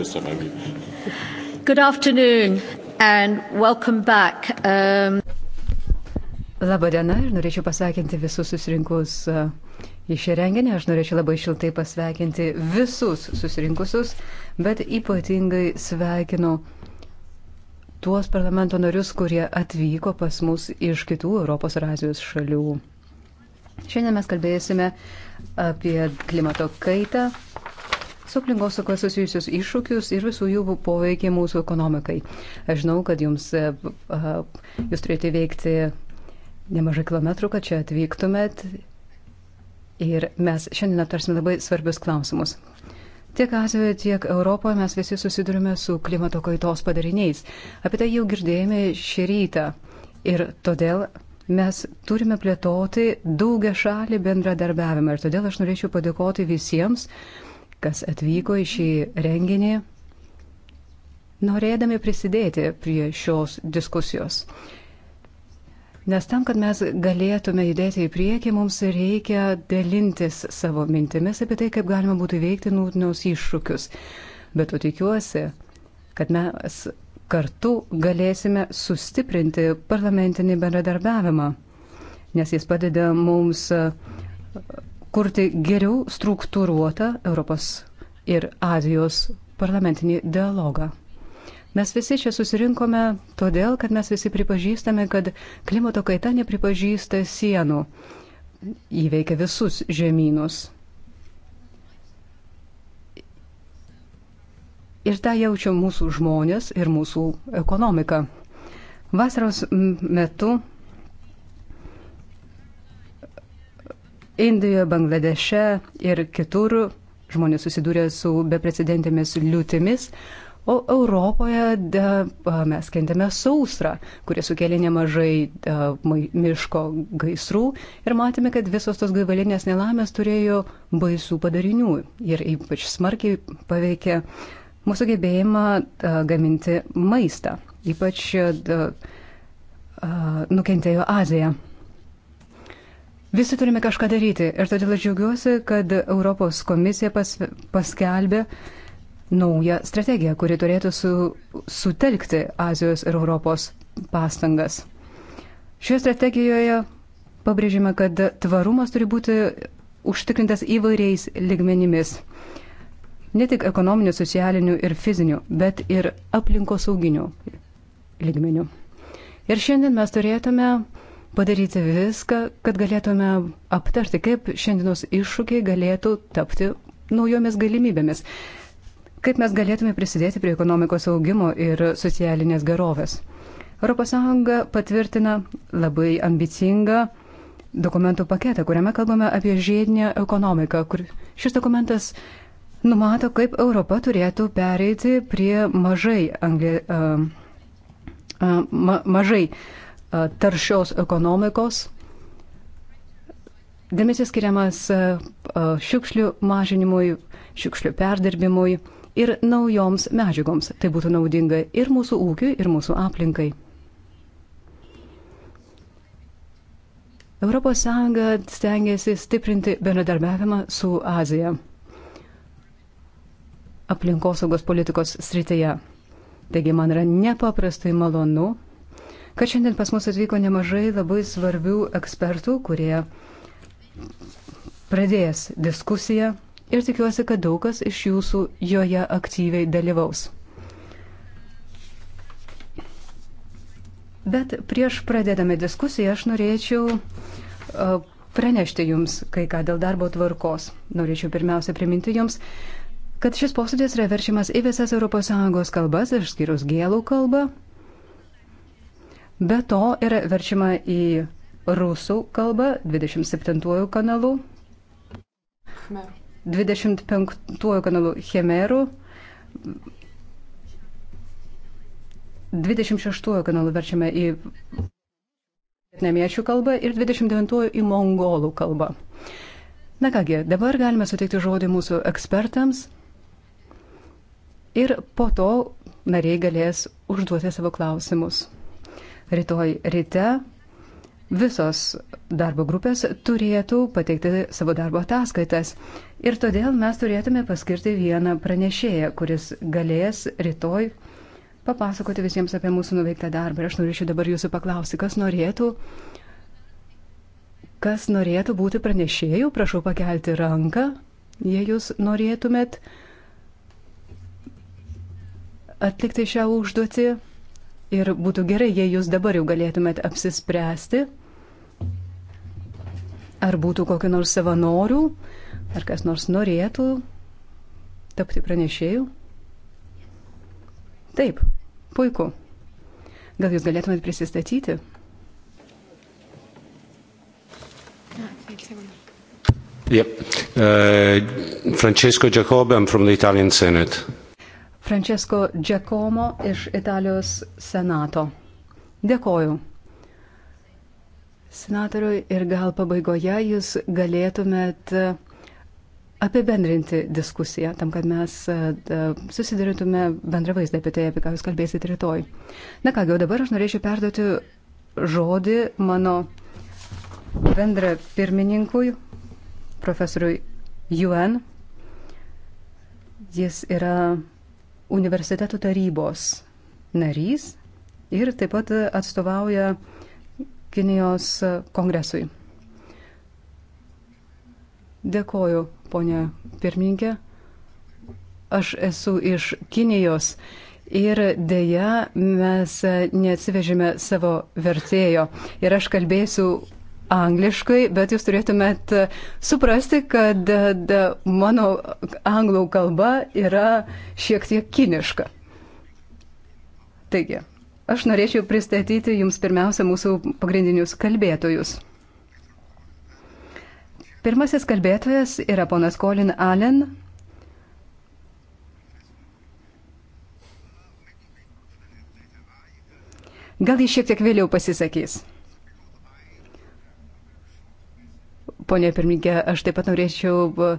Österreich. Good afternoon and welcome back. Um... Labadiena ir norėčiau pasveikinti visus susirinkus uh, į šį renginį. Aš norėčiau labai šiltai pasveikinti visus susirinkusius, bet ypatingai sveikinu tuos parlamento narius, kurie atvyko pas mus iš kitų Europos ir Azijos šalių. Šiandien mes kalbėsime apie klimato kaitą, su aplinkosauga susijusius iššūkius ir visų jų poveikį mūsų ekonomikai. Aš žinau, kad jums, e, jūs turite veikti nemažai kilometrų, kad čia atvyktumėt ir mes šiandien aptarsime labai svarbius klausimus. Tiek Azijoje, tiek Europoje mes visi susidurime su klimato kaitos padariniais. Apie tai jau girdėjome šį rytą. Ir todėl mes turime plėtoti daugia šalį bendradarbiavimą. Ir todėl aš norėčiau padėkoti visiems, uh, kas atvyko į šį renginį, norėdami prisidėti prie šios diskusijos. Nes tam, kad mes galėtume judėti į priekį, mums reikia dalintis savo mintimis apie tai, kaip galima būtų veikti nūtinius iššūkius. Bet tu tikiuosi, kad mes kartu galėsime sustiprinti parlamentinį bendradarbiavimą, nes jis padeda mums kurti geriau struktūruotą Europos ir Azijos parlamentinį dialogą. Mes visi čia susirinkome todėl, kad mes visi pripažįstame, kad klimato kaita nepripažįsta sienų, įveikia visus žemynus. Ir tą jaučia mūsų žmonės ir mūsų ekonomika. Vasaros metu Indijoje, Bangladeše ir kitur žmonės susidūrė su beprecedentėmis liūtimis, o Europoje da, mes kentėme sausrą, kurie sukėlė nemažai da, miško gaisrų ir matėme, kad visos tos gaivalinės nelaimės turėjo baisų padarinių ir ypač smarkiai paveikė mūsų gebėjimą da, gaminti maistą, ypač da, a, nukentėjo Azija. Visi turime kažką daryti ir todėl aš džiaugiuosi, kad Europos komisija pas, paskelbė naują strategiją, kuri turėtų su, sutelkti Azijos ir Europos pastangas. Šioje strategijoje pabrėžime, kad tvarumas turi būti užtikrintas įvairiais ligmenimis. Ne tik ekonominių, socialinių ir fizinių, bet ir aplinkosauginių ligmenių. Ir šiandien mes turėtume uh, padaryti viską, kad galėtume aptarti, kaip šiandienos iššūkiai galėtų tapti naujomis galimybėmis, kaip mes galėtume prisidėti prie ekonomikos augimo ir socialinės gerovės. ES patvirtina labai ambicingą dokumentų paketą, kuriame kalbame apie žiedinę ekonomiką, kur šis dokumentas numato, kaip Europa turėtų pereiti prie mažai, anglė, uh, uh, ma, mažai uh, E, taršios ekonomikos. Dėmesys skiriamas e, e, šiukšlių mažinimui, šiukšlių perdirbimui ir naujoms medžiagoms. Tai būtų naudinga ir mūsų ūkiui, ir mūsų aplinkai. ES stengiasi stiprinti bendradarbiavimą su Azija aplinkosaugos politikos srityje. Taigi man yra nepaprastai malonu kad šiandien pas mus atvyko nemažai labai svarbių ekspertų, kurie pradės diskusiją ir tikiuosi, kad daug kas iš jūsų joje aktyviai dalyvaus. Bet prieš pradedami diskusiją aš norėčiau pranešti Jums kai ką dėl darbo tvarkos. Norėčiau pirmiausia priminti Jums, kad šis posėdis yra verčiamas į visas ES kalbas, išskyrus gėlų kalbą, Be to yra verčiama į rusų kalbą 27 kanalu, 25 kanalu Chimerų, 26 kanalu verčiame į vietnamiečių kalbą ir 29 į mongolų kalbą. Na kągi, dabar galime suteikti žodį mūsų ekspertams ir po to nariai galės užduoti savo klausimus. Rytoj ryte visos darbo grupės turėtų pateikti savo darbo ataskaitas. Ir todėl mes turėtume paskirti vieną pranešėją, kuris galės rytoj papasakoti visiems apie mūsų nuveiktą darbą. Ir aš norėčiau dabar jūsų paklausti, kas norėtų, kas norėtų būti pranešėjų, prašau pakelti ranką, jei jūs norėtumėt atlikti šią užduotį. Ir būtų gerai, jei jūs dabar jau galėtumėt apsispręsti, ar būtų kokiu nors savanorių, ar kas nors norėtų tapti pranešėjų. Taip, puiku. Gal jūs galėtumėt prisistatyti? Yep. Uh, Francesco Giacobbe, I'm from the Italian Senate. Francesco Giacomo iš Italijos Senato. Dėkoju. Senatoriui ir gal pabaigoje jūs galėtumėt e, apibendrinti diskusiją, tam, kad mes e, susidarytume bendrą vaizdą apie tai, apie ką jūs kalbėsite rytoj. Na kągi, o dabar aš norėčiau perduoti žodį mano bendra pirmininkui, profesoriui Yuen. Jis yra universitetų tarybos narys ir taip pat atstovauja Kinijos kongresui. Dėkoju, ponė pirmininkė. Aš esu iš Kinijos ir dėja mes neatsivežėme savo vertėjo. Ir aš kalbėsiu angliškai, bet jūs turėtumėt e, suprasti, kad e, mano anglų kalba yra šiek tiek kiniška. Taigi, aš norėčiau pristatyti jums pirmiausia mūsų pagrindinius kalbėtojus. Pirmasis kalbėtojas yra ponas Colin Allen. Gal jis šiek tiek vėliau pasisakys. Pone pirmininkė, aš taip pat norėčiau e,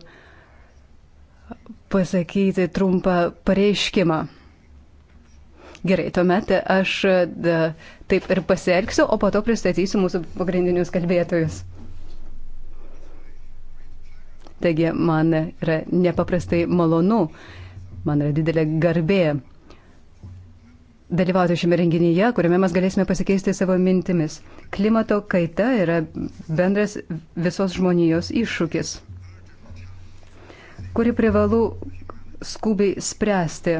pasakyti trumpą pareiškimą. Gerai, tuomet aš e, da, taip ir pasielgsiu, o po to pristatysiu mūsų pagrindinius kalbėtojus. Taigi, man yra nepaprastai malonu, man yra didelė garbė dalyvauti šiame renginyje, kuriame mes galėsime pasikeisti savo mintimis. Klimato kaita yra bendras visos žmonijos iššūkis, kurį privalu skubiai spręsti.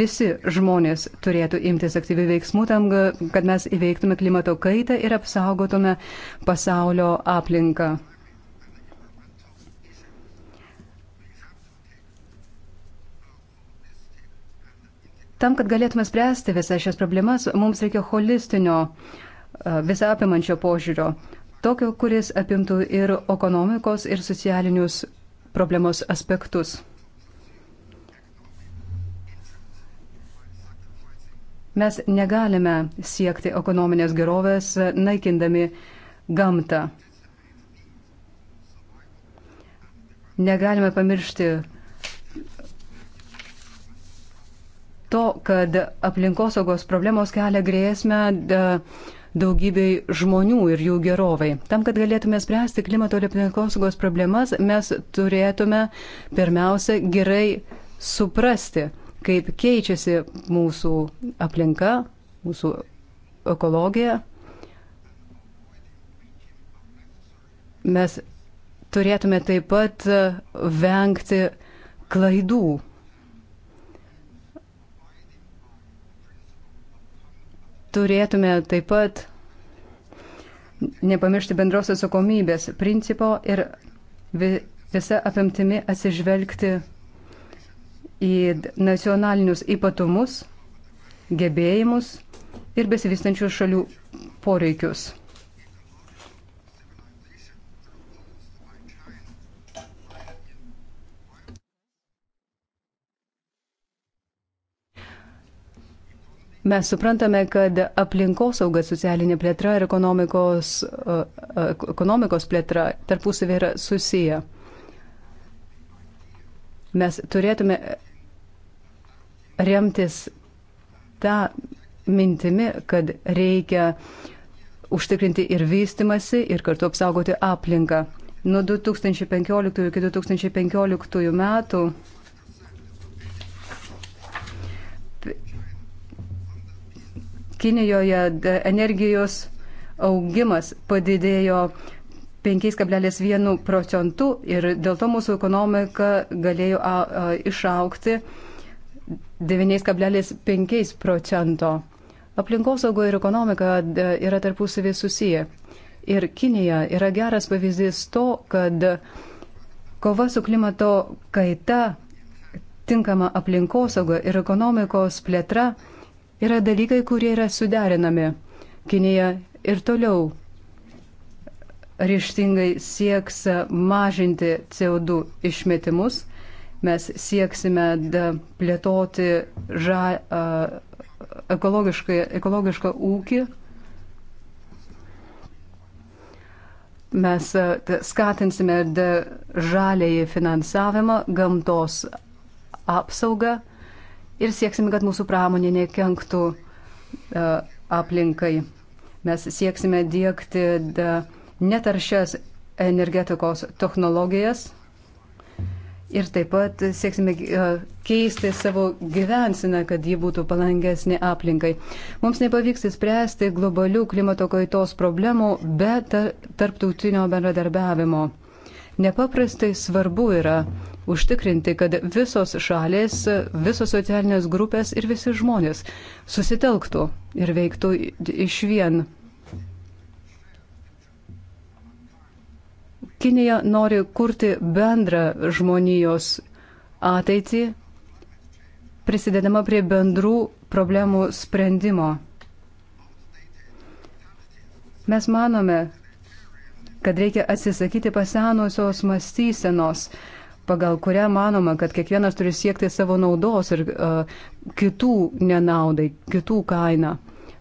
Visi žmonės turėtų imtis aktyvių veiksmų tam, kad mes įveiktume klimato kaitą ir apsaugotume pasaulio aplinką. Tam, kad galėtume spręsti visas šias problemas, mums reikia holistinio, e, visą apimančio požiūrio, tokio, kuris apimtų ir ekonomikos, ir socialinius problemos aspektus. Mes negalime siekti ekonominės gerovės naikindami gamtą. Negalime pamiršti to, kad aplinkosaugos problemos kelia grėsmę e, daugybei žmonių ir jų gerovai. Tam, kad galėtume spręsti klimato ir aplinkosaugos problemas, mes turėtume pirmiausia gerai suprasti, kaip keičiasi mūsų aplinka, mūsų ekologija. Mes turėtume taip pat vengti klaidų turėtume taip pat nepamiršti bendros atsakomybės principo ir visą apimtimi atsižvelgti į nacionalinius ypatumus, gebėjimus ir besivystančių šalių poreikius. Mes suprantame, kad aplinkosauga, socialinė plėtra ir ekonomikos, e, e, ekonomikos plėtra tarpusavį yra susiję. Mes turėtume remtis tą mintimi, kad reikia užtikrinti ir vystimasi, ir kartu apsaugoti aplinką. Nuo 2015 iki 2015 metų Kinijoje energijos augimas padidėjo 5,1 procentų ir dėl to mūsų ekonomika galėjo a, a, išaukti 9,5 procento. Aplinkosaugo ir ekonomika yra tarpusavį susiję. Ir Kinija yra geras pavyzdys to, kad kova su klimato kaita, tinkama aplinkosauga ir ekonomikos plėtra yra dalykai, kurie yra suderinami. Kinija ir toliau ryštingai sieks mažinti CO2 išmetimus. Mes sieksime plėtoti ža, ekologišką, ekologišką ūkį. Mes skatinsime žalėjį finansavimą, gamtos apsaugą ir sieksime, kad mūsų pramonė nekenktų e, aplinkai. Mes sieksime dėkti netaršias energetikos technologijas ir taip pat sieksime e, keisti savo gyvensiną, kad ji būtų palangesnė aplinkai. Mums nepavyks įspręsti globalių klimato kaitos problemų be tarptautinio bendradarbiavimo. Nepaprastai svarbu yra užtikrinti, kad visos šalės, visos socialinės grupės ir visi žmonės susitelktų ir veiktų iš vien. Kinija nori kurti bendrą žmonijos ateitį, prisidedama prie bendrų problemų sprendimo. Mes manome, kad reikia atsisakyti pasenusios mąstysenos, pagal kurią manoma, kad kiekvienas turi siekti savo naudos ir uh, kitų nenaudai, kitų kainą.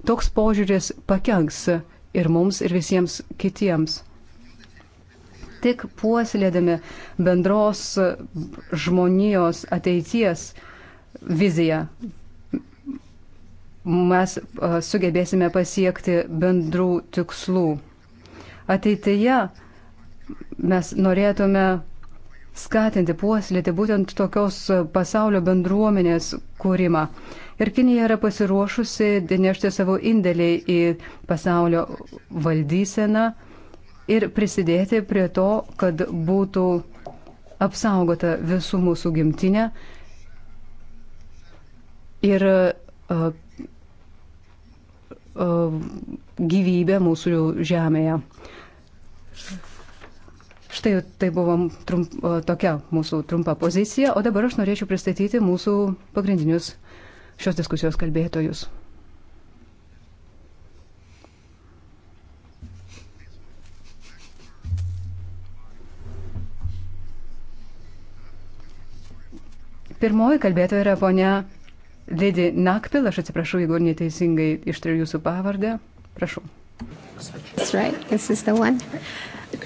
Toks požiūris pakenks ir mums, ir visiems kitiems. Tik puoselėdami bendros žmonijos ateities viziją mes e, sugebėsime pasiekti bendrų tikslų ateityje mes norėtume skatinti, puoselėti būtent tokios pasaulio bendruomenės kūrimą. Ir Kinija yra pasiruošusi nešti savo indėlį į pasaulio valdyseną ir prisidėti prie to, kad būtų apsaugota visų mūsų gimtinė ir e, E, gyvybę mūsų žemėje. Štai tai buvo trump, e, tokia mūsų trumpa pozicija, o dabar aš norėčiau pristatyti mūsų pagrindinius šios diskusijos kalbėtojus. Pirmoji kalbėtoja yra ponia Ledi Nakpil, aš atsiprašau, jeigu neteisingai ištariu jūsų pavardę. Prašau. That's right. This is the one.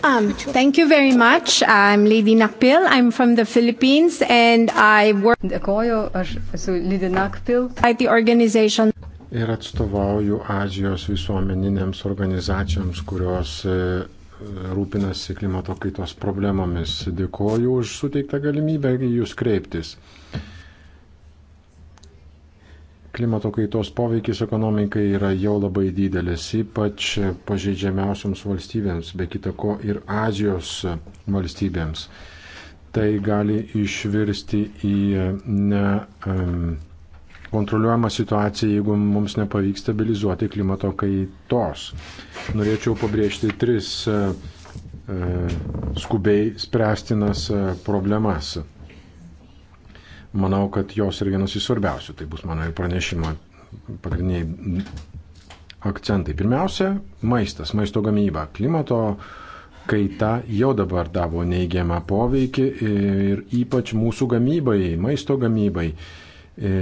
Um, thank you very much. I'm Lady Nakpil. I'm from the Philippines and I work. Dėkoju, aš esu Lady Nakpil. At the organization. Ir atstovauju Azijos visuomeninėms organizacijoms, kurios e, rūpinasi klimato kaitos problemomis. Dėkoju už suteiktą galimybę į jūs kreiptis klimato kaitos poveikis ekonomikai yra jau labai didelis, ypač pažeidžiamiausiams valstybėms, be kita ko ir Azijos valstybėms. Tai gali išvirsti į nekontroliuojamą situaciją, jeigu mums nepavyks stabilizuoti klimato kaitos. Norėčiau pabrėžti tris e, e, skubiai spręstinas e, problemas manau, kad jos yra vienas iš svarbiausių. Tai bus mano ir pranešimo pagrindiniai akcentai. Pirmiausia, maistas, maisto gamyba, klimato kaita jau dabar davo neigiamą poveikį ir ypač mūsų gamybai, maisto gamybai e,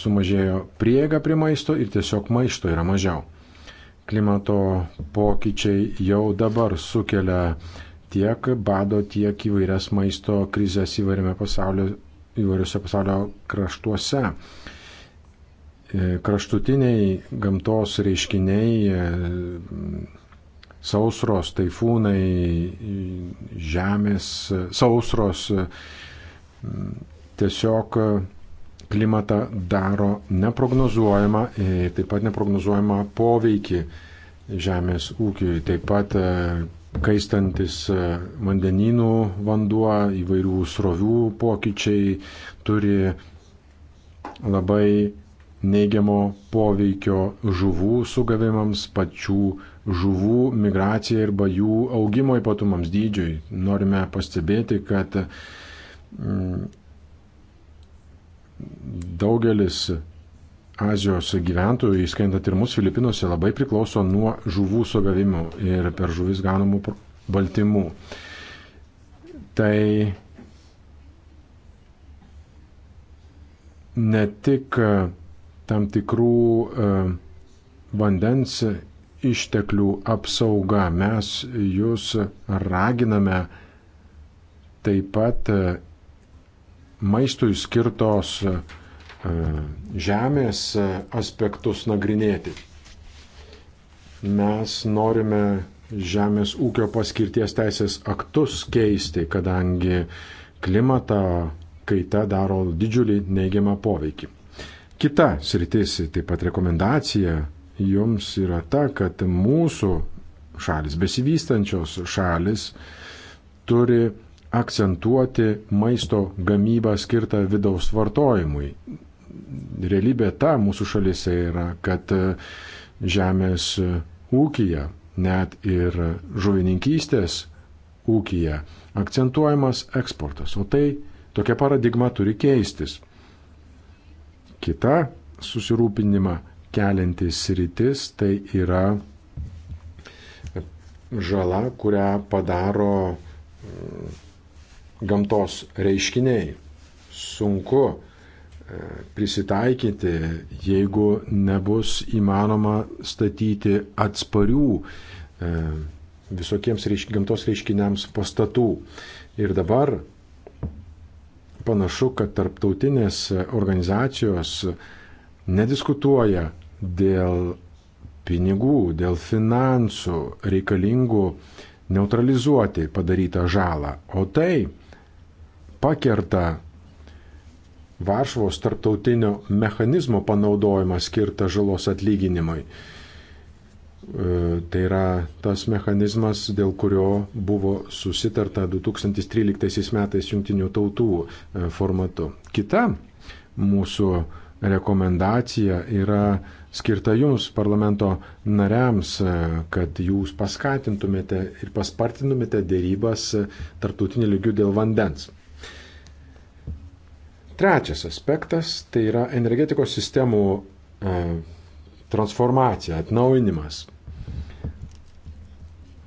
sumažėjo prieiga prie maisto ir tiesiog maisto yra mažiau. Klimato pokyčiai jau dabar sukelia tiek bado, tiek įvairias maisto krizės įvairiame pasaulio įvairiuose pasaulio kraštuose. E, kraštutiniai gamtos reiškiniai, e, sausros, taifūnai, žemės, e, sausros tiesiog klimatą daro neprognozuojama, taip pat neprognozuojama poveikį žemės ūkiui, taip pat kaistantis e, vandenynų vanduo, įvairių srovių pokyčiai turi labai neigiamo poveikio žuvų sugavimams, pačių žuvų migracijai arba jų augimo ypatumams dydžiui. Norime pastebėti, kad mm, daugelis Azijos gyventojų, įskaitant ir mūsų Filipinuose, labai priklauso nuo žuvų sugavimų ir per žuvis ganomų baltymų. Tai ne tik e, tam tikrų e, vandens išteklių apsauga, mes jūs raginame taip pat e, maistui skirtos E, žemės aspektus nagrinėti. Mes norime žemės ūkio paskirties teisės aktus keisti, kadangi klimato kaita daro didžiulį neigiamą poveikį. Kita sritis, taip pat rekomendacija jums yra ta, kad mūsų šalis, besivystančios šalis, turi akcentuoti maisto gamybą skirtą vidaus vartojimui, realybė ta mūsų šalise yra, kad e, žemės e, ūkija, net ir žuvininkystės ūkija akcentuojamas eksportas, o tai tokia paradigma turi keistis. Kita susirūpinimą keliantis rytis tai yra žala, kurią padaro mm, gamtos reiškiniai. Sunku prisitaikyti, jeigu nebus įmanoma statyti atsparių e, visokiems reišk, gamtos reiškiniams pastatų. Ir dabar panašu, kad tarptautinės organizacijos nediskutuoja dėl pinigų, dėl finansų reikalingų neutralizuoti padarytą žalą, o tai pakerta Varšuvos tarptautinio mechanizmo panaudojimą skirtą žalos atlyginimui. E, tai yra tas mechanizmas, dėl kurio buvo susitarta 2013 metais jungtinių tautų e, formatu. Kita mūsų rekomendacija yra skirta jums, parlamento nariams, e, kad jūs paskatintumėte ir paspartintumėte dėrybas tarptautinį lygių dėl vandens. Trečias aspektas tai yra energetikos sistemų e, transformacija, atnauinimas.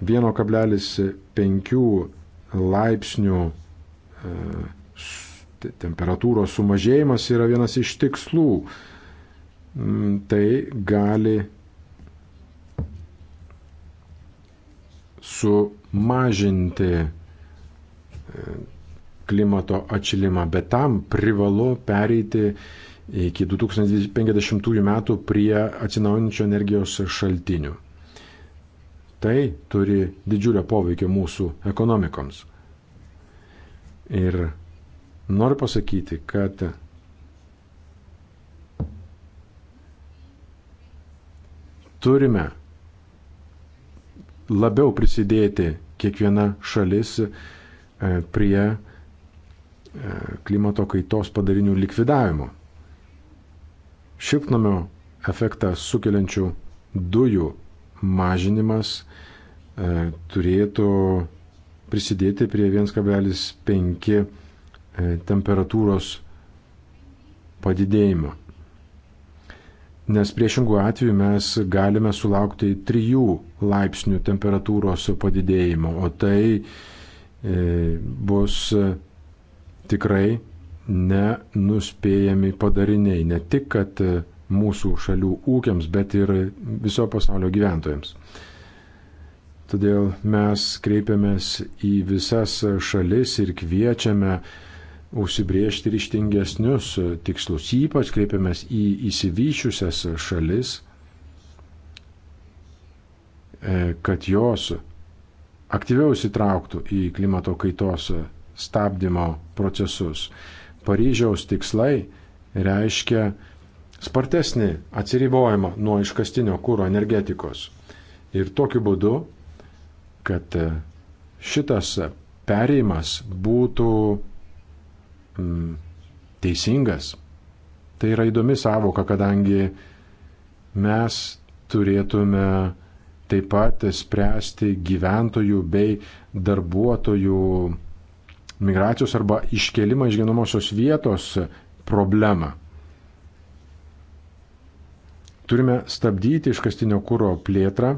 1,5 laipsnių e, temperatūros sumažėjimas yra vienas iš tikslų. Mm, tai gali sumažinti e, klimato atšilimą, bet tam privalu pereiti iki 2050 metų prie atsinaujančio energijos šaltinių. Tai turi didžiulio poveikio mūsų ekonomikoms. Ir noriu pasakyti, kad turime labiau prisidėti kiekviena šalis e, prie E, klimato kaitos padarinių likvidavimo, šiltnamio efektą sukeliančių dujų mažinimas e, turėtų prisidėti prie 1,5 e, temperatūros padidėjimo. Nes priešingų atveju mes galime sulaukti 3 laipsnių temperatūros padidėjimo, o tai bus tikrai nenuspėjami padariniai ne tik kad e, mūsų šalių ūkiams, bet ir viso pasaulio gyventojams. Todėl mes kreipiamės į visas šalis ir kviečiame užsibriežti ryštingesnius tikslus. Ypač kreipiamės į įsivyšiusias šalis, e, kad jos aktyviau įsitrauktų į klimato kaitos stabdymo procesus. Paryžiaus tikslai reiškia spartesnį atsiribojimą nuo iškastinio kūro energetikos. Ir tokiu būdu, kad e, šitas perėjimas būtų mm, teisingas. Tai yra įdomi savoka, kadangi mes turėtume taip pat spręsti gyventojų bei darbuotojų migracijos arba iškelimą iš gyvenamosios vietos problemą. Turime stabdyti iškastinio kūro plėtrą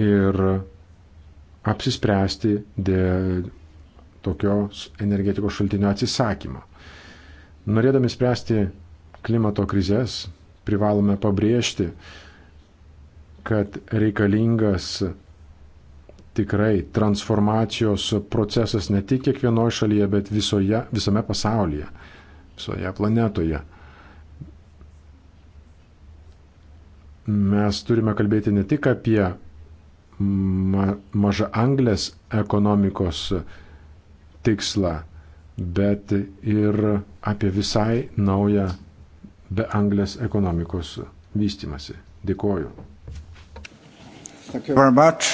ir apsispręsti dėl tokios energetikos šaltinio atsisakymo. Norėdami spręsti klimato krizės, privalome pabrėžti, kad reikalingas tikrai transformacijos procesas ne tik kiekvienoje šalyje, bet visoje, visame pasaulyje, visoje planetoje. Mes turime kalbėti ne tik apie ma mažą anglės ekonomikos tikslą, bet ir apie visai naują be anglės ekonomikos vystimasi. Dėkoju. Thank you very much.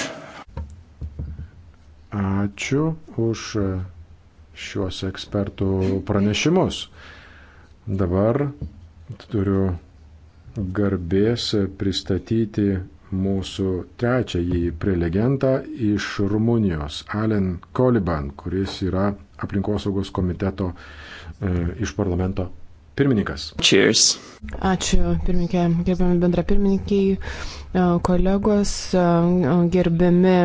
Ačiū už šiuos ekspertų pranešimus. Dabar turiu garbės pristatyti mūsų trečiąjį prelegentą iš Rumunijos, Alen Koliban, kuris yra aplinkosaugos komiteto e, iš parlamento pirmininkas. Cheers. Ačiū, pirmininkė, gerbiami bendra pirmininkiai, e, kolegos, e, gerbiami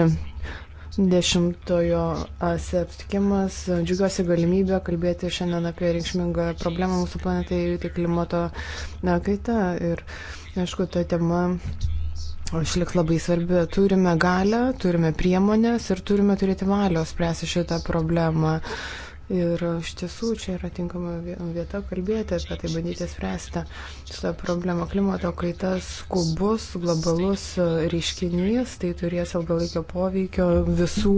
Dešimtojo ASEP tikimas. Džiugiuosi galimybę kalbėti šiandien apie reikšmingą problemą mūsų planetai, tai klimato kaita. Ir aišku, ta tema išliks labai svarbi. Turime galę, turime priemonės ir turime turėti valios spręsti šitą problemą. Uh, Ir iš tiesų čia yra tinkama vieta kalbėti apie tai, bandyti spręsti šitą problemą. Klimato kaita skubus, globalus e, reiškinys, tai turės ilgalaikio poveikio visų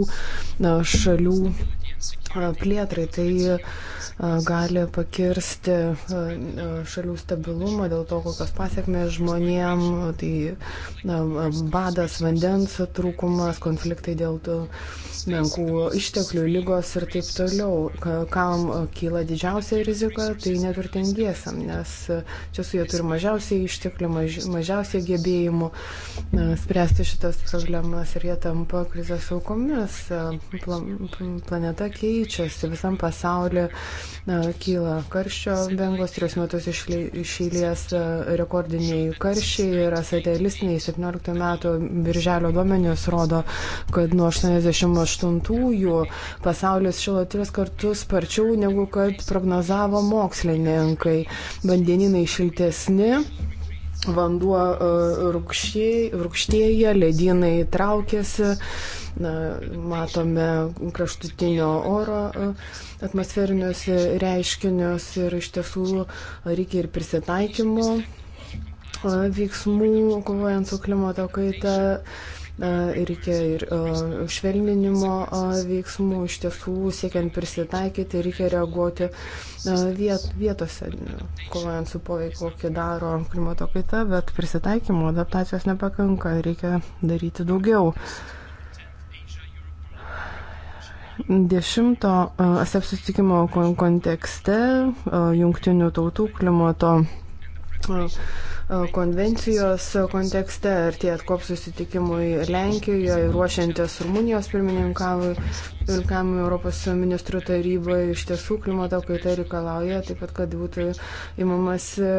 šalių e, plėtrai. Tai e, gali pakirsti šalių stabilumą dėl to, kokios pasiekmes žmonėm, tai badas, vandens trūkumas, konfliktai dėl tų menkų išteklių, lygos ir taip toliau kam kyla didžiausia rizika, tai neturtingiesiam, nes e, čia su jie turi mažiausiai išteklių, maž, mažiausiai gebėjimų e, spręsti šitas problemas ir jie tampa krizės aukomis. E, Plan, planeta keičiasi, visam pasauliu kyla karščio bangos, tris metus išėlės e, rekordiniai karščiai yra satelistiniai. 17 metų birželio duomenys rodo, kad nuo 88-ųjų pasaulis šilo tris kartus sparčiau negu kad prognozavo mokslininkai. Vandeninai šiltesni. Vanduo e, rūkštėja, ledynai traukėsi na, matome kraštutinio oro e, atmosferinius reiškinius ir iš tiesų reikia ir prisitaikymo e, veiksmų, kovojant su klimato kaita e, reikia ir švelninimo veiksmų, iš tiesų siekiant prisitaikyti, reikia reaguoti viet, vietose, kovojant su poveikiu, kokį daro klimato kaita, bet prisitaikymo adaptacijos nepakanka, reikia daryti daugiau. Uh, Dešimto e, ASEP susitikimo kontekste e, jungtinių tautų klimato e, konvencijos kontekste, artėjant kop susitikimui Lenkijoje, ruošiantis Rumunijos pirmininkavui, pirmininkavimui Europos ministrų tarybai, iš tiesų klimato kaita reikalauja taip pat, kad būtų įmamas e,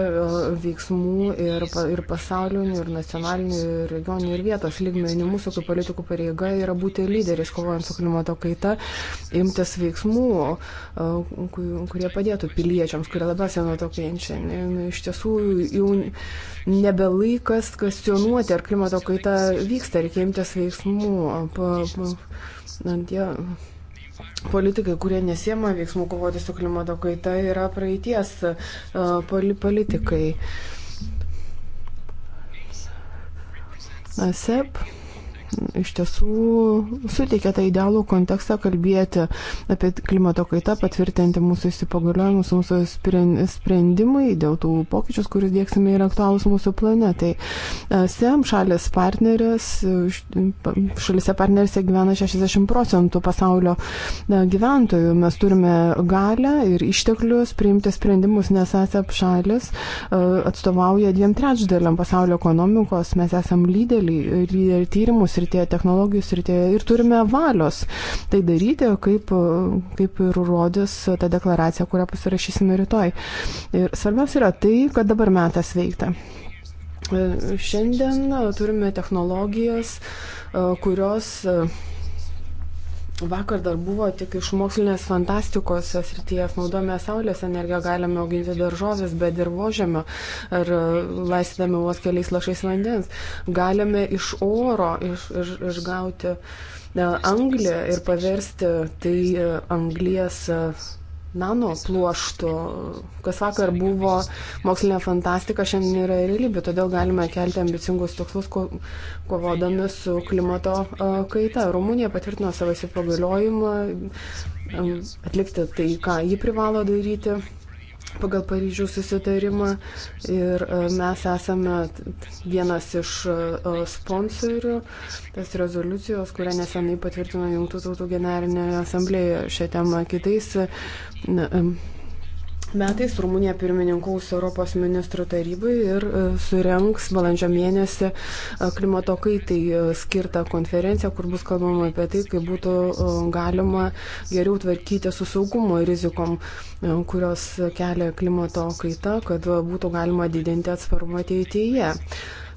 veiksmų ir, ir pasaulinių, ir nacionalinių, ir regioninių, ir vietos lygmenių. Mūsų kaip politikų pareiga yra būti lyderis kovojant su klimato kaita, imtis veiksmų, kurie padėtų piliečiams, kurie labiausiai nuo to kenčia. Iš tiesų, jau nebelaikas kvestionuoti, ar klimato kaita vyksta, reikia imtis veiksmų. Pa, pa, tie politikai, kurie nesiema veiksmų kovoti su klimato kaita, yra praeities poli, politikai. ASEP iš tiesų suteikia tą idealų kontekstą kalbėti apie klimato kaitą, patvirtinti mūsų įsipagaliojimus, mūsų sprendimai dėl tų pokyčius, kuriuos dėksime ir aktualūs mūsų planetai. E, SEM šalis partneris, e, šalise partnerėse gyvena 60 procentų pasaulio e, gyventojų. Mes turime galę ir išteklius priimti sprendimus, nes esame šalis atstovauja dviem trečdėliam pasaulio ekonomikos, mes esame lyderiai ir tyrimus srityje, technologijų srityje ir turime valios tai daryti, kaip, kaip ir rodys ta deklaracija, kurią pasirašysime rytoj. Ir svarbiausia yra tai, kad dabar metas veikti. Šiandien turime technologijas, kurios Vakar dar buvo tik iš mokslinės fantastikos srityje naudojame saulės energiją, galime auginti daržovės be dirbožėmio ar laistydami vos keliais lašais vandens. Galime iš oro iš, iš, išgauti e, anglį ir paversti tai e, anglies e, nanos pluoštų, kas vakar buvo mokslinė fantastika, šiandien yra realybė, todėl galime kelti ambicingus tikslus, ko, kovodami su klimato kaita. Rumunija patvirtino savo įsipareigojimą atlikti tai, ką ji privalo daryti pagal Paryžių susitarimą ir e, mes esame vienas iš e, e, sponsorių tas rezoliucijos, kurią nesenai patvirtino Jungtų tautų generalinė asamblėja šią temą kitais metais Rumunija pirmininkaus Europos ministrų tarybai ir e, surenks balandžio mėnesį e, klimato kaitai e, skirtą konferenciją, kur bus kalbama apie tai, kaip būtų galima geriau tvarkyti su saugumo rizikom, kurios kelia klimato kaita, kad būtų galima didinti atsparumą ateityje.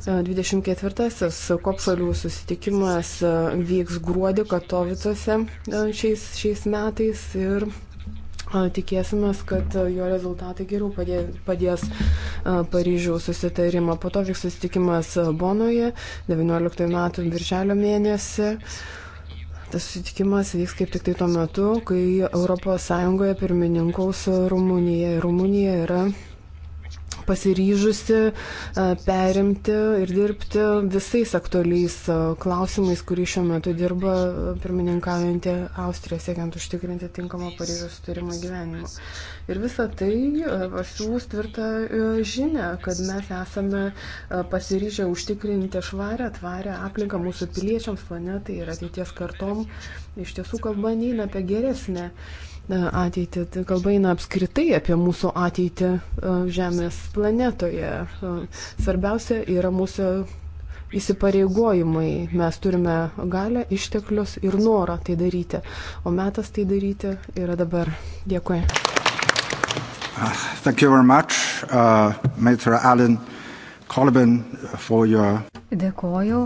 24-asis kopšalių susitikimas vyks gruodį Katovicuose šiais, šiais metais ir Tikėsimės, kad e, jo rezultatai geriau padės, padės e, Paryžiaus susitarimą. Po to vyks susitikimas e, Bonoje 19 metų birželio mėnesį. Tas susitikimas vyks kaip tik tai tuo metu, kai ES pirmininkaus Rumunija. Rumunija yra pasiryžusi e, perimti ir dirbti visais aktualiais e, klausimais, kurį šiuo metu dirba e, pirmininkaujantį Austriją, siekiant užtikrinti tinkamą Paryžiaus sutarimo gyvenimą. Ir visa tai pasiūs tvirtą žinę, kad mes esame pasiryžę užtikrinti švarę, tvarę aplinką mūsų piliečiams, planetai ir ateities kartom. Iš tiesų kalba neina apie geresnę. Uh, ateitį. Tai kalba eina apskritai apie mūsų ateitį e, Žemės planetoje. E, svarbiausia yra mūsų įsipareigojimai. Mes turime galę, išteklius ir norą tai daryti. O metas tai daryti yra dabar. Dėkui. Ah, thank you very much, uh, Maitre Alan Colbin, for your. Dėkoju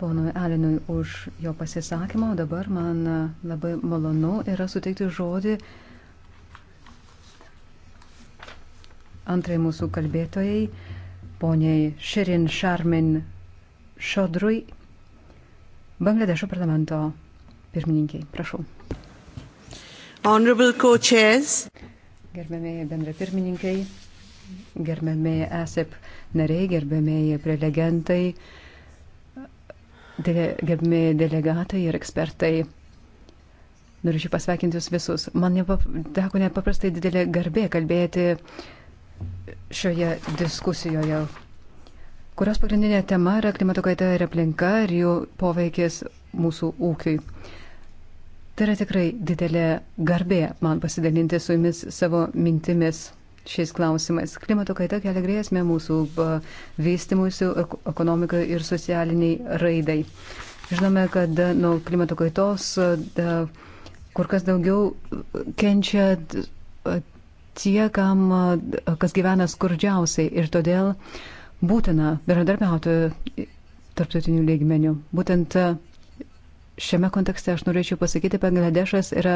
ponui Alinui už jo pasisakymą, o dabar man labai malonu yra suteikti žodį antrai mūsų kalbėtojai, poniai Širin Šarmin Šodrui, Bangladešo parlamento pirmininkiai. Prašau. Honorable co-chairs. Gerbėmėjai bendra pirmininkai, gerbėmėjai ASEP nariai, gerbėmėjai prelegentai, uh, de, gerbimi delegatai ir ekspertai. Norėčiau pasveikinti Jūs visus. Man nepap, teko nepaprastai didelė garbė kalbėti šioje diskusijoje, kurios pagrindinė tema yra klimato kaita ir aplinka ir jų poveikis mūsų ūkiui. Tai yra tikrai didelė garbė man pasidalinti su Jumis savo mintimis šiais klausimais. Klimato kaita kelia grėsmę mūsų vystimusių ekonomikai ir socialiniai raidai. Žinome, kad nuo klimato kaitos da, kur kas daugiau kenčia tie, kam, kas gyvena skurdžiausiai ir todėl būtina bendradarbiauti tarptautinių lygmenių. Būtent šiame kontekste aš norėčiau pasakyti, Bangladešas yra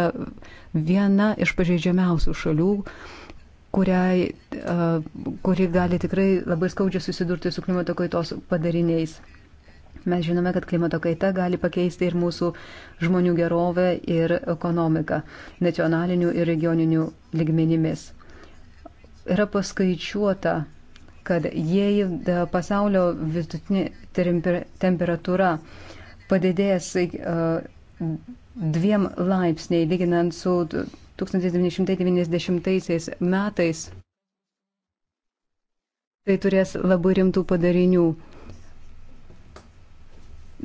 viena iš pažeidžiamiausių šalių, uh, kuriai, kuri gali tikrai labai skaudžiai susidurti su klimato kaitos padariniais. Mes žinome, kad klimato kaita gali pakeisti ir mūsų žmonių gerovę ir ekonomiką nacionalinių ir regioninių ligmenimis. Yra paskaičiuota, kad jei pasaulio vidutinė temperatūra padidės dviem laipsniai lyginant su 1990 metais, tai turės labai rimtų padarinių.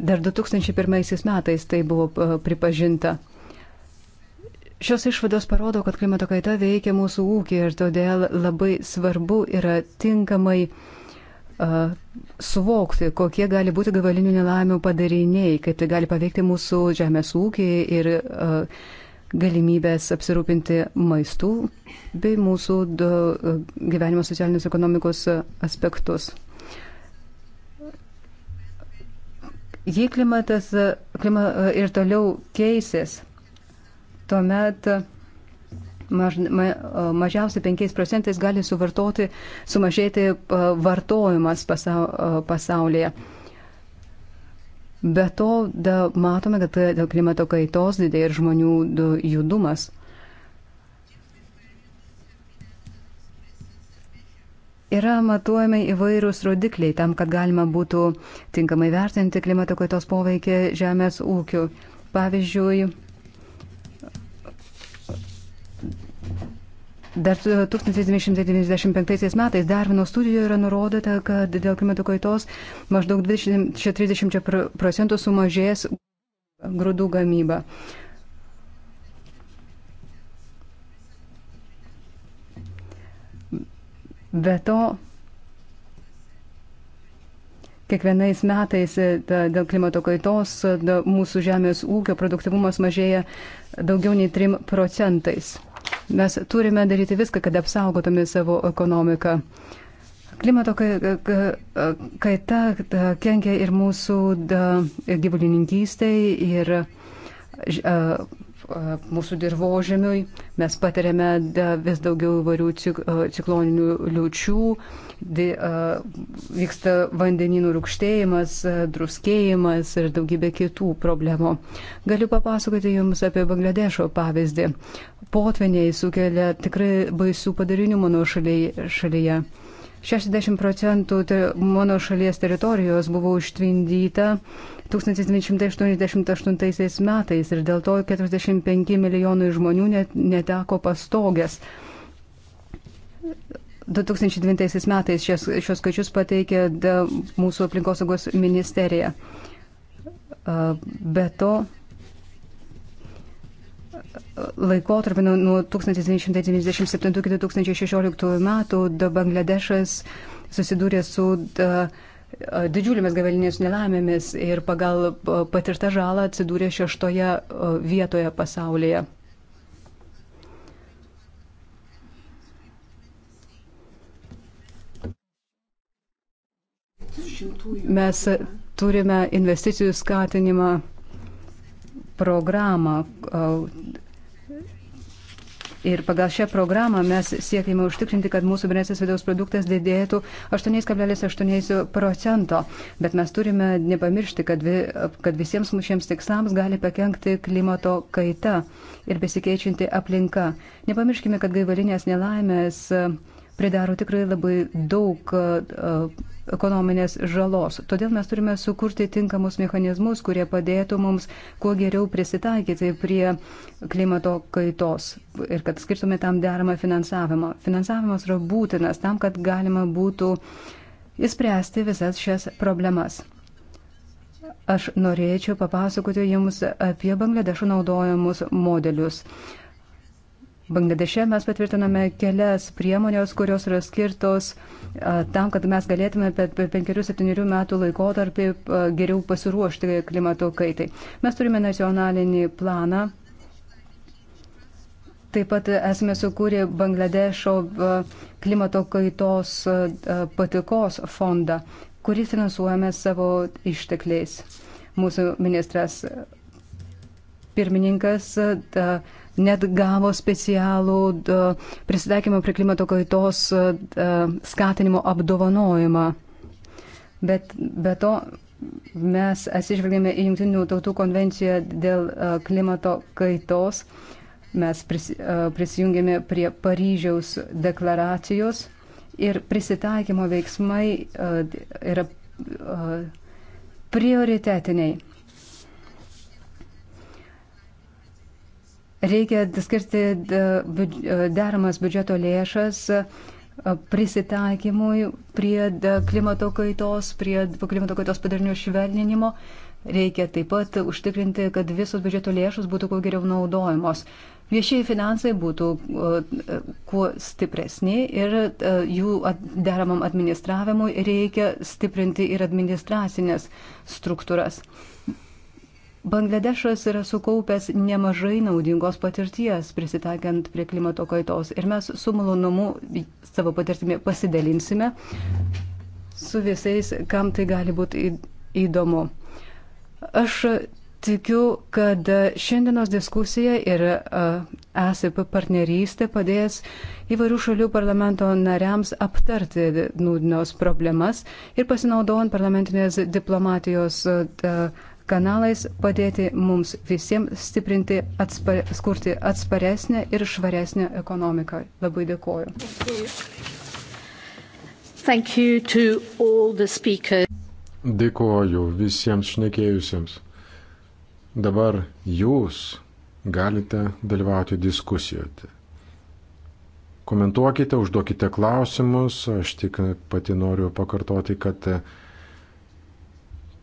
Dar 2001 metais tai buvo e, pripažinta. Šios išvados parodo, kad klimato kaita veikia mūsų ūkį ir todėl labai svarbu yra tinkamai uh, suvokti, kokie gali būti gavalinių nelaimių padariniai, kaip tai gali paveikti mūsų žemės ūkį ir uh, galimybės apsirūpinti maistų bei mūsų gyvenimo socialinės ekonomikos aspektus. Jei klimatas klima, ir toliau keisės, tuomet maž, ma, mažiausiai 5 procentais gali suvartoti, sumažėti vartojimas pasau, pasaulyje. Be to, da, matome, kad tai dėl klimato kaitos didėja ir žmonių judumas. Yra matuojami įvairūs rodikliai tam, kad galima būtų tinkamai vertinti klimato kaitos poveikį žemės ūkiu. Pavyzdžiui, Dar 1995 e, metais Darvino studijoje yra nurodyta, kad dėl klimato kaitos maždaug 20-30 procentų sumažės grūdų gamyba. Be to, kiekvienais metais e, dėl klimato kaitos e, mūsų žemės ūkio produktivumas mažėja daugiau nei 3 procentais. Mes turime daryti viską, kad apsaugotume savo ekonomiką. Klimato kaita kenkia ir mūsų gyvulininkystei, ir mūsų dirbožemiui. Mes patiriame vis daugiau įvairių cikloninių liučių, vyksta vandeninų rūkštėjimas, druskėjimas ir daugybė kitų problemų. Galiu papasakoti Jums apie Bangladešo pavyzdį potveniai sukelia tikrai baisių padarinių mano šalyje. 60 procentų mano šalies teritorijos buvo užtvindyta 1988 metais ir dėl to 45 milijonai žmonių neteko pastogės. 2009 metais šios, šios skaičius pateikė mūsų aplinkosaugos ministerija. Be to, laikotarpį nuo 1997 iki 2016 metų Bangladešas susidūrė su didžiulėmis gavelinės nelaimėmis ir pagal patirtą žalą atsidūrė šeštoje vietoje pasaulyje. Mes turime investicijų skatinimą programą, Ir pagal šią programą mes siekime užtikrinti, kad mūsų bendresnis vidaus produktas didėtų 8,8 procento. Bet mes turime nepamiršti, kad, vi, kad visiems šiems tikslams gali pakengti klimato kaita ir besikeičianti aplinka. Nepamirškime, kad gaivalinės nelaimės e, pridaro tikrai labai daug uh, ekonominės žalos. Todėl mes turime sukurti tinkamus mechanizmus, kurie padėtų mums kuo geriau prisitaikyti prie klimato kaitos ir kad skirtume tam deramą finansavimą. Finansavimas yra būtinas tam, kad galima būtų įspręsti visas šias problemas. Aš norėčiau papasakoti Jums apie Bangladešo naudojamus modelius. Bangladeše mes patvirtiname kelias priemonės, kurios yra skirtos tam, kad mes galėtume per penkerių, septyniarių metų laikotarpį geriau pasiruošti klimato kaitai. Mes turime nacionalinį planą. Taip pat esame sukūrę Bangladešo klimato kaitos patikos fondą, kurį finansuojame savo ištekliais. Mūsų ministras pirmininkas. Ta, net gavo specialų prisitaikymo prie klimato kaitos skatinimo apdovanojimą. Bet be to mes atsižvelgėme į Junktinių tautų konvenciją dėl e, klimato kaitos. Mes e, prisijungėme prie Paryžiaus deklaracijos ir prisitaikymo veiksmai e, yra prioritetiniai. Reikia skirti e, deramas biudžeto lėšas e, prisitaikymui prie klimato kaitos, prie klimato kaitos padarinių švelninimo. Reikia taip pat užtikrinti, kad visos biudžeto lėšos būtų kuo geriau naudojamos. Viešieji finansai būtų e, kuo stipresni ir jų deramam administravimui reikia stiprinti ir administracinės struktūras. Bangladešas yra sukaupęs nemažai naudingos patirties prisitaikant prie klimato kaitos ir mes su malonumu savo patirtimi pasidalinsime su visais, kam tai gali būti įdomu. Aš tikiu, kad šiandienos diskusija ir ASIP partnerystė padės įvairių šalių parlamento nariams aptarti nūdienos problemas ir pasinaudojant parlamentinės diplomatijos. Ta, kanalais padėti mums visiems stiprinti, atspar, skurti atsparesnę ir švaresnę ekonomiką. Labai dėkoju. Dėkoju visiems šnekėjusiems. Dabar jūs galite dalyvauti diskusijoje. Komentuokite, užduokite klausimus. Aš tik pati noriu pakartoti, kad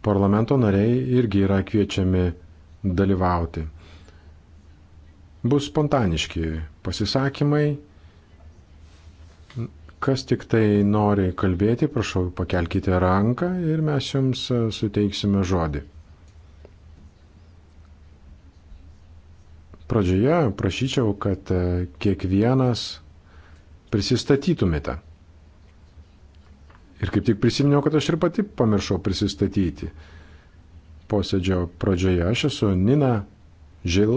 parlamento nariai irgi yra kviečiami dalyvauti. Bus spontaniški pasisakymai. Kas tik tai nori kalbėti, prašau, pakelkite ranką ir mes jums e, suteiksime žodį. Pradžioje prašyčiau, kad e, kiekvienas prisistatytumėte. Ir kaip tik prisiminiau, kad aš ir pati pamiršau prisistatyti. Posėdžio pradžioje aš esu Nina Žil,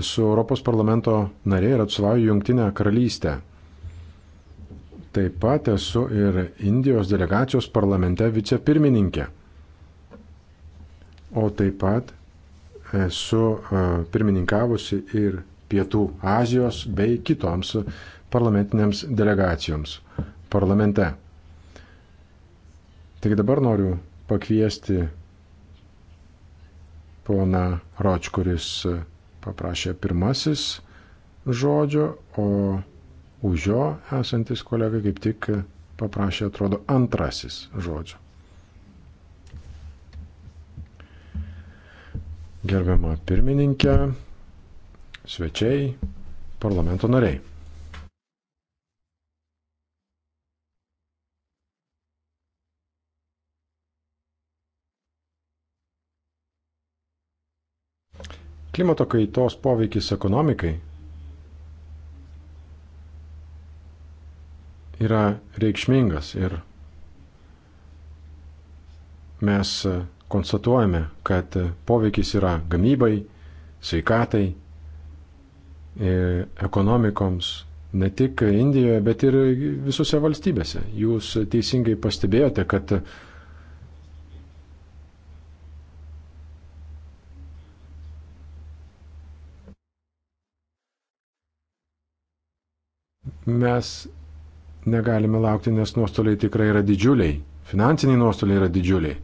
esu Europos parlamento narė ir atstovauju Junktinę karalystę. Taip pat esu ir Indijos delegacijos parlamente vicepirmininkė. O taip pat esu e, pirmininkavusi ir Pietų Azijos bei kitoms parlamentinėms delegacijoms parlamente. Taigi dabar noriu pakviesti poną Roč, kuris paprašė pirmasis žodžio, o už jo esantis kolega kaip tik paprašė, atrodo, antrasis žodžio. Gerbiama pirmininkė, svečiai, parlamento nariai. Klimato kaitos poveikis ekonomikai yra reikšmingas ir mes konstatuojame, kad poveikis yra gamybai, sveikatai, e, ekonomikoms ne tik Indijoje, bet ir visose valstybėse. Jūs teisingai pastebėjote, kad mes negalime laukti, nes nuostoliai tikrai yra didžiuliai. Finansiniai nuostoliai yra didžiuliai.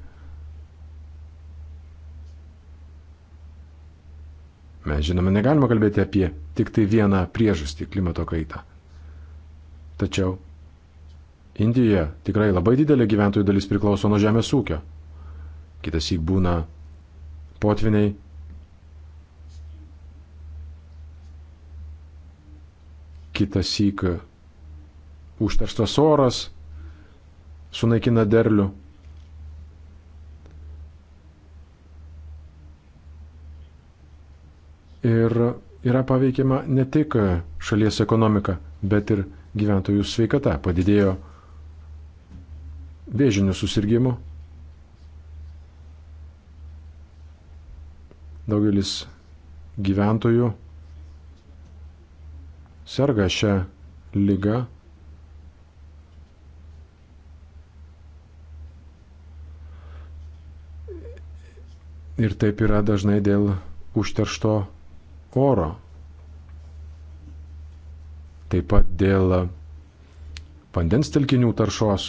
Mes žinome, negalime kalbėti apie tik tai vieną priežastį - klimato kaitą. Tačiau Indijoje tikrai labai didelė gyventojų dalis priklauso nuo žemės ūkio. Kitas įk būna potviniai, kitas syk užterštas oras sunaikina derlių. Ir yra paveikiama ne tik šalies ekonomika, bet ir gyventojų sveikata. Padidėjo vėžinių susirgymų. Daugelis gyventojų serga šią lygą, Ir taip yra dažnai dėl užteršto oro. Taip pat dėl vandens telkinių taršos.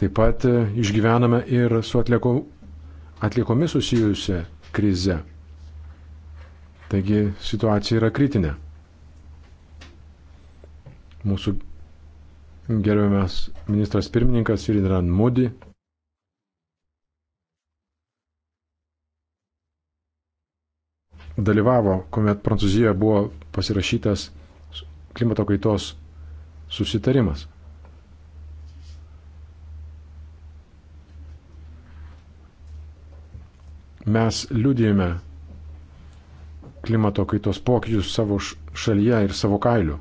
Taip pat išgyvename ir su atlieko, atliekomis susijusią krizę. Taigi situacija yra kritinė. Mūsų gerbiamas ministras pirmininkas Iridran Mudi dalyvavo, kuomet Prancūzijoje buvo pasirašytas klimato kaitos susitarimas. Mes liūdėjome klimato kaitos pokyčius savo šalyje ir savo kailiu.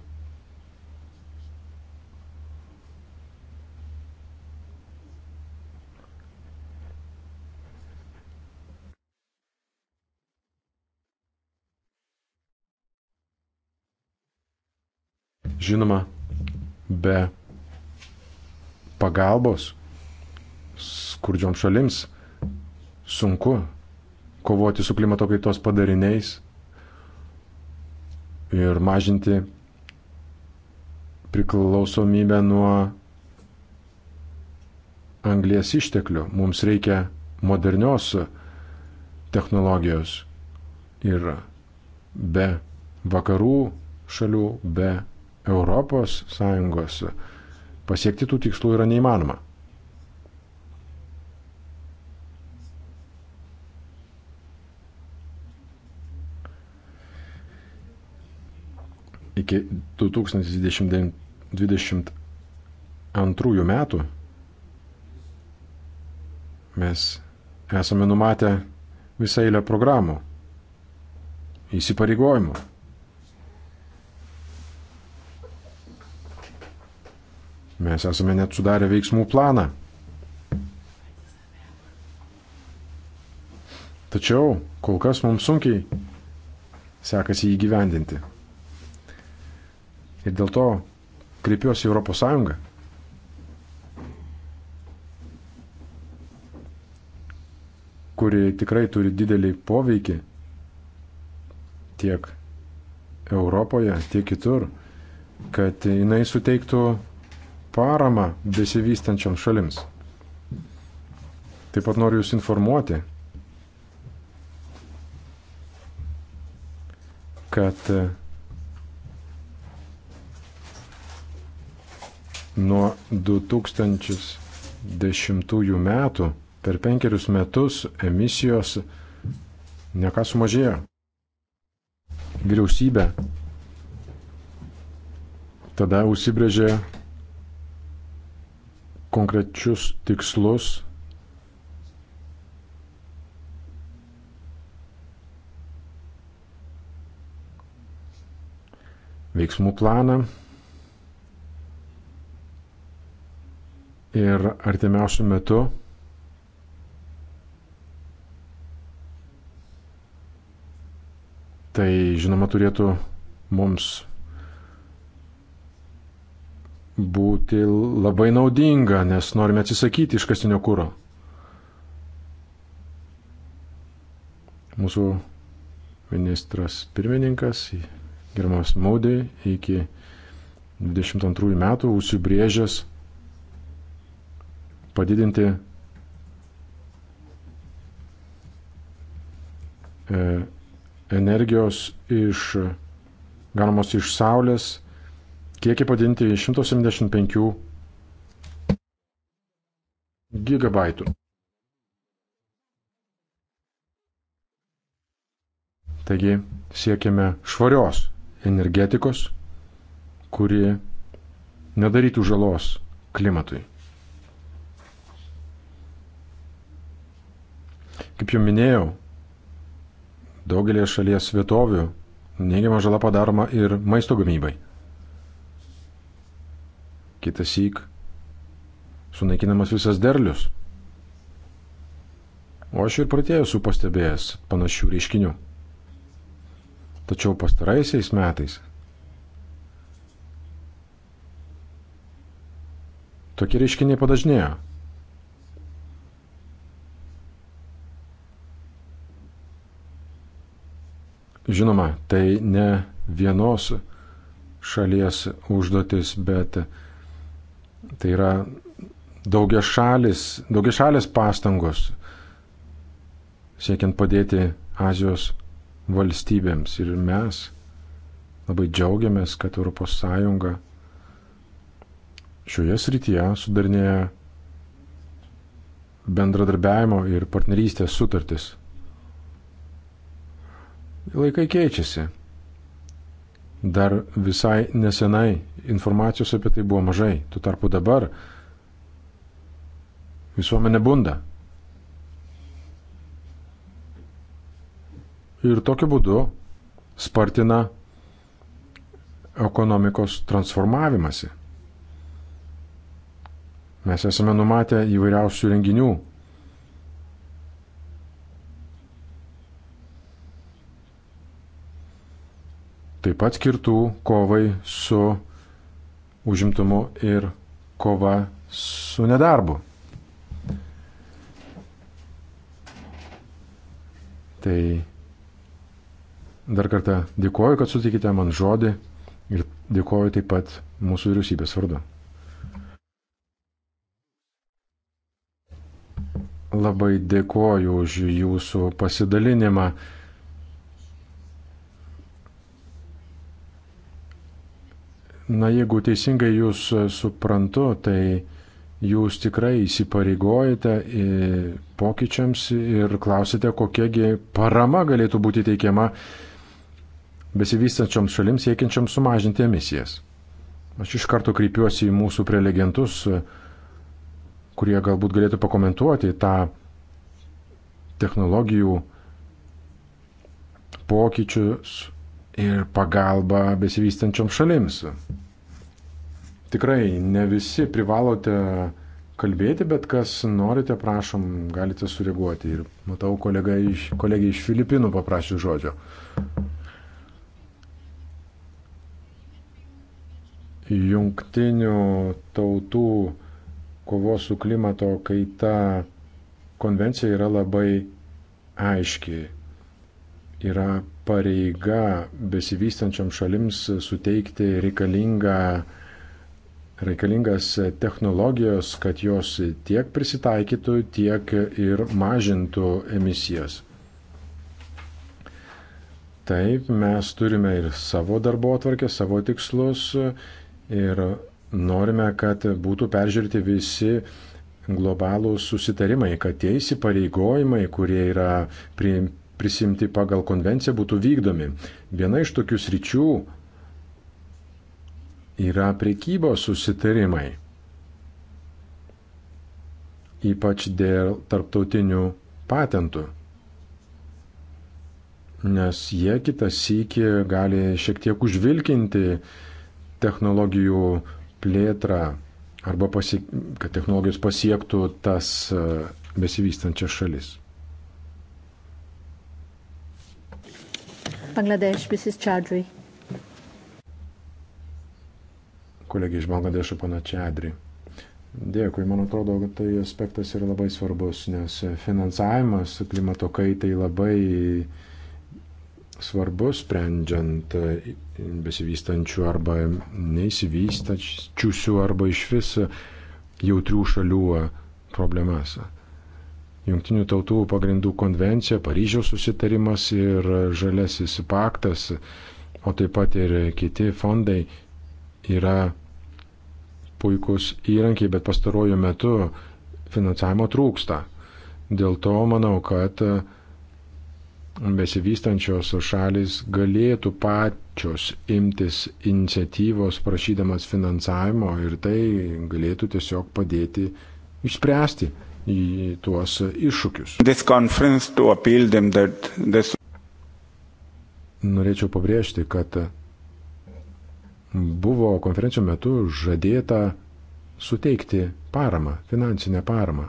Žinoma, be pagalbos skurdžiom šalims sunku kovoti su klimato kaitos padariniais ir mažinti priklausomybę nuo anglės išteklių. Mums reikia modernios technologijos ir be vakarų šalių, be Europos Sąjungos pasiekti tų tikslų yra neįmanoma. iki 2022 metų mes esame numatę visą eilę programų, įsipareigojimų. Mes esame net sudarę veiksmų planą. Tačiau kol kas mums sunkiai sekasi jį gyvendinti. Ir dėl to kreipiuosi į Europos Sąjungą. kuri tikrai turi didelį poveikį tiek Europoje, tiek kitur, kad jinai suteiktų paramą besivystančiam šalims. Taip pat noriu Jūs informuoti, kad Nuo 2010 metų per penkerius metus emisijos neką sumažėjo. Vyriausybė tada užsibrėžė konkrečius tikslus veiksmų planą ir artimiausių metų tai žinoma turėtų mums būti labai naudinga, nes norime atsisakyti iškastinio kūro. Mūsų ministras pirmininkas, gerbiamas Maudai, iki 22 metų užsibrėžęs padidinti e, energijos iš gaunamos iš Saulės kiekį padinti iš 175 gigabaitų. Taigi siekiame švarios energetikos, kuri nedarytų žalos klimatui. Kaip jau minėjau, daugelį šalies vietovių neigiama žala padaroma ir maisto gamybai. Kitas įk sunaikinamas visas derlius. O aš ir pratėjau su pastebėjęs panašių reiškinių. Tačiau pastaraisiais metais tokie reiškiniai padažnėjo. Žinoma, tai ne vienos šalies užduotis, bet tai yra daugia šalis, daugia šalis pastangos siekiant padėti Azijos valstybėms. Ir mes labai džiaugiamės, kad ES šioje srityje sudarinėja bendradarbiavimo ir partnerystės sutartis Laikai keičiasi. Dar visai nesenai informacijos apie tai buvo mažai. Tuo tarpu dabar visuomenė bunda. Ir tokiu būdu spartina ekonomikos transformavimąsi. Mes esame numatę įvairiausių renginių taip pat skirtų kovai su užimtumu ir kova su nedarbu. Tai dar kartą dėkoju, kad sutikite man žodį ir dėkoju taip pat mūsų vyriausybės vardu. Labai dėkoju už jūsų pasidalinimą. Na, jeigu teisingai jūs e, suprantu, tai jūs tikrai įsipareigojate e, pokyčiams ir klausite, kokiagi parama galėtų būti teikiama besivystančioms šalims siekiančiams sumažinti emisijas. Aš iš karto kreipiuosi į mūsų prelegentus, e, kurie galbūt galėtų pakomentuoti tą technologijų pokyčius ir pagalbą besivystančiom šalims. Tikrai ne visi privalote kalbėti, bet kas norite, prašom, galite sureaguoti. Ir matau, kolega iš, kolegė iš Filipinų paprašė žodžio. Jungtinių tautų kovos su klimato kaita konvencija yra labai aiški. Yra pareiga besivystančiam šalims suteikti reikalingą reikalingas technologijos, kad jos tiek prisitaikytų, tiek ir mažintų emisijas. Taip, mes turime ir savo darbo atvarkę, savo tikslus ir norime, kad būtų peržiūrėti visi globalūs susitarimai, kad tie įsipareigojimai, kurie yra priimti prisimti pagal konvenciją būtų vykdomi. Viena iš tokių sričių yra priekybos susitarimai, ypač dėl tarptautinių patentų, nes jie kitą sykį gali šiek tiek užvilkinti technologijų plėtrą arba pasiek, kad technologijos pasiektų tas e, besivystančias šalis. Bangladesh, Mrs. Chowdhury. Kolegė iš Bangladešo, pana Čadri. Dėkui, man atrodo, kad tai aspektas yra labai svarbus, nes finansavimas klimato kaitai labai svarbus, sprendžiant besivystančių arba neįsivystančių arba iš vis jautrių šalių problemas. Junktinių tautų pagrindų konvencija, Paryžiaus susitarimas ir Žalesis paktas, o taip pat ir kiti fondai yra puikūs įrankiai, bet pastaruoju metu finansavimo trūksta. Dėl to manau, kad besivystančios šalis galėtų pačios imtis iniciatyvos prašydamas finansavimo ir tai galėtų tiesiog padėti išspręsti į tuos iššūkius. This... Norėčiau pabrėžti, kad buvo konferencijų metu žadėta suteikti paramą, finansinę paramą,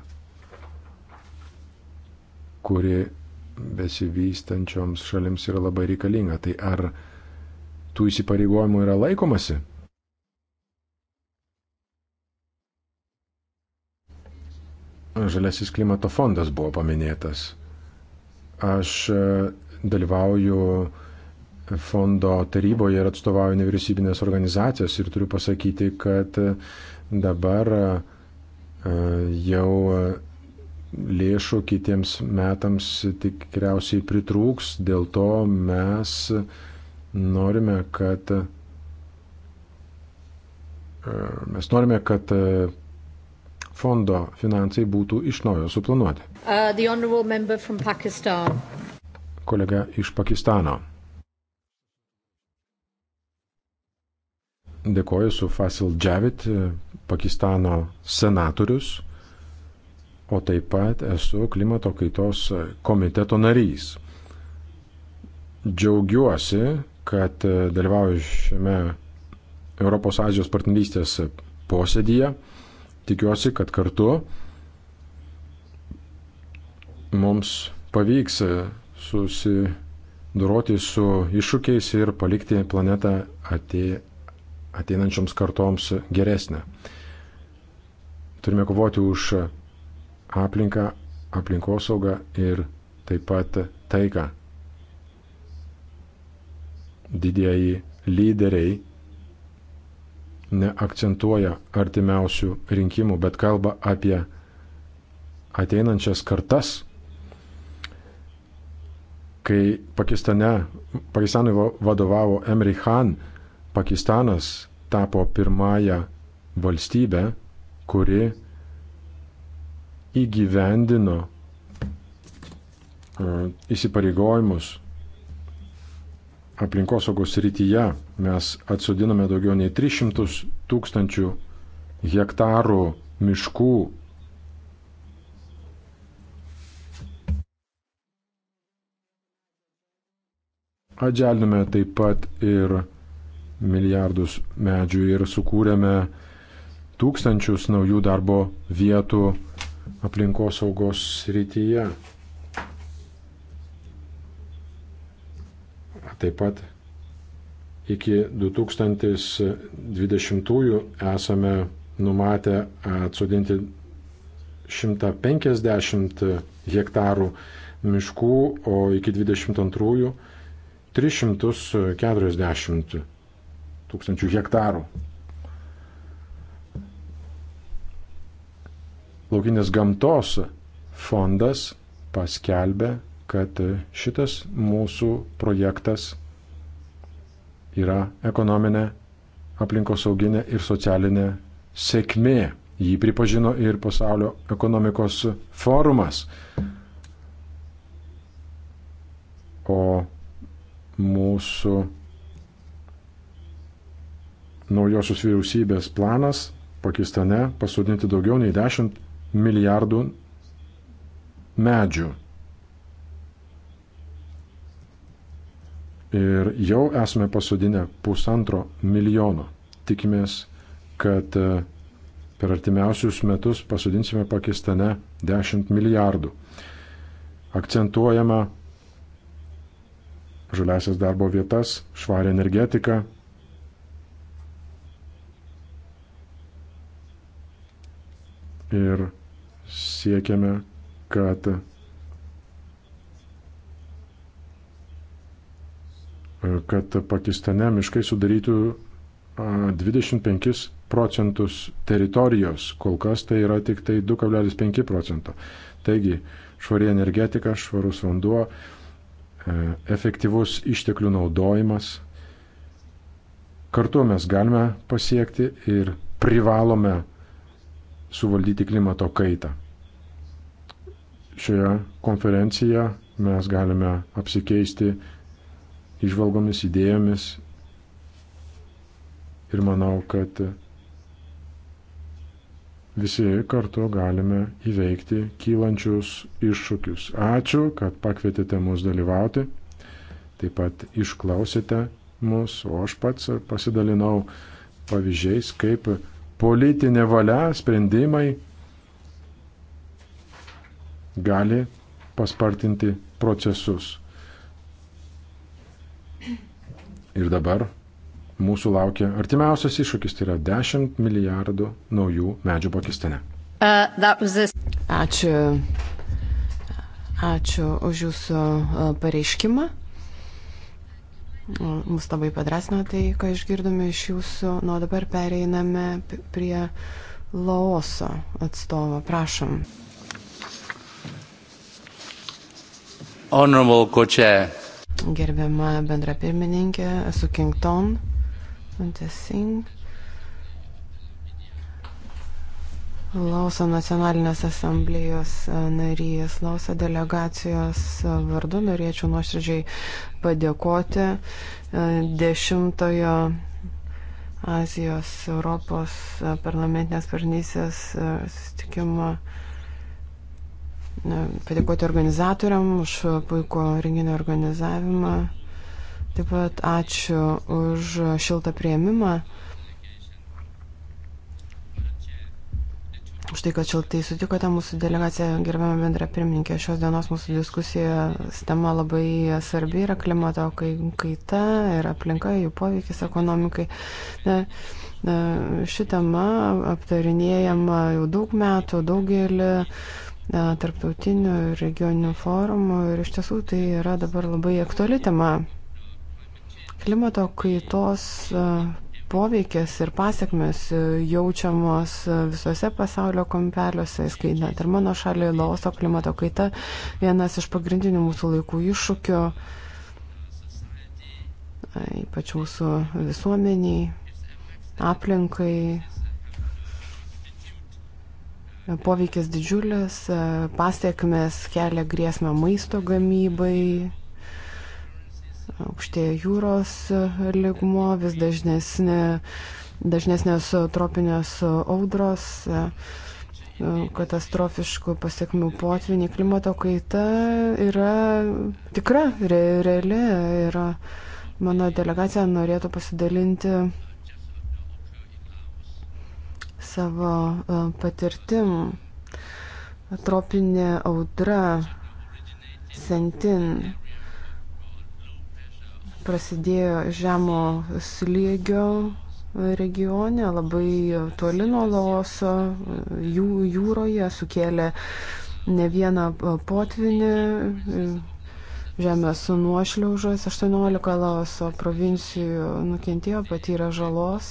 kuri besivystančioms šalims yra labai reikalinga. Tai ar tų įsipareigojimų yra laikomasi? Žalesis klimato fondas buvo paminėtas. Aš e, dalyvauju fondo taryboje ir atstovauju nevyriausybinės organizacijas ir turiu pasakyti, kad dabar e, jau lėšų kitiems metams tikriausiai pritrūks, dėl to mes norime, kad e, mes norime, kad fondo finansai būtų iš naujo suplanuoti. Uh, Kolega iš Pakistano. Dėkoju su Fasil Džavit, e, Pakistano senatorius, o taip pat esu klimato kaitos komiteto narys. Džiaugiuosi, kad e, dalyvauju šiame Europos Azijos partnerystės posėdyje Tikiuosi, kad kartu mums pavyks e, susidoroti su iššūkiais ir palikti planetą atei, ateinančioms kartoms geresnę. Turime kovoti už aplinką, aplinkosaugą ir taip pat taiką. Didieji lyderiai neakcentuoja artimiausių rinkimų, bet kalba apie ateinančias kartas. Kai Pakistane, Pakistanui vadovavo Emri Khan, Pakistanas tapo pirmąją valstybę, kuri įgyvendino e, įsipareigojimus aplinkosaugos rytyje mes atsodiname daugiau nei 300 tūkstančių hektarų miškų. Atželdėme taip pat ir milijardus medžių ir sukūrėme tūkstančius naujų darbo vietų aplinkosaugos srityje. Taip pat iki 2020 esame numatę e, atsodinti 150 hektarų miškų, o iki 22 340 tūkstančių hektarų. Laukinės gamtos fondas paskelbė, kad šitas mūsų projektas yra ekonominė, aplinkosauginė ir socialinė sėkmė. Jį pripažino ir pasaulio ekonomikos forumas. O mūsų naujosios vyriausybės planas Pakistane pasodinti daugiau nei 10 milijardų medžių ir jau esame pasodinę pusantro milijono. Tikimės, kad e, per artimiausius metus pasodinsime Pakistane 10 milijardų. Akcentuojama žaliasias darbo vietas, švarę energetiką. Ir siekiame, kad kad Pakistane miškai sudarytų 25 procentus teritorijos, kol kas tai yra tik tai 2,5 procento. Taigi, švari energetika, švarus vanduo, e, efektyvus išteklių naudojimas. Kartu mes galime pasiekti ir privalome suvaldyti klimato kaitą. Šioje konferencijoje mes galime apsikeisti išvalgomis, idėjomis ir manau, kad visi kartu galime įveikti kylančius iššūkius. Ačiū, kad pakvietėte mus dalyvauti, taip pat išklausėte mus, o aš pats pasidalinau pavyzdžiais, kaip politinė valia, sprendimai gali paspartinti procesus. Ir dabar mūsų laukia artimiausias iššūkis, tai yra 10 milijardų naujų medžių Pakistane. Uh, Ačiū. Ačiū už Jūsų uh, pareiškimą. Mus labai padrasino tai, ką išgirdome iš Jūsų. Nuo dabar pereiname prie Laoso atstovo. Prašom. Honorable Co-Chair, gerbiama bendra pirmininkė, esu Kington, Singh, Lauso nacionalinės asamblėjos e, narys, Lauso delegacijos e, vardu norėčiau nuoširdžiai padėkoti e, dešimtojo Azijos Europos parlamentinės partnerystės susitikimo padėkoti organizatoriam už puiko renginio organizavimą. Taip pat ačiū už šiltą prieimimą, už tai, kad šiltai sutikote mūsų delegaciją, gerbiamą bendrą pirmininkę. Šios dienos mūsų diskusija tema labai svarbi yra klimato kaita ir aplinka, jų poveikis ekonomikai. Ne, ne, ši tema aptarinėjama jau daug metų, daugelį tarptautinių ir regioninių forumų ir iš tiesų tai yra dabar labai aktuali tema. Klimato kaitos poveikis ir pasiekmes jaučiamos visose pasaulio kampeliuose, skaitant ir mano šalį Laoso klimato kaita, vienas iš pagrindinių mūsų laikų iššūkių, ypač mūsų visuomeniai, aplinkai, Poveikis didžiulis, e, pasiekmes kelia grėsmę maisto gamybai, aukštėja jūros ligmo, vis dažnesnė, dažnesnės tropinės audros e, katastrofiškų pasiekmių potvinį, klimato kaita yra tikra, re, reali ir mano delegacija norėtų pasidalinti savo e, patirtim. Tropinė audra Sentin prasidėjo žemo slėgio regione, labai toli nuo Laoso, jų, jūroje sukėlė ne vieną potvinį, e, žemės nuošliaužas, 18 Laoso provincijų nukentėjo, patyrė žalos.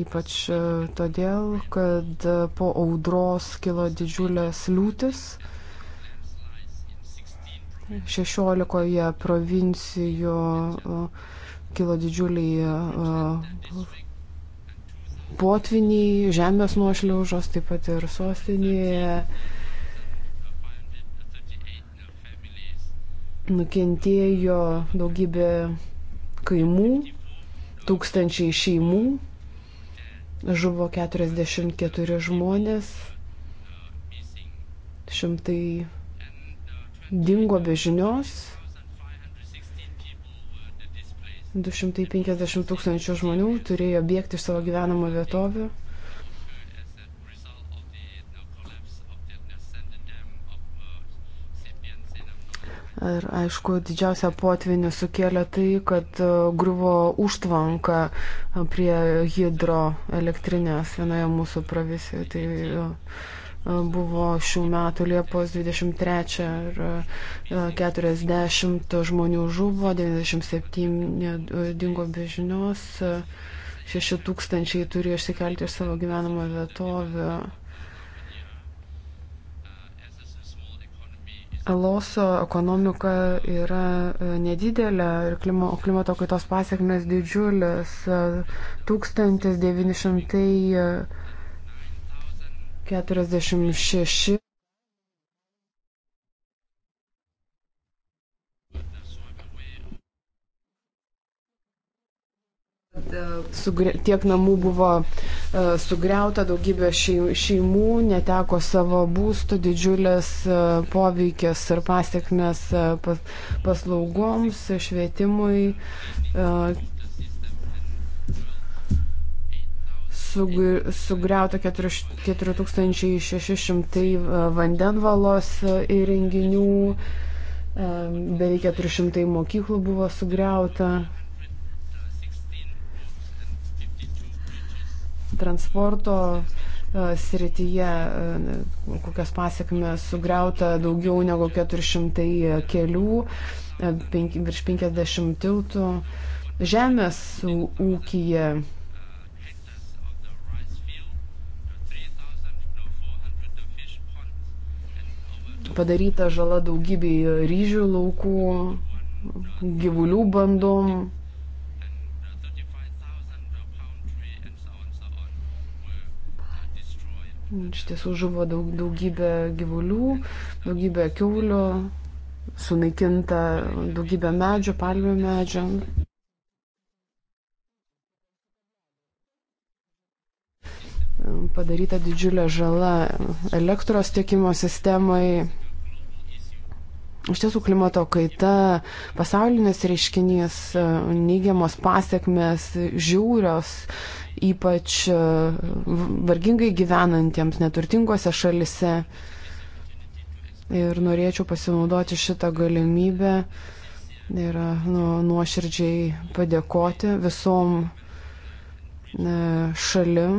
Ypač e, todėl, kad e, po audros kilo didžiulės liūtis. 16 provincijų e, kilo didžiuliai potviniai, žemės nuošliaužos, taip pat ir sostinėje. Nukentėjo daugybė kaimų, tūkstančiai šeimų žuvo 44 žmonės, šimtai dingo be žinios, 250 tūkstančių žmonių turėjo bėgti iš savo gyvenamo vietovių. Ir aišku, didžiausia potvinį sukėlė tai, kad e, griuvo užtvanka e, prie hidroelektrinės vienoje mūsų provisijoje. Tai e, buvo šių metų Liepos 23 ir 40 žmonių žuvo, 97 dingo be žinios, 6 tūkstančiai turėjo išsikelti iš savo gyvenamo vietovę. Loso ekonomika yra e, nedidelė ir klimo, klimato kaitos pasiekmes didžiulės. 1946 e, E, tiek namų buvo e, sugriauta, daugybė šeimų neteko savo būstų, didžiulės e, poveikės ir pasiekmes paslaugoms, švietimui. Sugriauta 4600 vandenvalos įrenginių, beveik 400 mokyklų buvo sugriauta. transporto e, srityje, e, kokias pasiekmes sugriauta daugiau negu 400 kelių, e, virš 50 tiltų. Žemės ūkija padaryta žala daugybei ryžių laukų, gyvulių bandom. Iš tiesų žuvo daug, daugybė gyvulių, daugybė keulių, sunaikinta daugybė medžių, palmių medžių. Padaryta didžiulė žala elektros tiekimo sistemai. Iš tiesų klimato kaita, pasaulinis reiškinys, neigiamos pasiekmes, žiaurios ypač e, vargingai gyvenantiems neturtingose šalise. Ir norėčiau pasinaudoti šitą galimybę ir e, nu, nuoširdžiai padėkoti visom e, šalim,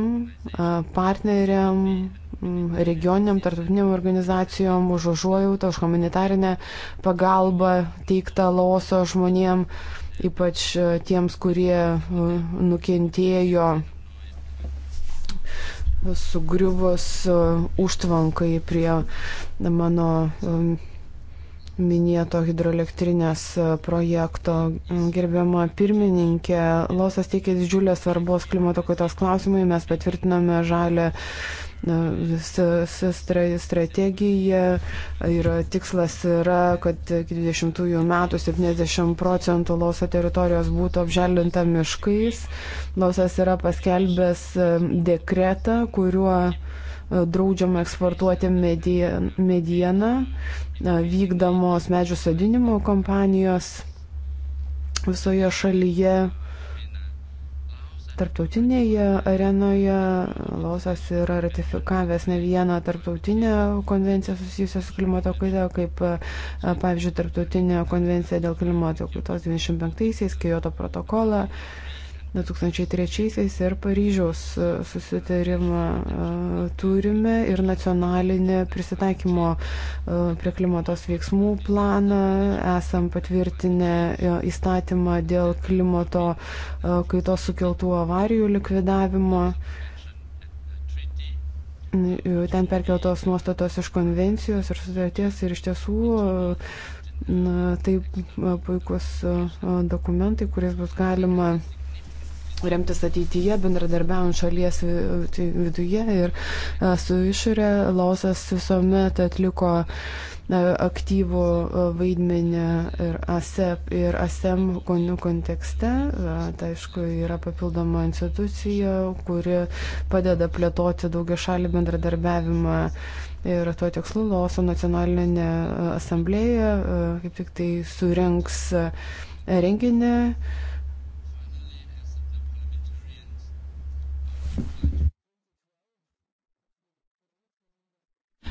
partneriam, regioniniam, tarptautiniam organizacijom už užuojautą, už humanitarinę pagalbą teiktą Laoso žmonėm ypač e, tiems, kurie e, nukentėjo sugriuvus e, užtvankai prie mano minėto hidroelektrinės projekto. Gerbiama pirmininkė, Losas teikia didžiulės svarbos klimato kaitos klausimai, mes patvirtiname žalę strategija ir tikslas yra, kad iki 20 metų 70 procentų Lauso teritorijos būtų apželdinta miškais. Lausas yra paskelbęs um, dekretą, kuriuo uh, draudžiama eksportuoti medieną, uh, vykdamos medžių sodinimo kompanijos visoje šalyje. Tarptautinėje arenoje Laosas yra ratifikavęs ne vieną tarptautinę konvenciją susijusią su klimato kaita, kaip e, pavyzdžiui, tarptautinė konvencija dėl klimato kaitos 25-aisiais, Kyoto protokolą. 2003 ir Paryžiaus e, susitarimą e, turime ir nacionalinį prisitaikymo e, prie klimatos veiksmų planą. Esam patvirtinę įstatymą dėl klimato kaitos sukeltų avarijų likvidavimo. Ten perkeltos nuostatos iš konvencijos ir sutarties ir iš tiesų na, tai puikus dokumentai, kuris bus galima remtis ateityje, bendradarbiaujant šalies viduje ir e, su išorė. Lausas visuomet atliko e, aktyvų e, vaidmenį ir ASEP ir ASEM kontekste. Tai aišku, yra papildoma institucija, kuri padeda plėtoti daugia šalį bendradarbiavimą. Ir tuo tikslu Laoso nacionalinė asamblėja kaip tik tai surenks renginį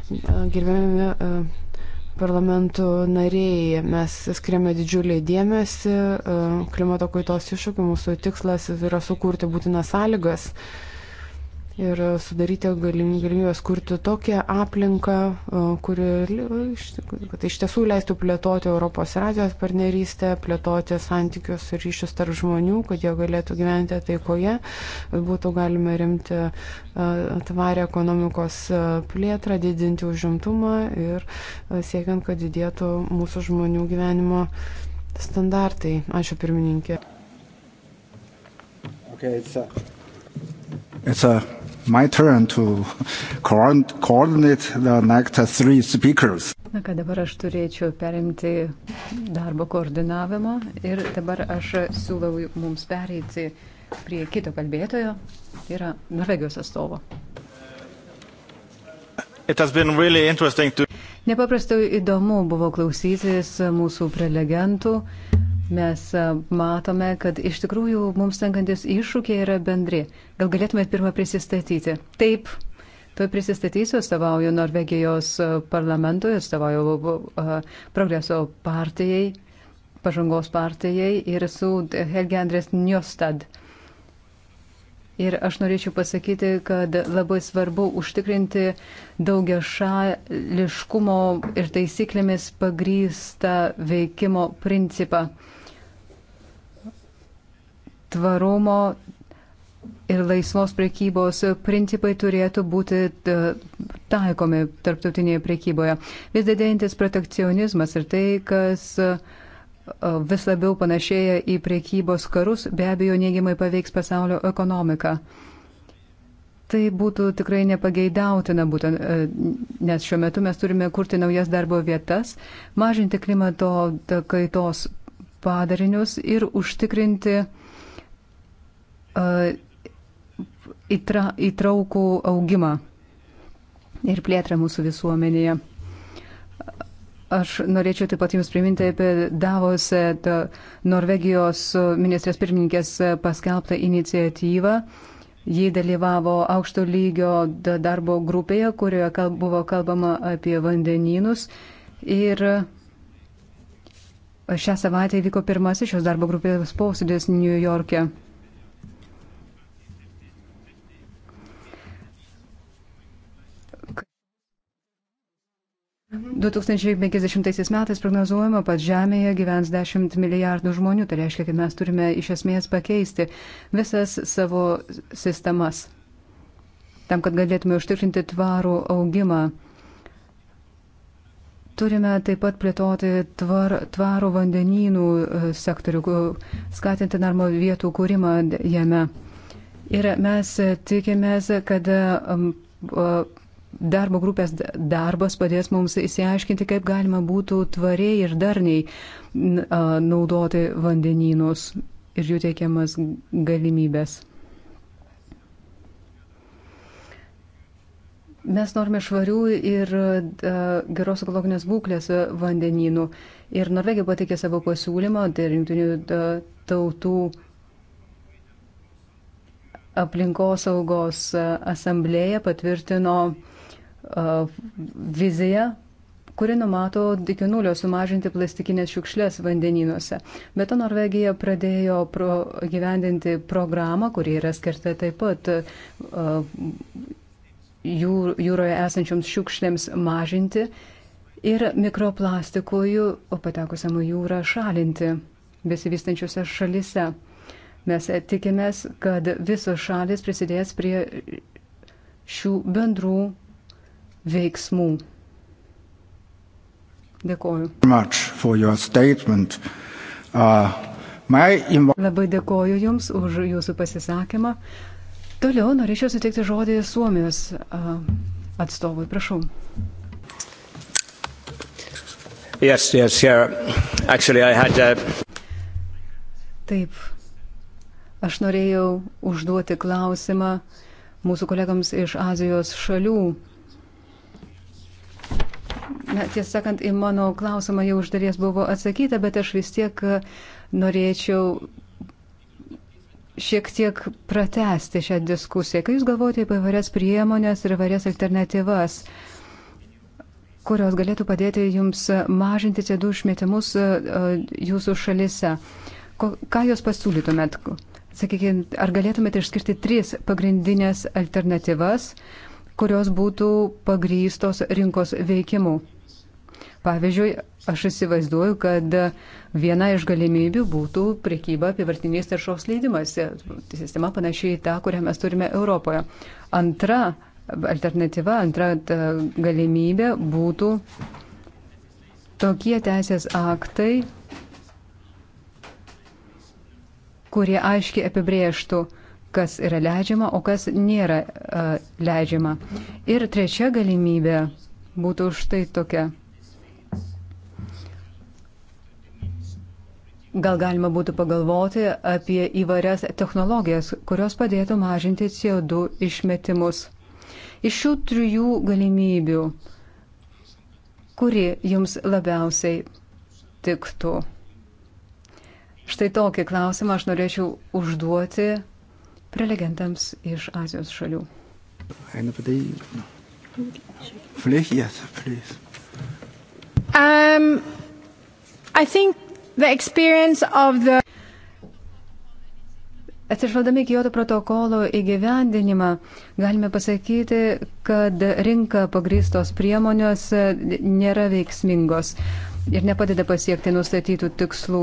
Gerbėmi e, parlamentų nariai, mes skiriame didžiulį dėmesį e, klimato kaitos iššūkių, mūsų tikslas yra sukurti būtinas sąlygas ir sudaryti galimybės kurti tokią aplinką, kuri kad tai iš tiesų leistų plėtoti Europos ir Azijos partnerystę, plėtoti santykius ir ryšius tarp žmonių, kad jie galėtų gyventi taikoje, kad būtų galima rimti tvarę ekonomikos plėtrą, didinti užimtumą ir siekiant, kad didėtų mūsų žmonių gyvenimo standartai. Ačiū pirmininkė. Okay, it's a, uh, it's a uh, my turn to coordinate the next three speakers. Na ką dabar aš turėčiau perimti darbo koordinavimą ir dabar aš siūlau mums pereiti prie kito kalbėtojo, tai yra Norvegijos atstovo. Really to... Nepaprastai įdomu buvo klausytis mūsų prelegentų. Mes e, matome, kad iš tikrųjų mums tenkantis iššūkiai yra bendri. Gal galėtumėt pirmą prisistatyti? Taip, to prisistatysiu, atstovauju Norvegijos e, parlamentui, atstovauju uh, Progreso partijai, pažangos partijai ir su Helge Andrės Njostad. Ir aš norėčiau pasakyti, kad labai svarbu užtikrinti daugia šališkumo ir taisyklėmis pagrystą veikimo principą tvarumo ir laisvos priekybos principai turėtų būti e, taikomi tarptautinėje priekyboje. Vis didėjantis protekcionizmas ir tai, kas e, vis labiau panašėja į priekybos karus, be abejo neigiamai paveiks pasaulio ekonomiką. Tai būtų tikrai nepageidautina, būtent, e, nes šiuo metu mes turime kurti naujas darbo vietas, mažinti klimato kaitos padarinius ir užtikrinti uh, E, įtra, įtraukų augimą ir plėtrą mūsų visuomenėje. Aš norėčiau taip pat Jums priminti apie Davose Norvegijos ministrės pirmininkės paskelbtą iniciatyvą. Ji dalyvavo aukšto lygio darbo grupėje, kurioje kalb, buvo kalbama apie vandenynus. Ir šią savaitę įvyko pirmasis šios darbo grupės posėdis New York'e. 2050 mhm. metais prognozuojama, kad Žemėje gyvens 10 milijardų žmonių, tai reiškia, kad mes turime iš esmės pakeisti visas savo sistemas, tam, kad galėtume užtikrinti tvarų augimą. Turime taip pat plėtoti tvar, tvarų vandenynų e, sektorių, skatinti darbo vietų kūrimą jame. Ir mes tikimės, kad e, e, darbo grupės darbas padės mums įsiaiškinti, kaip galima būtų tvariai ir darniai naudoti vandenynus ir jų teikiamas galimybės. Mes norime švarių ir geros ekologinės būklės vandenynų. Ir Norvegija pateikė savo pasiūlymą, tai rinktinių tautų aplinkosaugos asamblėja patvirtino uh, viziją, kuri numato iki nulio sumažinti plastikinės šiukšlės vandenynuose. Bet to Norvegija pradėjo pro, gyvendinti programą, kuri yra skirta taip pat jū, jūroje esančioms šiukšlėms mažinti ir mikroplastikųjų patekusiam į jūrą šalinti besivystančiose šalise. Mes tikimės, kad visos šalis prisidės prie šių bendrų veiksmų. Dėkoju. Uh, Labai dėkoju Jums už Jūsų pasisakymą. Toliau norėčiau suteikti žodį Suomijos uh, atstovui. Prašau. Yes, yes, yeah. Actually, I had, uh... Taip. Aš norėjau užduoti klausimą mūsų kolegams iš Azijos šalių Na, tiesą sakant, į mano klausimą jau iš dalies buvo atsakyta, bet aš vis tiek e, norėčiau šiek tiek pratesti šią diskusiją. Kai jūs galvojate apie varias priemonės ir varias alternatyvas, kurios galėtų padėti jums mažinti CO2 išmetimus e, e, jūsų šalise, ką jūs pasiūlytumėt? Sakykime, ar galėtumėte išskirti tris pagrindinės alternatyvas? kurios būtų pagrystos rinkos veikimu. Pavyzdžiui, aš įsivaizduoju, kad viena iš galimybių būtų priekyba apivartiniais taršos leidimais. Tai sistema panašiai į tą, kurią mes turime Europoje. Antra alternatyva, antra galimybė būtų tokie teisės aktai, kurie aiškiai apibrėžtų, kas yra leidžiama, o kas nėra uh, leidžiama. Ir trečia galimybė būtų štai tokia. Gal galima būtų pagalvoti apie įvairias technologijas, kurios padėtų mažinti CO2 išmetimus. Iš šių trijų galimybių, kuri jums labiausiai tiktų? Štai tokį klausimą aš norėčiau užduoti prelegentams iš Azijos šalių. Flech, yes, please. Um, I think The experience of the Atsižvelgdami Kyoto protokolo įgyvendinimą, galime pasakyti, kad rinka pagrįstos priemonės nėra veiksmingos ir nepadeda pasiekti nustatytų tikslų.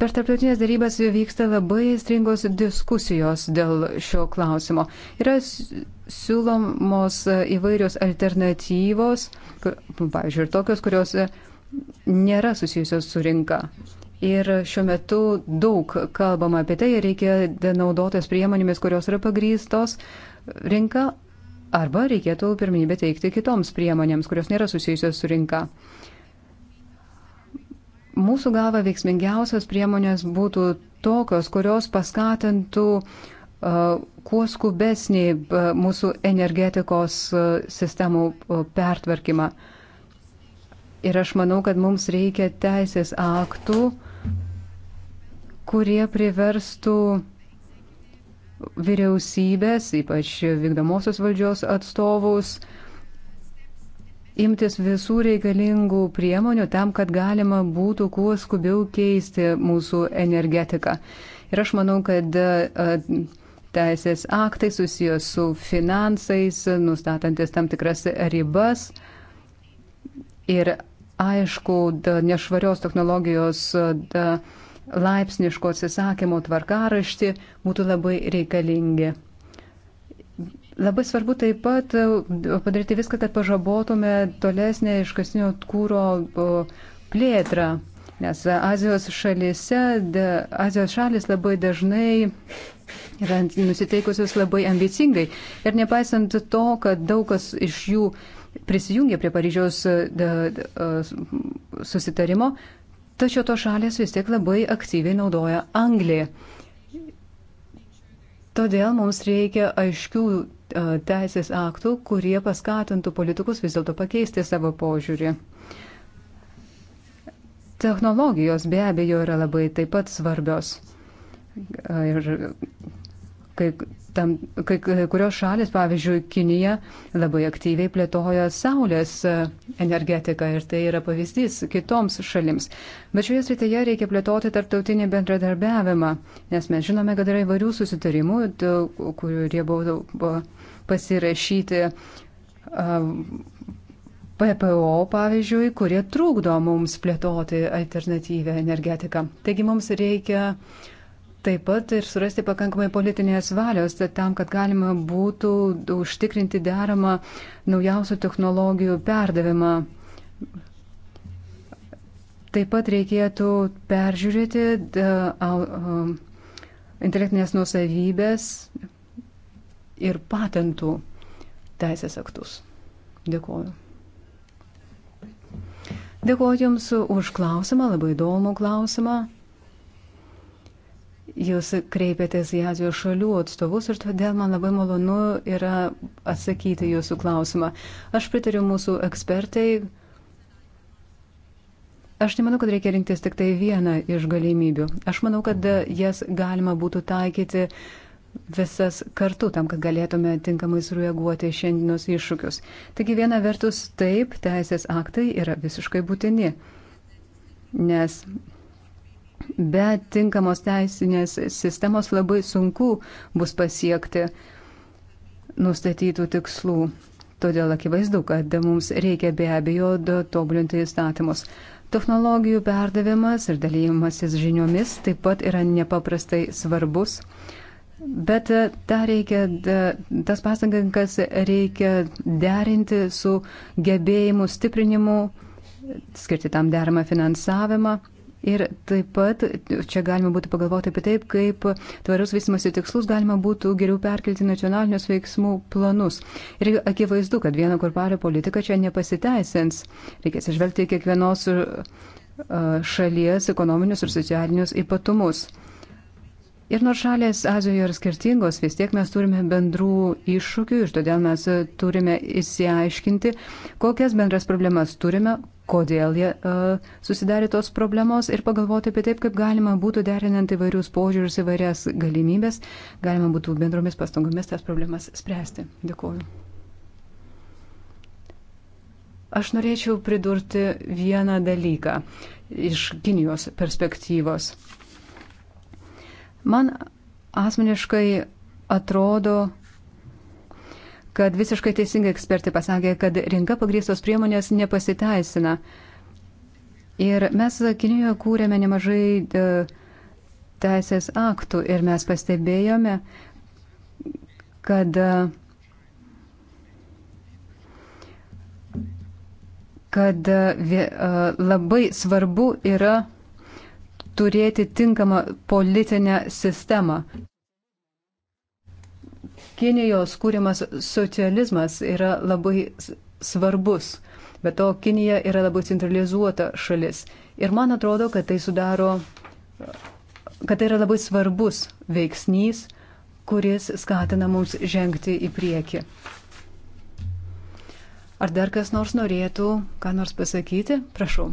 Per tarptautinės darybas vyksta labai stringos diskusijos dėl šio klausimo. Yra siūlomos įvairios alternatyvos, pavyzdžiui, ir tokios, kurios nėra susijusios su rinka. Ir šiuo metu daug kalbama apie tai, reikia naudotis priemonėmis, kurios yra pagrystos rinka, arba reikėtų pirmybę teikti kitoms priemonėms, kurios nėra susijusios su rinka. Mūsų galva veiksmingiausios priemonės būtų tokios, kurios paskatintų uh, kuo skubesnį uh, mūsų energetikos uh, sistemų uh, pertvarkymą. Uh, Ir aš manau, kad mums reikia teisės aktų, kurie priverstų vyriausybės, ypač vykdomosios valdžios atstovus, imtis visų reikalingų priemonių tam, kad galima būtų kuo skubiau keisti mūsų energetiką. Ir aš manau, kad teisės aktai susijęs su finansais, nustatantis tam tikras ribas ir aišku da, nešvarios technologijos da, laipsniško atsisakymo tvarkaraštį būtų labai reikalingi. Labai svarbu taip pat padaryti viską, kad pažabotume tolesnę iškasnio kūro plėtrą, nes Azijos šalise, de, Azijos šalis labai dažnai yra nusiteikusios labai ambicingai ir nepaisant to, kad daug kas iš jų uh, prisijungė prie Paryžiaus e, e, susitarimo, tačiau to šalės vis tiek labai aktyviai naudoja Angliją. Todėl mums reikia aiškių e, teisės aktų, kurie paskatintų politikus vis dėlto pakeisti savo požiūrį. Technologijos be abejo yra labai taip pat svarbios. Ir kai tam, kai kurios šalis, pavyzdžiui, Kinija labai aktyviai plėtoja saulės e, energetiką ir tai yra pavyzdys kitoms šalims. Bet šioje srityje reikia plėtoti tarptautinį bendradarbiavimą, nes mes žinome, kad yra įvairių susitarimų, kurie buvo pasirašyti e, PPO, pavyzdžiui, kurie trukdo mums plėtoti alternatyvę energetiką. Taigi mums reikia uh, Taip pat ir surasti pakankamai politinės valios tam, kad galima būtų užtikrinti deramą naujausių technologijų perdavimą. Taip pat reikėtų peržiūrėti e, e, intelektinės nusavybės ir patentų teisės aktus. Dėkuoju. Dėkuoju Jums už klausimą, labai įdomų klausimą. Jūs kreipėtės į Azijos šalių atstovus ir todėl man labai malonu yra atsakyti jūsų klausimą. Aš pritariu mūsų ekspertai. Aš nemanau, kad reikia rinktis tik tai vieną iš galimybių. Aš manau, kad jas galima būtų taikyti visas kartu tam, kad galėtume tinkamai sureaguoti šiandienos iššūkius. Taigi viena vertus taip, teisės aktai yra visiškai būtini, nes be tinkamos teisinės sistemos labai sunku bus pasiekti nustatytų tikslų. Todėl akivaizdu, kad mums reikia be abejo tobulinti įstatymus. Technologijų perdavimas ir dalymasis žiniomis taip pat yra nepaprastai svarbus. Bet e, tą reikia, tas pastangas reikia derinti su gebėjimu stiprinimu, skirti tam deramą finansavimą Ir taip pat čia galima būtų pagalvoti apie taip, kaip tvarus vystimasi tikslus galima būtų geriau perkelti nacionalinius veiksmų planus. Ir akivaizdu, kad vieno korpalio politika čia nepasiteisins. Reikės išvelgti kiekvienos šalies ekonominius ir socialinius ypatumus. Ir nors šalės Azijoje yra skirtingos, vis tiek mes turime bendrų iššūkių ir todėl mes turime įsiaiškinti, kokias bendras problemas turime, kodėl jie uh, susidarė tos problemos ir pagalvoti apie taip, kaip galima būtų derinant įvairius požiūrius, įvairias galimybės, galima būtų bendromis pastangomis tas problemas spręsti. Dėkuoju. Aš norėčiau pridurti vieną dalyką iš Kinijos perspektyvos. Man asmeniškai atrodo, kad visiškai teisingai ekspertai pasakė, kad rinka pagrįstos priemonės nepasiteisina. Ir mes Kinijoje kūrėme nemažai e, teisės aktų ir mes pastebėjome, kad, e, kad e, labai svarbu yra turėti tinkamą politinę sistemą. Kinijos kūrimas socializmas yra labai svarbus, bet to Kinija yra labai centralizuota šalis. Ir man atrodo, kad tai sudaro, kad tai yra labai svarbus veiksnys, kuris skatina mums žengti į priekį. Ar dar kas nors norėtų ką nors pasakyti? Prašau.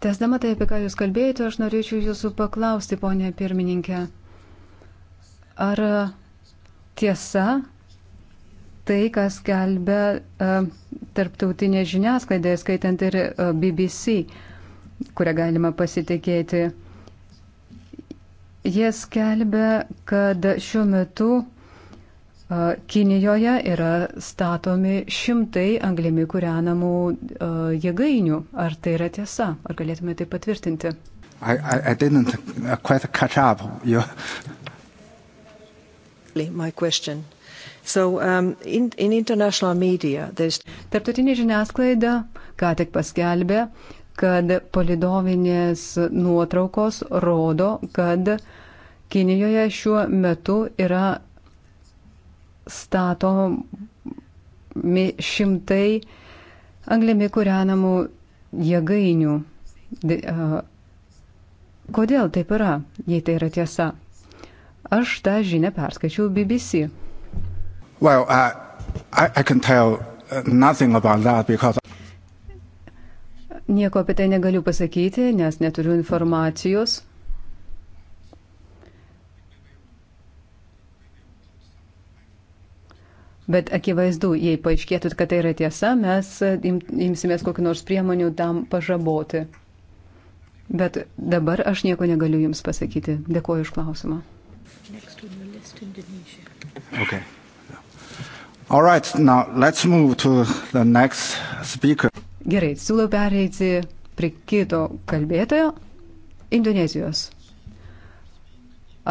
Tesdama tai, apie ką Jūs kalbėjote, aš norėčiau Jūsų paklausti, ponė pirmininkė. Ar tiesa tai, kas kelbė uh, e, tarptautinė žiniasklaida, skaitant ir uh, e, BBC, kurią galima pasitikėti, jie skelbė, kad šiuo metu uh, Kinijoje yra statomi šimtai anglimi kūrenamų jėgainių. Ar tai yra tiesa? Ar galėtume tai patvirtinti? I, I, I didn't quite catch up. You... My question. So, um, in, in international media, there's... Tarptautinė žiniasklaida ką tik paskelbė, kad palidovinės nuotraukos rodo, kad Kinijoje šiuo metu yra statomi šimtai anglimi kūrenamų jėgainių. Kodėl taip yra, jei tai yra tiesa? Aš tą žinią perskaičiau BBC. Well, uh, I, I can tell uh, nothing about that because Nieko apie tai negaliu pasakyti, nes neturiu informacijos. bet akivaizdu, jei paaiškėtų, kad tai yra tiesa, mes e, imsimės kokiu nors priemonių tam pažaboti. Bet dabar aš nieko negaliu Jums pasakyti. Dėkuoju už klausimą. Okay. All right, now let's move to the next speaker. Gerai, siūlau pereiti prie kito kalbėtojo, Indonezijos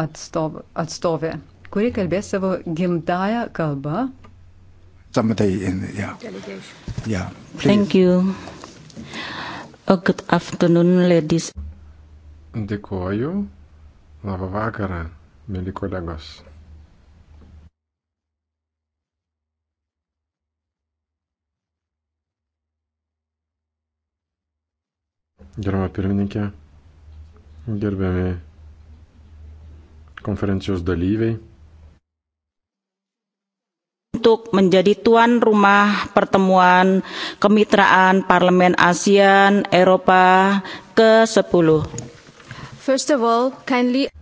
atstov, atstovė, kuri kalbės savo gimtają kalbą, somebody in, yeah. Delegation. Yeah, please. Thank you. A oh, good afternoon, ladies. Dėkuoju. Labą vakarą, mėly kolegos. Gerbama pirmininkė, gerbiami konferencijos dalyviai untuk menjadi tuan rumah pertemuan kemitraan Parlemen ASEAN Eropa ke-10. First of all, kindly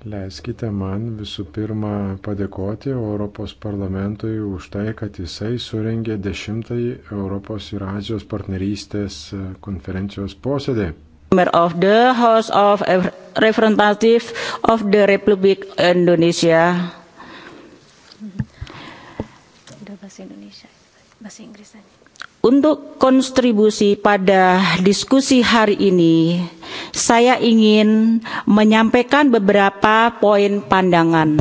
Leiskite man visų pirma padėkoti Europos parlamentui už tai, kad jisai suringė dešimtąjį Europos ir Azijos partnerystės konferencijos posėdį. Of the House of Representatives of the Republic Indonesia. bahasa Inggris tadi. Untuk kontribusi pada diskusi hari ini, saya ingin menyampaikan beberapa poin pandangan.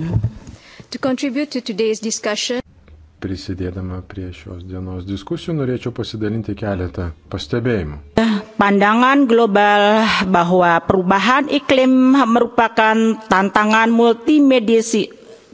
To contribute to today's discussion, Prisidėdama prie šios dienos diskusijų, norėčiau pasidalinti keletą pastebėjimų. Pandangan global bahwa perubahan iklim merupakan tantangan multimediasi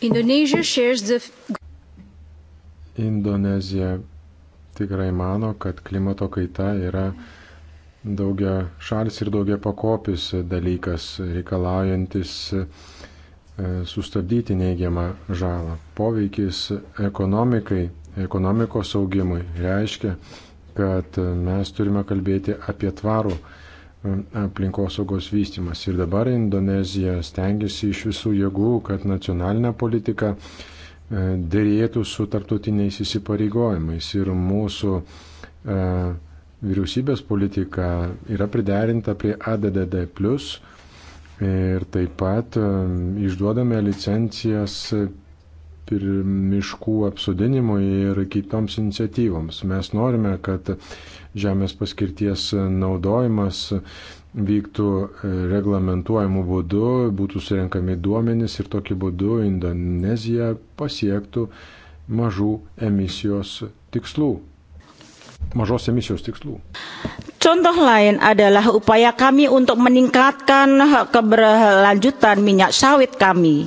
Indonesia shares the. Indonezija tikrai mano, kad klimato kaita yra daugia šalis ir daugia pakopis dalykas, reikalaujantis e, sustabdyti neigiamą žalą. Poveikis ekonomikai, ekonomikos augimui reiškia, kad mes turime kalbėti apie tvarų aplinkosaugos vystimas. Ir dabar Indonezija stengiasi iš visų jėgų, kad nacionalinė politika e, dėrėtų su tarptautiniais įsipareigojimais. Ir mūsų e, vyriausybės politika yra priderinta prie ADDD. Ir taip pat e, išduodame licencijas miškų apsodinimui ir kitoms iniciatyvoms. Mes norime, kad žemės paskirties naudojimas vyktų reglamentuojamu būdu, būtų surinkami duomenys ir tokiu būdu Indonezija pasiektų mažų emisijos tikslų. Mažos emisijos tikslų. Contoh lain adalah upaya kami untuk meningkatkan keberlanjutan minyak sawit kami.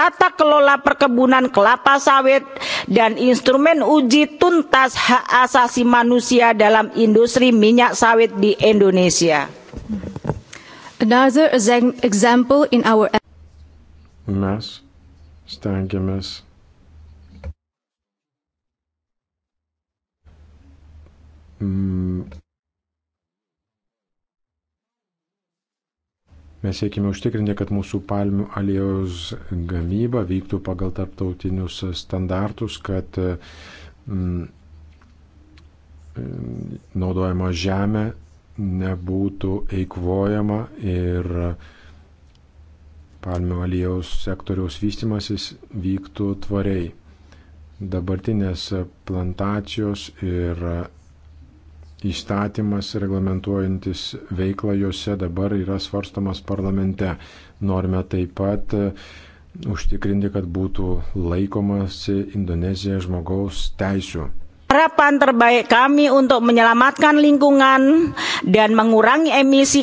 tata kelola perkebunan kelapa sawit dan instrumen uji tuntas hak asasi manusia dalam industri minyak sawit di Indonesia. Another example in our mes stengiamės mm, Mes siekime užtikrinti, kad mūsų palmių aliejos gamyba vyktų pagal tarptautinius standartus, kad mm, naudojama žemė nebūtų eikvojama ir palmių aliejos sektoriaus vystimasis vyktų tvariai. Dabartinės plantacijos ir įstatymas reglamentuojantis veiklą juose dabar yra svarstomas parlamente. Norime taip pat e, užtikrinti, kad būtų laikomasi Indonezija žmogaus teisų. Harapan terbaik kami untuk menyelamatkan lingkungan dan mengurangi emisi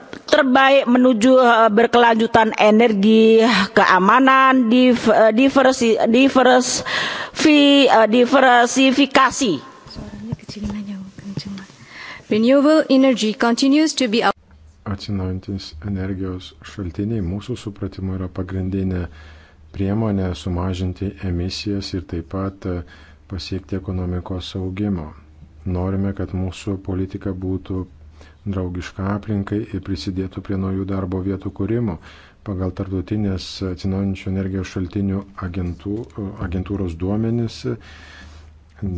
terbaik menuju eh, berkelanjutan energi keamanan eh, diversi divers fi, eh, diversifikasi Renewable energy continues to be Atsinaujantis energijos šaltiniai mūsų supratimu yra pagrindinė priemonė sumažinti emisijas ir taip pat pasiekti ekonomikos augimo. Norime, kad mūsų politika būtų draugišką aplinkai ir prisidėtų prie naujų darbo vietų kūrimo pagal tarptautinės atsinaujančių energijos šaltinių agentų, agentūros duomenis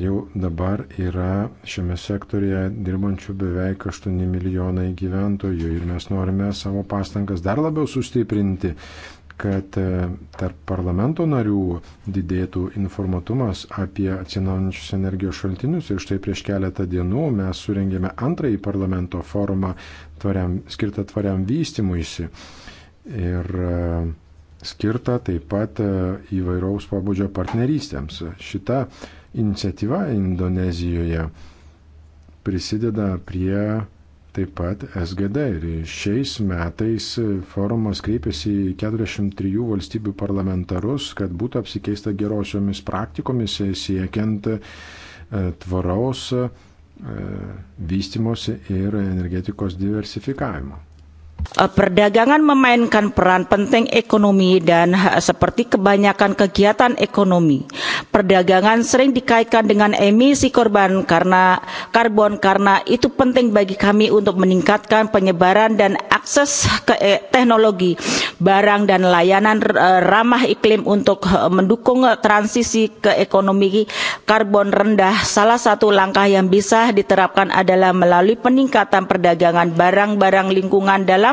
jau dabar yra šiame sektorija dirbančių beveik 8 milijonai gyventojų ir mes norime savo pastangas dar labiau sustiprinti, kad e, tarp parlamento narių didėtų informatumas apie atsinaujančius energijos šaltinius. Ir štai prieš keletą dienų mes surengėme antrąjį parlamento forumą tvariam, skirtą tvariam vystimuisi. Ir e, skirtą taip pat e, įvairaus pabudžio partnerystėms. Šita iniciatyva Indonezijoje prisideda prie taip pat SGD. Ir šiais metais forumas kreipėsi į 43 valstybių parlamentarus, kad būtų apsikeista gerosiomis praktikomis siekiant e, tvaraus e, vystimosi ir energetikos diversifikavimo. Eh, perdagangan memainkan peran penting ekonomi dan eh, seperti kebanyakan kegiatan ekonomi, perdagangan sering dikaitkan dengan emisi korban karena karbon karena itu penting bagi kami untuk meningkatkan penyebaran dan akses ke eh, teknologi, barang dan layanan eh, ramah iklim untuk eh, mendukung eh, transisi ke ekonomi karbon rendah. Salah satu langkah yang bisa diterapkan adalah melalui peningkatan perdagangan barang-barang lingkungan dalam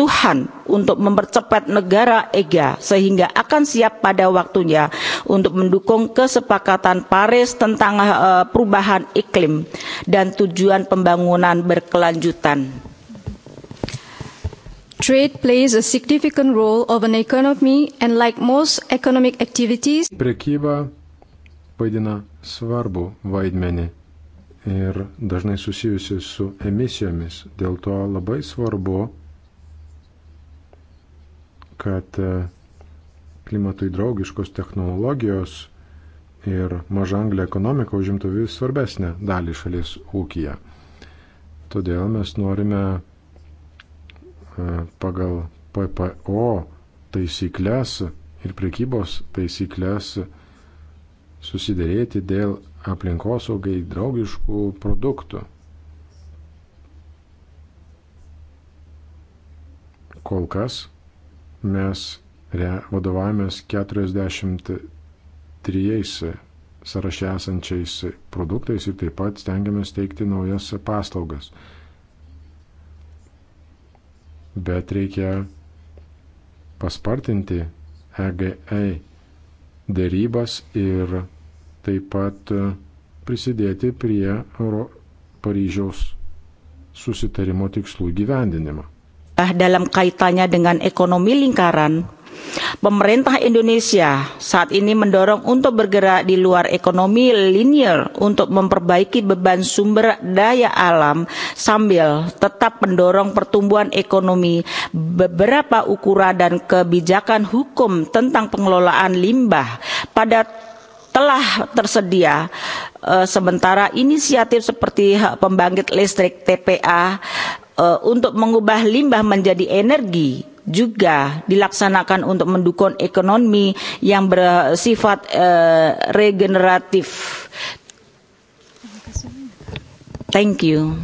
Tuhan untuk mempercepat negara EGA sehingga akan siap pada waktunya untuk mendukung kesepakatan Paris tentang uh, perubahan iklim dan tujuan pembangunan berkelanjutan. Trade plays a significant role of an economy and like most economic activities. Prekyba vaidina svarbu vaidmenį ir dažnai susijusi su emisijomis. Dėl to labai svarbu kad e, klimatui draugiškos technologijos ir mažanglė ekonomika užimtų vis svarbesnę dalį šalies ūkija. Todėl mes norime e, pagal PPO taisyklės ir prekybos taisyklės susidėrėti dėl aplinkosaugai draugiškų produktų. Kol kas mes vadovavomės 43 sąraše esančiais produktais ir taip pat stengiamės teikti naujas paslaugas. Bet reikia paspartinti EGA dėrybas ir taip pat prisidėti prie Euro Paryžiaus susitarimo tikslų gyvendinimo dalam kaitannya dengan ekonomi lingkaran, pemerintah Indonesia saat ini mendorong untuk bergerak di luar ekonomi linear untuk memperbaiki beban sumber daya alam sambil tetap mendorong pertumbuhan ekonomi beberapa ukuran dan kebijakan hukum tentang pengelolaan limbah pada telah tersedia eh, sementara inisiatif seperti pembangkit listrik TPA Eh, untuk mengubah limbah menjadi energi juga dilaksanakan untuk mendukung ekonomi yang bersifat uh, regeneratif. Thank you.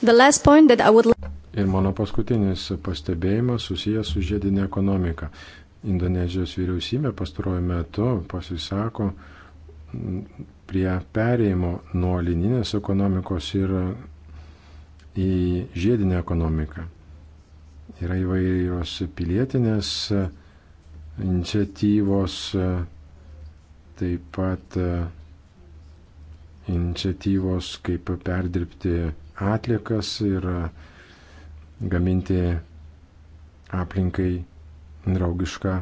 The last point that I would Ir mano paskutinis pastebėjimas susijęs su žiedinė ekonomika. Indonezijos vyriausybė pastaruoju metu pasisako prie perėjimo nuo lininės ekonomikos ir į žiedinę ekonomiką. Yra įvairios pilietinės iniciatyvos, taip pat iniciatyvos, kaip perdirbti atliekas ir gaminti aplinkai draugišką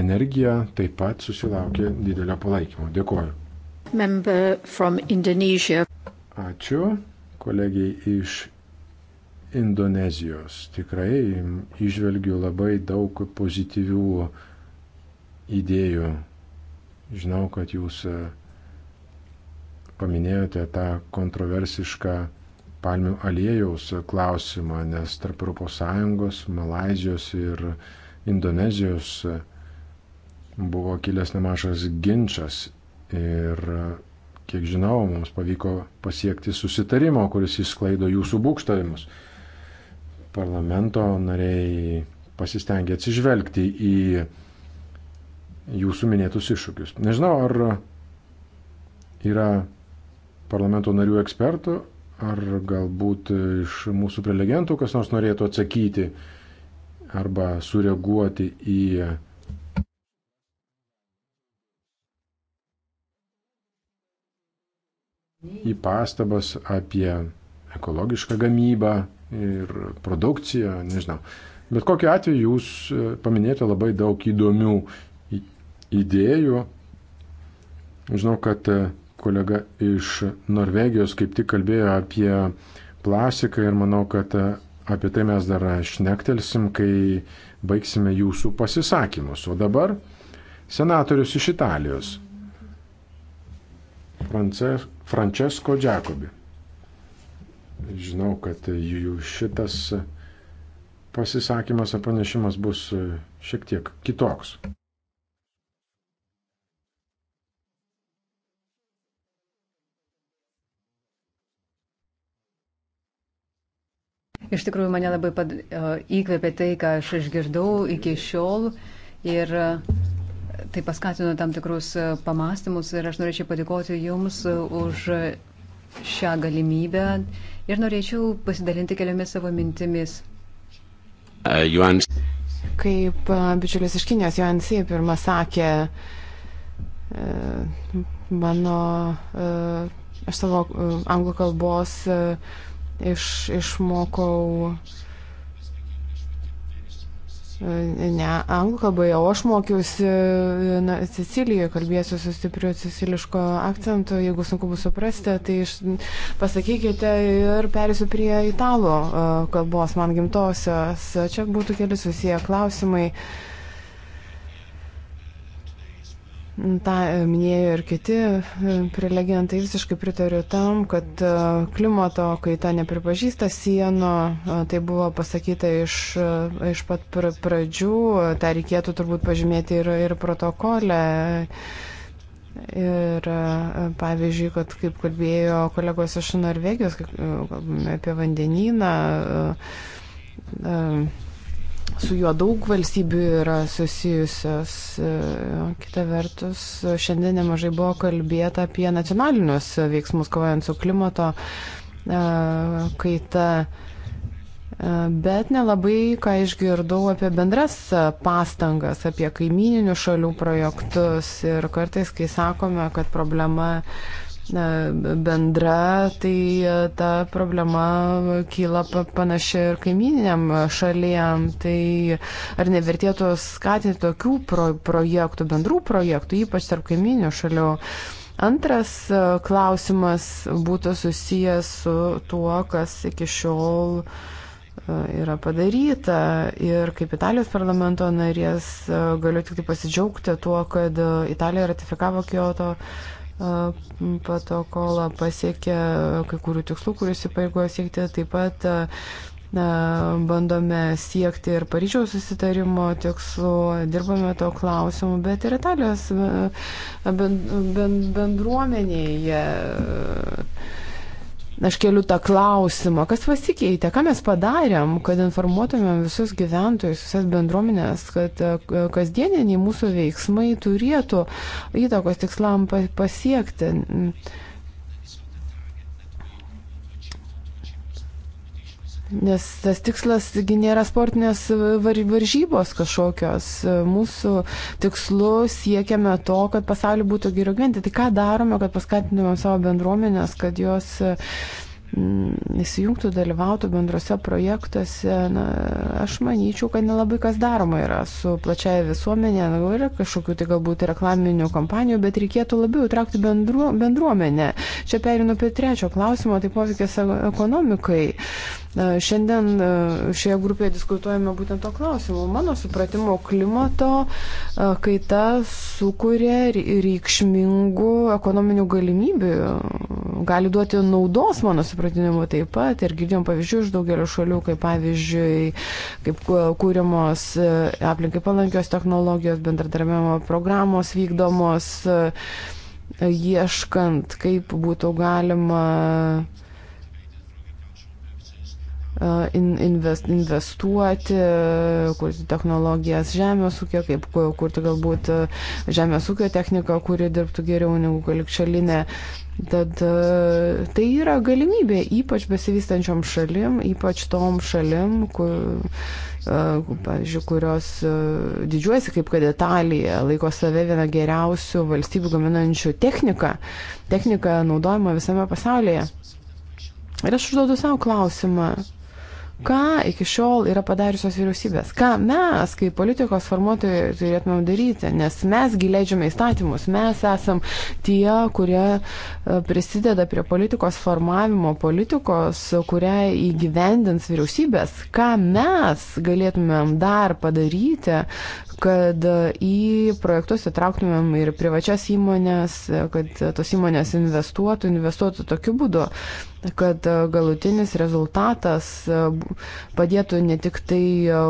energiją, taip pat susilaukė didelio palaikymo. Dėkuoju. Ačiū kolegiai iš Indonezijos. Tikrai išvelgiu labai daug pozityvių idėjų. Žinau, kad jūs e, paminėjote tą kontroversišką palmių aliejaus klausimą, nes tarp ES, Malazijos ir Indonezijos e, buvo kilęs nemažas ginčas ir e, kiek žinau, mums pavyko pasiekti susitarimo, kuris įsklaido jūsų būkštavimus parlamento nariai pasistengė atsižvelgti į jūsų minėtus iššūkius. Nežinau, ar yra parlamento narių ekspertų, ar galbūt iš mūsų prelegentų kas nors norėtų atsakyti arba sureaguoti į į pastabas apie ekologišką gamybą, ir produkcija, nežinau. Bet kokiu atveju jūs e, paminėjote labai daug įdomių idėjų. Žinau, kad e, kolega iš Norvegijos kaip tik kalbėjo apie plastiką ir manau, kad e, apie tai mes dar šnektelsim, kai baigsime jūsų pasisakymus. O dabar senatorius iš Italijos, Frances, Francesco Giacobi. Žinau, kad jų šitas pasisakymas ar pranešimas bus šiek tiek kitoks. Iš tikrųjų, mane labai pad, e, įkvėpė tai, ką aš išgirdau iki šiol ir e, tai paskatino tam tikrus e, pamastymus ir aš norėčiau padėkoti Jums už šią galimybę ir norėčiau pasidalinti keliomis savo mintimis. Uh, Yuan... Kaip uh, bičiulis iš Kinijos Joansi pirmą sakė, uh, mano, uh, aš savo uh, anglų kalbos uh, iš, išmokau uh, ne anglų kalbai, o aš mokiausi na, Sicilijoje, kalbėsiu su stipriu siciliško akcentu, jeigu sunku bus suprasti, tai iš, pasakykite ir perėsiu prie italų kalbos man gimtosios. Čia būtų keli susiję klausimai. Uh, Ta e, minėjo ir kiti e, prelegentai, visiškai pritariu tam, kad e, klimato kaita nepripažįsta sienų, tai buvo pasakyta iš, iš pat pradžių, tą reikėtų turbūt pažymėti ir, ir protokolę. Ir pavyzdžiui, kad kaip kalbėjo kolegos iš Norvegijos apie vandenyną. Uh, uh, Su juo daug valstybių yra susijusios. E, kita vertus, šiandien nemažai buvo kalbėta apie nacionalinius veiksmus kovojant su klimato e, kaita. E, bet nelabai ką išgirdau apie bendras pastangas, apie kaimininių šalių projektus ir kartais, kai sakome, kad problema na, bendra, tai e, ta problema kyla panašia ir kaimininiam šalėm. Tai ar nevertėtų skatinti tokių pro, projektų, bendrų projektų, ypač tarp kaiminių šalių? Antras e, klausimas būtų susijęs su tuo, kas iki šiol e, yra padaryta. Ir kaip Italijos parlamento narės galiu tik tai pasidžiaugti tuo, kad Italija ratifikavo Kyoto protokolą pasiekė kai kurių tikslų, kuriuos įpareigojo siekti. Taip pat na, bandome siekti ir Paryžiaus susitarimo tikslų, dirbame to klausimu, bet ir Italijos bendruomenėje. Aš keliu tą klausimą, kas pasikeitė, ką mes padarėm, kad informuotumėm visus gyventojus, visas bendruomenės, kad e, kasdieniniai mūsų veiksmai turėtų įtakos tikslam pasiekti. Nes tas tikslas nėra sportinės varžybos kažkokios. Mūsų tikslu siekiame to, kad pasaulį būtų geriau gyventi. Tai ką darome, kad paskatintumėm savo bendruomenės, kad jos mm, įsijungtų, dalyvautų bendrose projektuose. Na, aš manyčiau, kad nelabai kas daroma yra su plačiaja visuomenė. Na, yra kažkokių tai galbūt reklaminių kompanijų, bet reikėtų labiau traukti bendru, bendruomenę. Čia perinu prie trečio klausimo, tai poveikis ekonomikai. Šiandien e, šioje grupėje diskutuojame būtent to klausimu. Mano supratimo, klimato e, kaita sukuria reikšmingų ekonominių galimybių, gali duoti naudos, mano supratimu, taip pat. Ir girdėjom pavyzdžių iš daugelio šalių, kaip pavyzdžiui, kaip kūriamos e, aplinkai palankios technologijos, bendradarbiavimo programos vykdomos, ieškant, kaip būtų galima investuoti, kurti technologijas žemės ūkio, kaip kurti galbūt e, žemės ūkio techniką, kuri dirbtų geriau negu galikšalinė. Tad e, tai yra galimybė ypač besivystančiom šalim, ypač tom šalim, kur, e, pavyzdžiui, kurios didžiuojasi, kaip kad Italija, laiko save viena geriausių valstybių gaminančių techniką, techniką naudojama visame pasaulyje. Ir aš užduodu savo klausimą, Ką iki šiol yra padariusios vyriausybės? Ką mes, kaip politikos formuotojai, turėtumėm daryti? Nes mes gileidžiame įstatymus, mes esam tie, kurie e, prisideda prie politikos formavimo, politikos, kurią įgyvendins vyriausybės. Ką mes galėtumėm dar padaryti, kad į projektus įtrauktumėm ir privačias įmonės, kad tos įmonės investuotų, investuotų tokiu būdu, kad galutinis rezultatas padėtų ne tik tai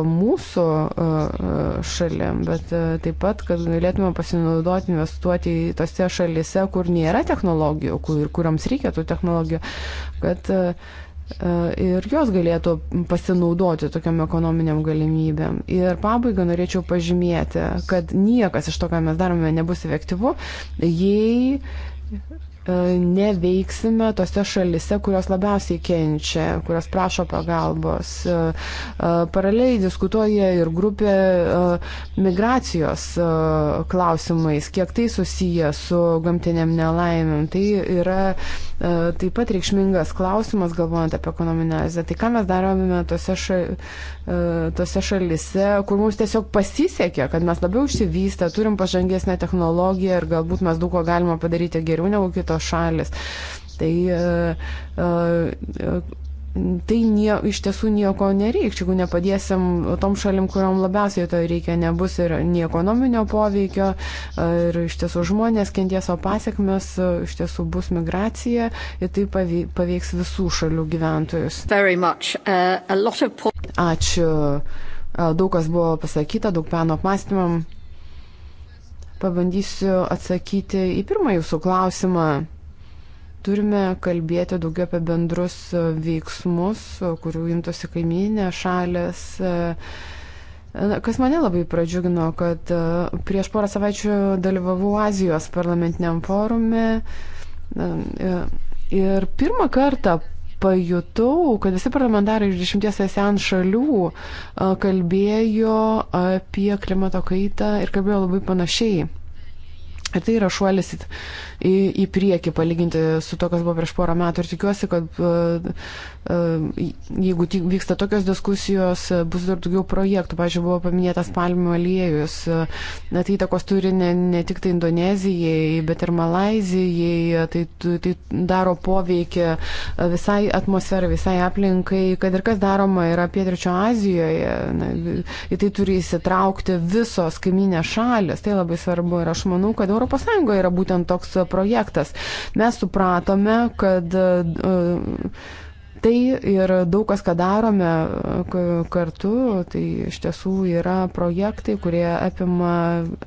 mūsų e, šalia, bet e, taip pat, kad galėtume pasinaudoti, investuoti į tose šalise, kur nėra technologijų, kur, kuriams reikia tų technologijų, kad uh, E, ir jos galėtų pasinaudoti tokiam ekonominiam galimybėm. Ir pabaigą norėčiau pažymėti, kad niekas iš to, ką mes darome, nebus efektyvu, jei E, neveiksime tose šalise, kurios labiausiai kenčia, kurios prašo pagalbos. E, e, paraleliai diskutuoja ir grupė migracijos klausimais, kiek tai susiję su gamtiniam nelaimėm. Tai yra taip pat reikšmingas klausimas, galvojant apie ekonominę azę. Tai ką mes darome tose, ša, tose šalise, kur mums tiesiog pasisekė, kad mes labiau išsivystę, turim pažangesnę technologiją ir galbūt mes daug ko galima padaryti geriau negu kitos šalis. Tai e, e, tai nie, iš tiesų nieko nereikš, jeigu nepadėsim tom šalim, kuriam labiausiai to reikia, nebus ir nei ekonominio poveikio, e, ir iš tiesų žmonės kenties, o pasiekmes iš tiesų bus migracija ir tai paveiks visų šalių gyventojus. Uh, Ačiū. Daug kas buvo pasakyta, daug peno apmąstymam. Pabandysiu atsakyti į pirmą jūsų klausimą. Turime kalbėti daugiau apie bendrus veiksmus, kurių imtosi kaiminė šalės. Kas mane labai pradžiugino, kad e, prieš porą savaičių dalyvavau Azijos parlamentiniam forume e, ir pirmą kartą pajutau, kad visi parlamentarai iš dešimties ASEAN šalių kalbėjo apie klimato kaitą ir kalbėjo labai panašiai. Ir tai yra šuolis į, į priekį palyginti su to, kas buvo prieš porą metų. Ir tikiuosi, kad e, e, jeigu vyksta tokios diskusijos, e, bus dar daugiau projektų. Pavyzdžiui, buvo paminėtas palmių aliejus. Na, tai įtakos turi ne, ne tik tai Indonezijai, bet ir Malazijai. Tai, tai daro poveikį visai atmosferai, visai aplinkai, kad ir kas daroma yra Pietričio Azijoje. Na, į tai turi įsitraukti visos kaiminės šalis. Tai labai svarbu ir aš manau, kad ES yra būtent toks projektas. Mes supratome, kad e, tai ir daug kas, ką darome e, kartu, tai iš tiesų yra projektai, kurie apima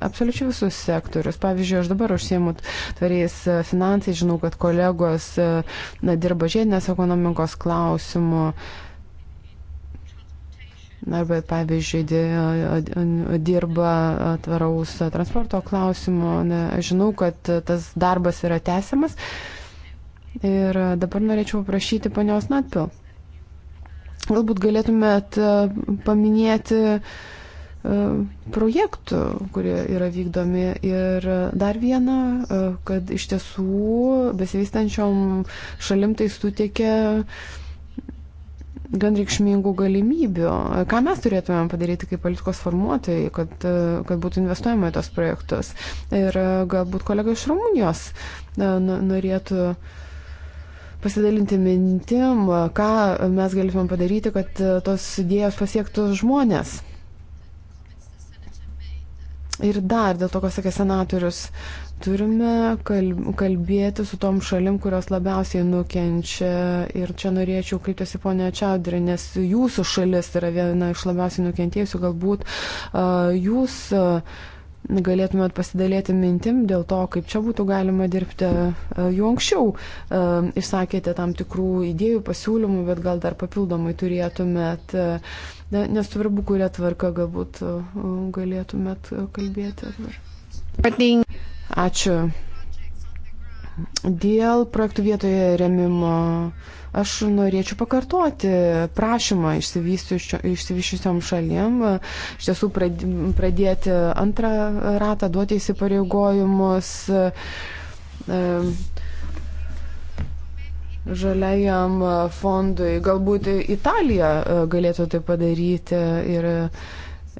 absoliučiai visus sektorius. Pavyzdžiui, aš dabar užsiemu tvariais e, finansais, žinau, kad kolegos na, dirba žiedinės ekonomikos klausimų arba pavyzdžiui dirba tvaraus transporto klausimo. Aš žinau, kad tas darbas yra tęsiamas. Ir dabar norėčiau prašyti ponios Natpil. Galbūt galėtumėt e, paminėti e, projektų, kurie yra vykdomi. Ir dar viena, e, kad iš tiesų besivystančiom šalim tai suteikia gan reikšmingų galimybių. Ką mes turėtumėm padaryti kaip politikos formuotojai, kad, kad būtų investuojama į tos projektus. Ir e, galbūt kolega iš Rumunijos e, norėtų pasidalinti mintim, ką mes galėtumėm padaryti, kad e, tos idėjos pasiektų žmonės. Ir dar dėl to, ko sakė senatorius, turime kalbėti su tom šalim, kurios labiausiai nukenčia. Ir čia norėčiau kreiptis į ponę Čiaudrį, nes jūsų šalis yra viena iš labiausiai nukentėjusių. Galbūt jūs galėtumėt pasidalėti mintim dėl to, kaip čia būtų galima dirbti. Jau anksčiau išsakėte tam tikrų idėjų, pasiūlymų, bet gal dar papildomai turėtumėt, nesvarbu, kurią tvarką galbūt galėtumėt kalbėti. Dabar. Ačiū. Dėl projektų vietoje remimo aš norėčiau pakartoti prašymą išsivyščiusiom šalim, iš tiesų pradėti antrą ratą, duoti įsipareigojimus žaliajam fondui. Galbūt Italija e, galėtų tai padaryti ir.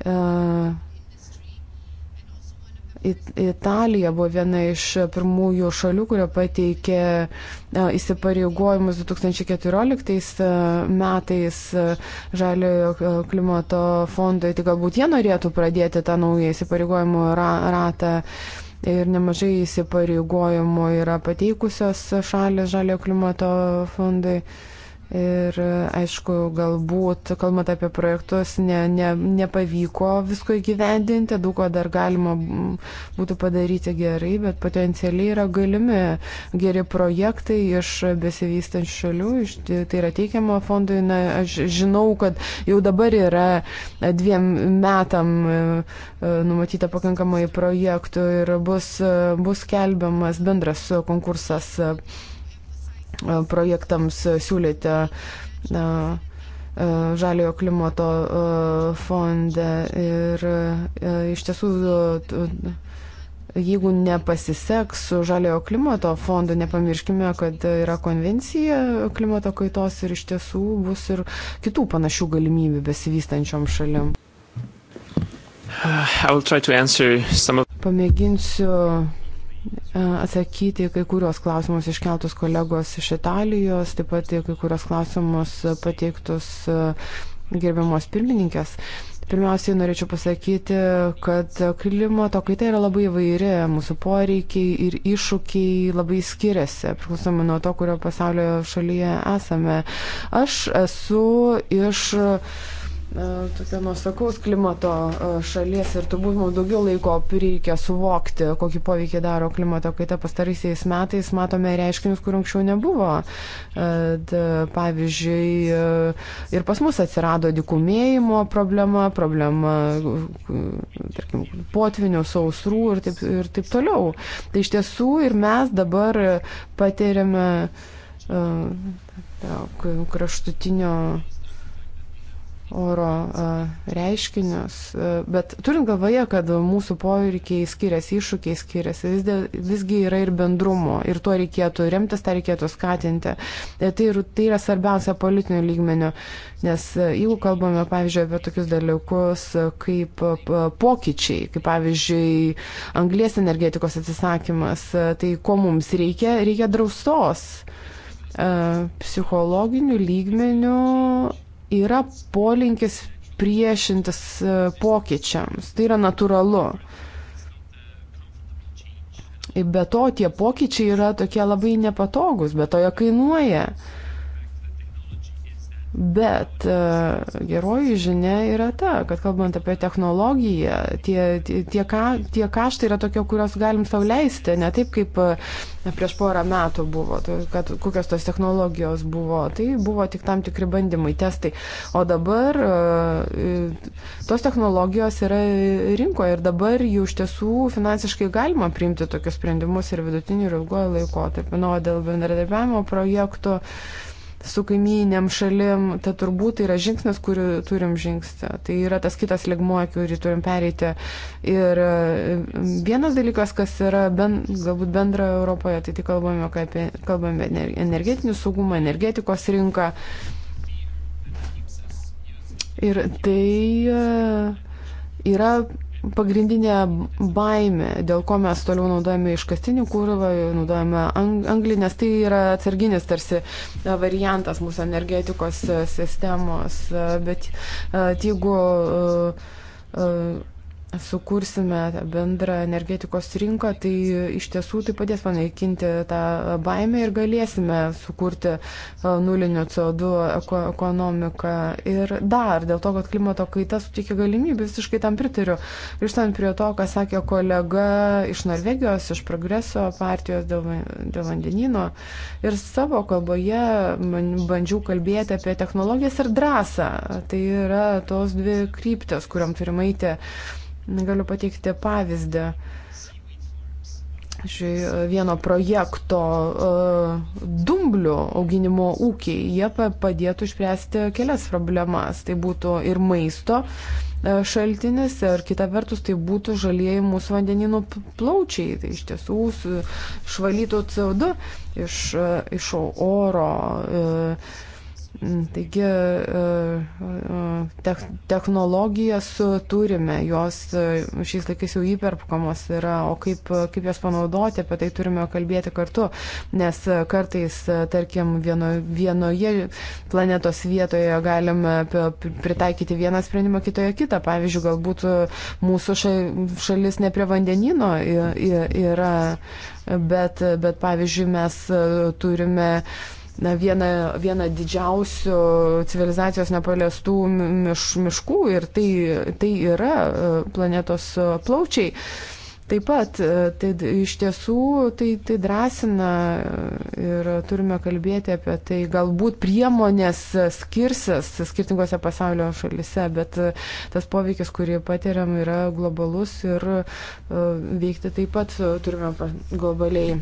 Uh, It Italija buvo viena iš pirmųjų šalių, kurio pateikė įsipareigojimus 2014 metais Žaliojo klimato fondui. Tai galbūt jie norėtų pradėti tą naują įsipareigojimų ratą. Ir nemažai įsipareigojimų yra pateikusios šalės Žaliojo klimato fondui. Uh, Ir aišku, galbūt, kalbant apie projektus, ne, ne, nepavyko visko įgyvendinti, daug ko dar galima būtų padaryti gerai, bet potencialiai yra galimi geri projektai iš besivystančių šalių, iš, tai yra teikiama fondui. Na, aš žinau, kad jau dabar yra dviem metam e, e, numatyta pakankamai projektų ir bus, e, bus kelbiamas bendras konkursas. Uh, projektams siūlėte žaliojo klimato fonde. Ir iš tiesų, jeigu nepasiseks su žaliojo klimato fondu, nepamirškime, kad yra konvencija klimato kaitos ir iš tiesų bus ir kitų panašių galimybių besivystančiom šalim. Uh, of... Pamėginsiu E, atsakyti kai kurios klausimus iškeltus kolegos iš Italijos, taip pat kai kurios klausimus pateiktus e, gerbiamos pirmininkės. Pirmiausiai norėčiau pasakyti, kad klimato kaita yra labai įvairi, mūsų poreikiai ir iššūkiai labai skiriasi, priklausomai nuo to, kurio pasaulio šalyje esame. Aš esu iš. Uh, E, tokio nuosakaus klimato e, šalies ir turbūt mums daugiau laiko prireikia suvokti, kokį poveikį daro klimato kaita pastaraisiais metais, matome reiškinius, kur anksčiau nebuvo. E, pavyzdžiui, ir pas mus atsirado dikumėjimo problema, problema, tarkim, potvinių, sausrų ir taip, ir taip toliau. Tai iš tiesų ir mes dabar patiriame kraštutinio oro reiškinius, bet turint galvoje, kad mūsų poreikiai skiriasi, iššūkiai skiriasi, vis dėl, visgi yra ir bendrumo ir tuo reikėtų remtis, tą reikėtų skatinti. E, tai, ir, tai yra svarbiausia politinių lygmenių, nes e, jeigu kalbame, pavyzdžiui, apie tokius dalykus e, kaip pokyčiai, kaip pavyzdžiui, anglės energetikos atsisakymas, tai ko mums reikia? Reikia drausos psichologinių lygmenių yra polinkis priešintis e, pokyčiams. Tai yra natūralu. Be to, tie pokyčiai yra tokie labai nepatogus, bet to jie kainuoja. Uh, Bet e, geroji žinia yra ta, kad kalbant apie technologiją, tie, tie, ka, tie kaštai yra tokie, kuriuos galim sauliaisti, ne taip kaip e, prieš porą metų buvo, tai kad kokios tos technologijos buvo, tai buvo tik tam tikri bandymai, testai. O dabar e, tos technologijos yra rinkoje ir dabar jų iš tiesų finansiškai galima priimti tokius sprendimus ir vidutinių ir ilgojo laiko. Taip, nu, dėl bendradarbiavimo projektų su kaimynėm šalim, tai turbūt yra žingsnis, kurį turim žingsnį. Tai yra tas kitas ligmuo, kurį turim pereiti. Ir e, vienas dalykas, kas yra ben, galbūt bendra Europoje, tai tik kalbame apie kalbame energetinį saugumą, energetikos rinką. Ir tai e, yra pagrindinė baime, dėl ko mes toliau naudojame iškastinį kūrą, naudojame anglį, nes tai yra atsarginis tarsi variantas mūsų energetikos sistemos. Bet jeigu sukursime bendrą energetikos rinką, tai iš tiesų tai padės panaikinti tą baimę ir galėsime sukurti e, nulinio CO2 ekonomiką. Ir dar dėl to, kad klimato kaita suteikia galimybę, visiškai tam pritariu. Grįžtant prie to, ką sakė kolega iš Norvegijos, iš Progreso partijos dėl, dėl vandenino. Ir savo kalboje bandžiau kalbėti apie technologijas ir drąsą. Tai yra tos dvi kryptės, kuriam turime eiti. Galiu pateikti pavyzdį pavyzdžiui, vieno projekto e, dumblių auginimo ūkiai, jie padėtų išspręsti kelias problemas. Tai būtų ir maisto e, šaltinis, ir kita vertus tai būtų žalieji mūsų vandeninų plaučiai. Tai iš tiesų švalytų CO2 iš, e, iš oro. E, Mm, taigi e, e, technologijas turime, jos e, šiais laikais jau įperpkamos yra, o kaip, kaip jas panaudoti, apie tai turime kalbėti kartu, nes kartais, tarkim, vieno, vienoje planetos vietoje galime pritaikyti vieną sprendimą, kitoje kitą. Pavyzdžiui, galbūt mūsų šalis ne prie vandenino yra, bet, bet pavyzdžiui, mes turime na, vieną, vieną didžiausių civilizacijos nepaliestų miš, miškų ir tai, tai yra e, planetos plaučiai. Taip pat, e, tai iš tiesų tai, tai drąsina e, ir turime kalbėti apie tai, galbūt priemonės skirsis skirtingose pasaulio šalise, bet tas poveikis, kurį patiriam, yra globalus ir veikti taip pat turime globaliai.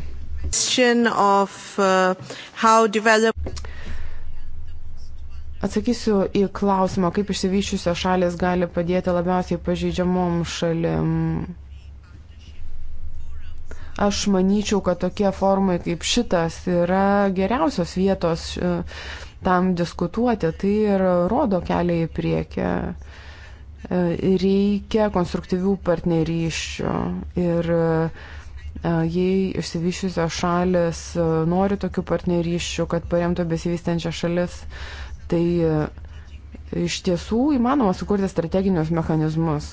Uh, Atsakysiu į klausimą, kaip išsivyščiusios šalis gali padėti labiausiai pažeidžiamom šalim. Aš manyčiau, kad tokie formai kaip šitas yra geriausios vietos e, tam diskutuoti. Tai ir rodo kelią į priekį e, reikia konstruktyvių partnerysčių ir E, jei išsivyščiusios šalis e, nori tokių partnerysčių, kad paremtų besivystančią šalis, tai e, iš tiesų įmanoma sukurti strateginius mechanizmus,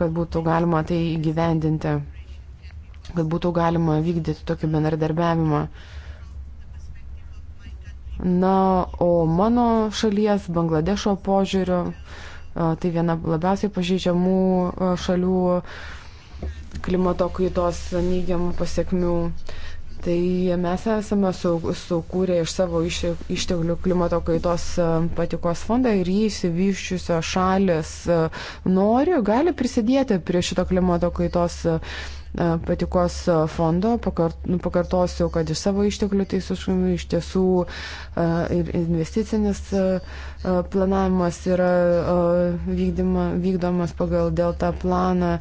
kad būtų galima tai įgyvendinti, kad būtų galima vykdyti tokį bendradarbiavimą. Na, o mano šalies, Bangladešo požiūriu, tai viena labiausiai pažeidžiamų šalių klimato kaitos neigiamų pasiekmių. Tai mes esame sukūrę iš savo išteklių klimato kaitos e, patikos fondą ir jį įsivyščiusios šalis e, nori, gali prisidėti prie šito klimato kaitos e, E, patikos e, fondo. Pakartosiu, kad iš savo išteklių tai suškumi iš tiesų e, ir investicinis planavimas yra vykdyma, vykdomas pagal delta planą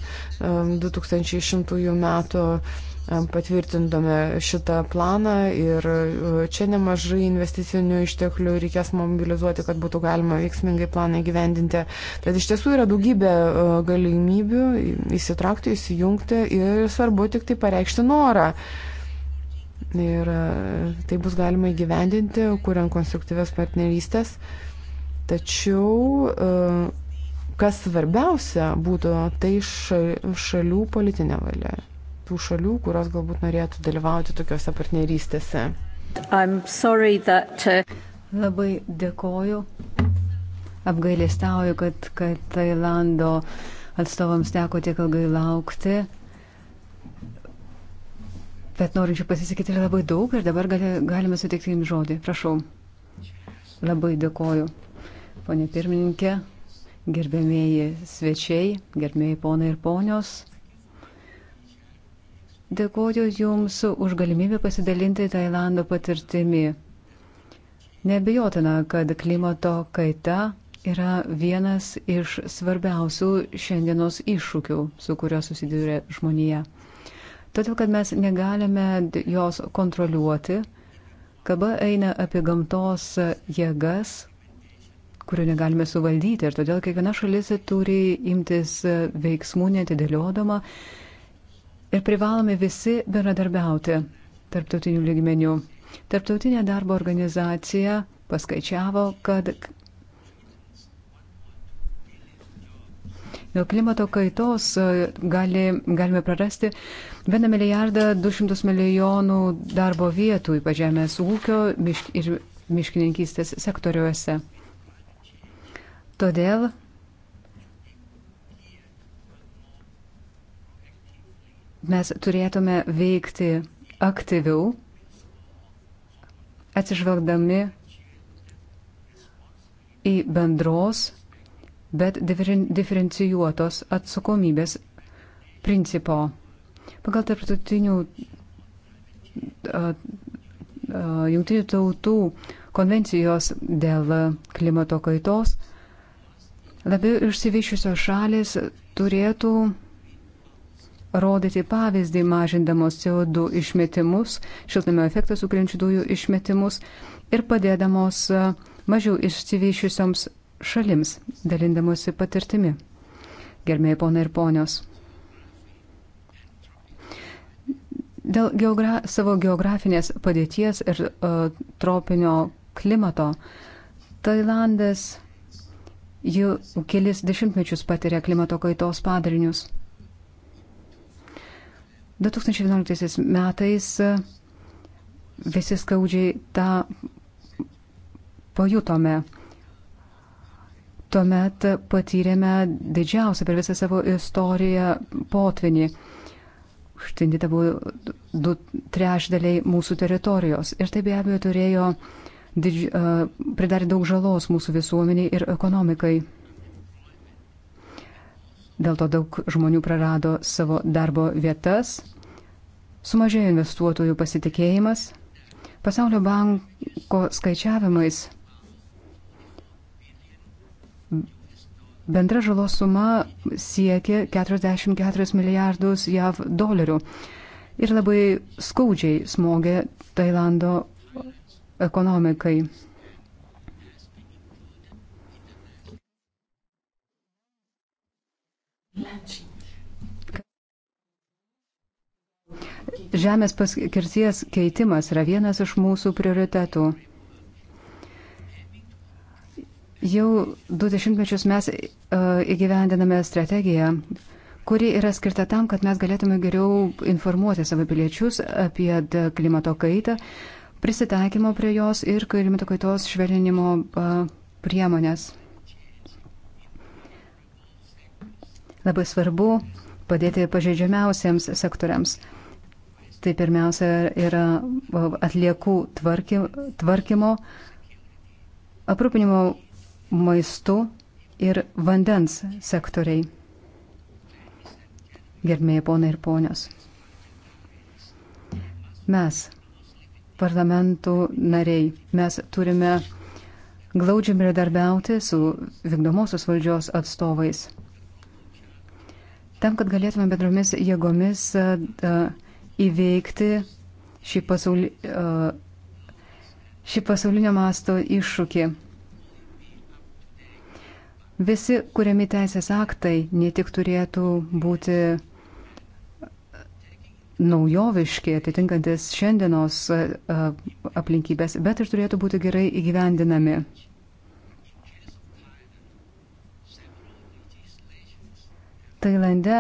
2100 metų patvirtindome šitą planą ir e, čia nemažai investicinių išteklių reikės mobilizuoti, kad būtų galima veiksmingai planą gyvendinti. Tad iš tiesų yra daugybė e, galimybių įsitraukti, įsijungti ir svarbu tik tai pareikšti norą. Ir e, tai bus galima įgyvendinti, kuriant konstruktyvės partnerystės. Tačiau, kas svarbiausia, būtų tai šalių politinė valia tų šalių, kurios galbūt norėtų dalyvauti tokiuose partnerystėse. That... Uh, labai dėkoju. Apgailėstauju, kad, kad Tailando atstovams teko tiek ilgai laukti. Bet norinčių pasisakyti yra labai daug ir dabar gali, galime sutikti jums žodį. Prašau. Labai dėkoju, ponė pirmininkė, gerbėmėji svečiai, gerbėmėji ponai ir ponios. Dėkoju Jums už galimybę pasidalinti Tailando patirtimi. Nebejotina, kad klimato kaita yra vienas iš svarbiausių šiandienos iššūkių, su kurio susiduria žmonija. Todėl, kad mes negalime jos kontroliuoti, kalba eina apie gamtos jėgas, kurių negalime suvaldyti ir todėl kiekviena šalis turi imtis veiksmų netidėliodama ir privalome visi bendradarbiauti tarptautinių lygmenių. Tarptautinė darbo organizacija paskaičiavo, kad dėl klimato kaitos e, gali, galime prarasti 1 milijardą 200 milijonų darbo vietų, ypač žemės ūkio mišk, ir miškininkystės sektoriuose. Todėl mes turėtume veikti aktyviau, atsižvelgdami į bendros, bet diferencijuotos atsakomybės principo. Pagal tarptautinių jungtinių tautų konvencijos dėl klimato kaitos labiau išsivyščiusios šalis turėtų rodyti pavyzdį mažindamos CO2 išmetimus, šiltnamio efektą sukeliančių dujų išmetimus ir padėdamos e, mažiau išsivyšiusioms šalims, dalindamosi patirtimi. Gerbėjai ponai ir ponios. Dėl geogra savo geografinės padėties ir uh, tropinio klimato Tailandas jau kelis dešimtmečius patiria klimato kaitos padarinius. 2011 metais e, visi skaudžiai tą pajutome. Tuomet patyrėme didžiausią per visą savo istoriją potvinį. Užtindyta buvo du trešdaliai mūsų teritorijos. Ir tai be abejo turėjo didž... E, pridarė daug žalos mūsų visuomeniai ir ekonomikai. Dėl to daug žmonių prarado savo darbo vietas, sumažėjo investuotojų pasitikėjimas. Pasaulio banko skaičiavimais bendra žalos suma siekia 44 milijardus JAV dolerių ir labai skaudžiai smogė Tailando ekonomikai. Žemės paskirties keitimas yra vienas iš mūsų prioritetų. Jau du dešimtmečius mes e, įgyvendiname strategiją, kuri yra skirta tam, kad mes galėtume geriau informuoti savo piliečius apie klimato kaitą, prisitaikymo prie jos ir klimato kaitos švelninimo e, priemonės. Labai svarbu padėti pažeidžiamiausiems sektoriams. Tai pirmiausia yra atliekų tvarkymo, aprūpinimo maistu ir vandens sektoriai. Gerbėjai ponai ir ponios. Mes, parlamentų nariai, mes turime glaudžiai bendradarbiauti su vykdomosios valdžios atstovais Tam, kad galėtume bendromis jėgomis įveikti šį, pasauli, šį pasaulinio masto iššūkį. Visi kuriami teisės aktai ne tik turėtų būti naujoviški, atitinkantis šiandienos aplinkybės, bet ir turėtų būti gerai įgyvendinami. Tailande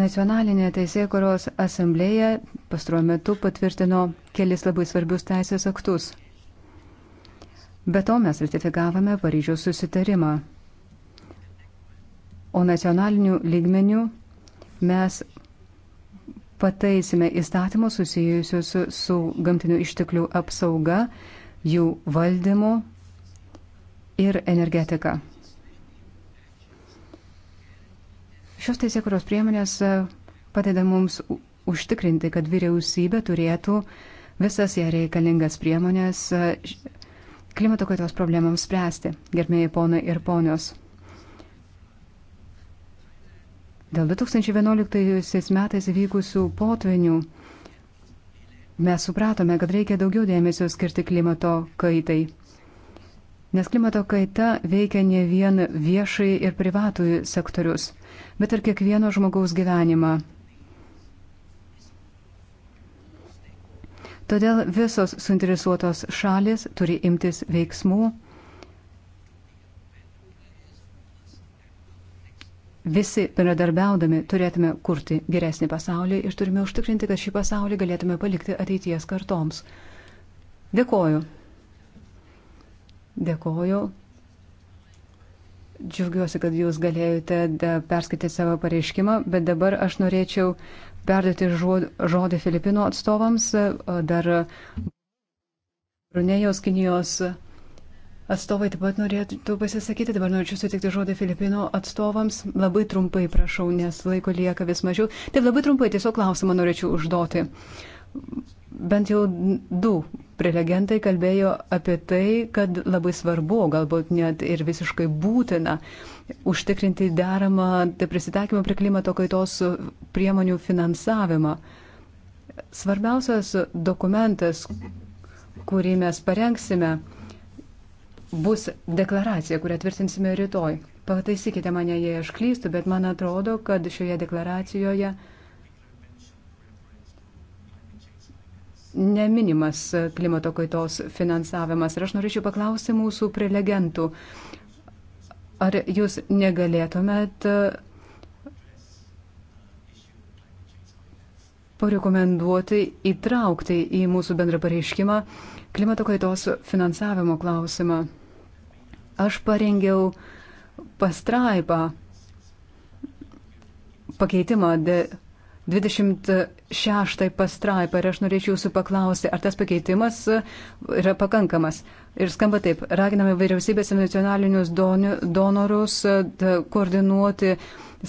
Nacionalinė teisėkuros asamblėja pastaruoju metu patvirtino kelis labai svarbius teisės aktus. Be to mes ratifikavome Paryžiaus susitarimą. O nacionaliniu lygmeniu mes pataisime įstatymus susijusius su, su gamtinių išteklių apsauga, jų valdymu ir energetiką. Šios teisėkuros priemonės e, padeda mums užtikrinti, kad vyriausybė turėtų visas ją reikalingas priemonės e, klimato kaitos problemams spręsti, gerbėjai ponai ir ponios. Dėl 2011 metais vykusių potvinių mes supratome, kad reikia daugiau dėmesio skirti klimato kaitai. Nes klimato kaita veikia ne vien viešai ir privatui sektorius, bet ir kiekvieno žmogaus gyvenimą. Todėl visos suinteresuotos šalis turi imtis veiksmų. Visi bendradarbiaudami turėtume kurti geresnį pasaulį ir turime užtikrinti, kad šį pasaulį galėtume palikti ateities kartoms. Dėkoju. Dėkoju. Džiaugiuosi, kad jūs galėjote perskaityti savo pareiškimą, bet dabar aš norėčiau perduoti žodį Filipino atstovams, dar Brunėjos, Kinijos atstovai taip pat norėtų pasisakyti. Dabar norėčiau sutikti žodį Filipino atstovams. Labai trumpai prašau, nes laiko lieka vis mažiau. Taip labai trumpai tiesiog klausimą norėčiau užduoti. Uh, bent jau du prelegentai kalbėjo apie tai, kad labai svarbu, galbūt net ir visiškai būtina užtikrinti deramą tai prisitaikymą prie klimato kaitos priemonių finansavimą. Svarbiausias dokumentas, kurį mes parengsime, bus deklaracija, kurią tvirtinsime rytoj. Pataisykite mane, jei aš klystu, bet man atrodo, kad šioje deklaracijoje neminimas klimato kaitos finansavimas. Ir aš norėčiau paklausti mūsų prelegentų, ar jūs negalėtumėt uh, parekomenduoti įtraukti į mūsų bendrą pareiškimą klimato kaitos finansavimo klausimą. Aš parengiau pastraipą pakeitimą 20 šeštai pastraipą ir aš norėčiau jūsų paklausti, ar tas pakeitimas e, yra pakankamas. Ir skamba taip, raginame vyriausybės ir nacionalinius donorus e, koordinuoti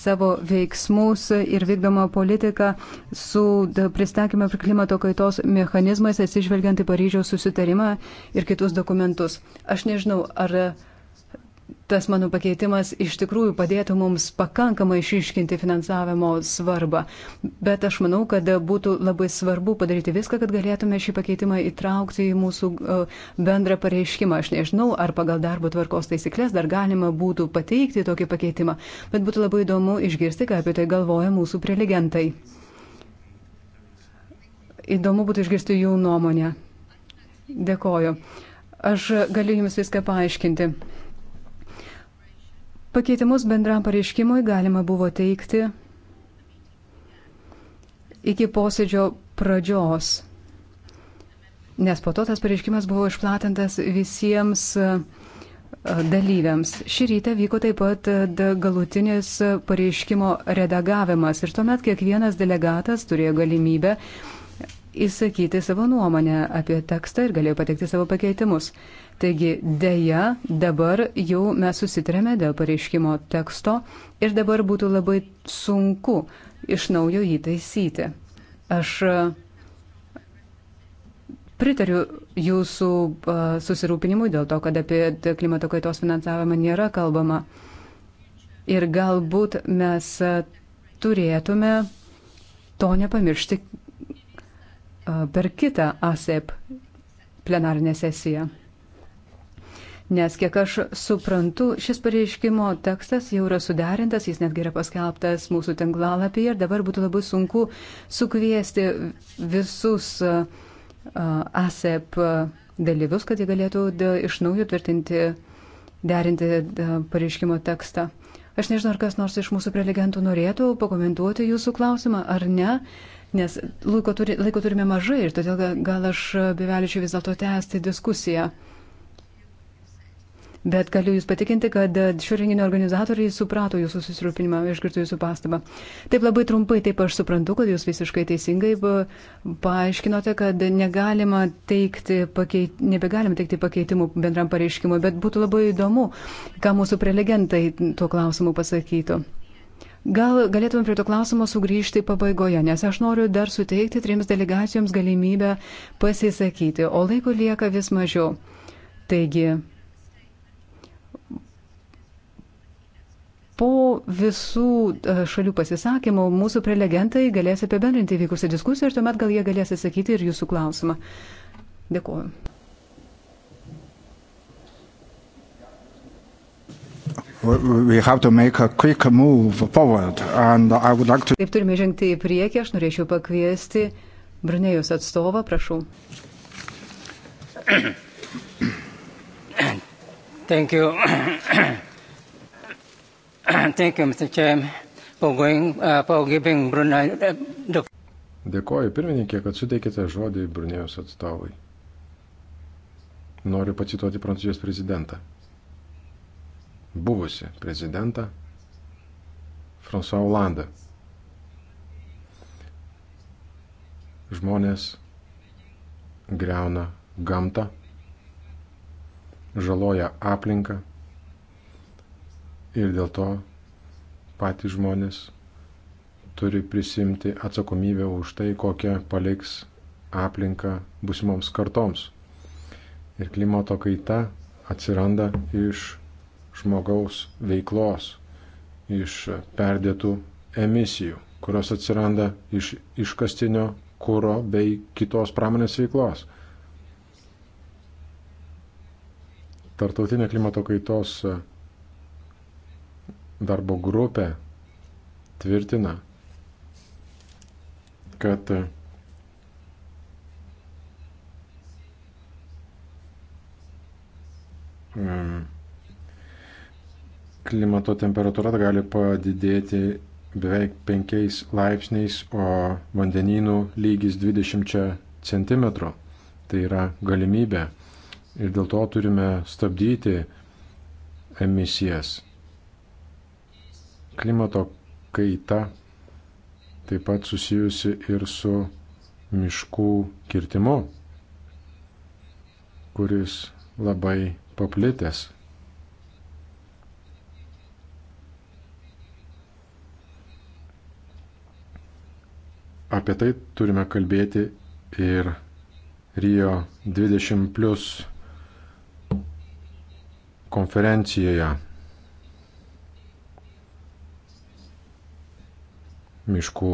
savo veiksmus ir vykdomą politiką su pristakymo prie klimato kaitos mechanizmais, atsižvelgiant į Paryžiaus susitarimą ir kitus dokumentus. Aš nežinau, ar tas mano pakeitimas iš tikrųjų padėtų mums pakankamai išiškinti finansavimo svarbą. Bet aš manau, kad būtų labai svarbu padaryti viską, kad galėtume šį pakeitimą įtraukti į mūsų e, bendrą pareiškimą. Aš nežinau, ar pagal darbo tvarkos taisyklės dar galima būtų pateikti tokį pakeitimą, bet būtų labai įdomu išgirsti, ką apie tai galvoja mūsų prelegentai. Įdomu būtų išgirsti jų nuomonę. Dėkoju. Aš galiu Jums viską paaiškinti. Pakeitimus bendram pareiškimui galima buvo teikti iki posėdžio pradžios, nes po to tas pareiškimas buvo išplatintas visiems e, dalyviams. Šį rytą vyko taip pat e, galutinis pareiškimo redagavimas ir tuomet kiekvienas delegatas turėjo galimybę įsakyti savo nuomonę apie tekstą ir galėjo pateikti savo pakeitimus. Taigi dėja, dabar jau mes susitarėme dėl pareiškimo teksto ir dabar būtų labai sunku iš naujo jį taisyti. Aš e, Pritariu jūsų e, susirūpinimui dėl to, kad apie klimato kaitos finansavimą nėra kalbama. Ir galbūt mes e, turėtume to nepamiršti per kitą ASEP plenarinę sesiją nes kiek aš suprantu, šis pareiškimo tekstas jau yra suderintas, jis netgi yra paskelbtas mūsų tinklalapyje ir dabar būtų labai sunku sukviesti visus ASEP dalyvius, kad jie galėtų iš naujo tvirtinti, derinti pareiškimo tekstą. Aš nežinau, ar kas nors iš mūsų prelegentų norėtų pakomentuoti jūsų klausimą ar ne, nes laiko, turi, laiko turime mažai ir todėl gal aš beveličiau vis dėlto tęsti diskusiją bet galiu Jūs patikinti, kad šio renginio organizatoriai suprato Jūsų susirūpinimą, išgirtų Jūsų pastabą. Taip labai trumpai, taip aš suprantu, kad Jūs visiškai teisingai e, paaiškinote, kad negalima teikti, pakeit, nebegalima teikti pakeitimų bendram pareiškimui, bet būtų labai įdomu, ką mūsų prelegentai tuo klausimu pasakytų. Gal galėtume prie to klausimo sugrįžti pabaigoje, nes aš noriu dar suteikti trims delegacijoms galimybę pasisakyti, o laiko lieka vis mažiau. Taigi, Po visų e, šalių pasisakymų mūsų prelegentai galės apibendrinti vykusią diskusiją ir tuomet gal jie galės atsakyti ir jūsų klausimą. Dėkuoju. Like to... Taip turime žengti į priekį, aš norėčiau pakviesti Brunėjus atstovą, prašau. Thank you. Thank you, Mr. Chairman, for, going, uh, for giving Brunei. Uh, Dėkoju pirmininkė, kad suteikėte žodį Brunėjos atstovui. Noriu pacituoti Prancūzijos prezidentą. Buvusi prezidentą François Hollande. Žmonės greuna gamtą, žaloja aplinką ir dėl to patys žmonės turi prisimti atsakomybę už tai, kokią paliks aplinką busimoms kartoms. Ir klimato kaita atsiranda iš žmogaus veiklos, iš perdėtų emisijų, kurios atsiranda iš iškastinio kūro bei kitos pramonės veiklos. Tartautinė klimato kaitos darbo grupė tvirtina, kad klimato temperatūra gali padidėti beveik 5 laipsniais, o vandenynų lygis 20 cm. Tai yra galimybė ir dėl to turime stabdyti emisijas. Klimato kaita taip pat susijusi ir su miškų kirtimu, kuris labai paplitęs. Apie tai turime kalbėti ir Rio 20 plus konferencijoje miškų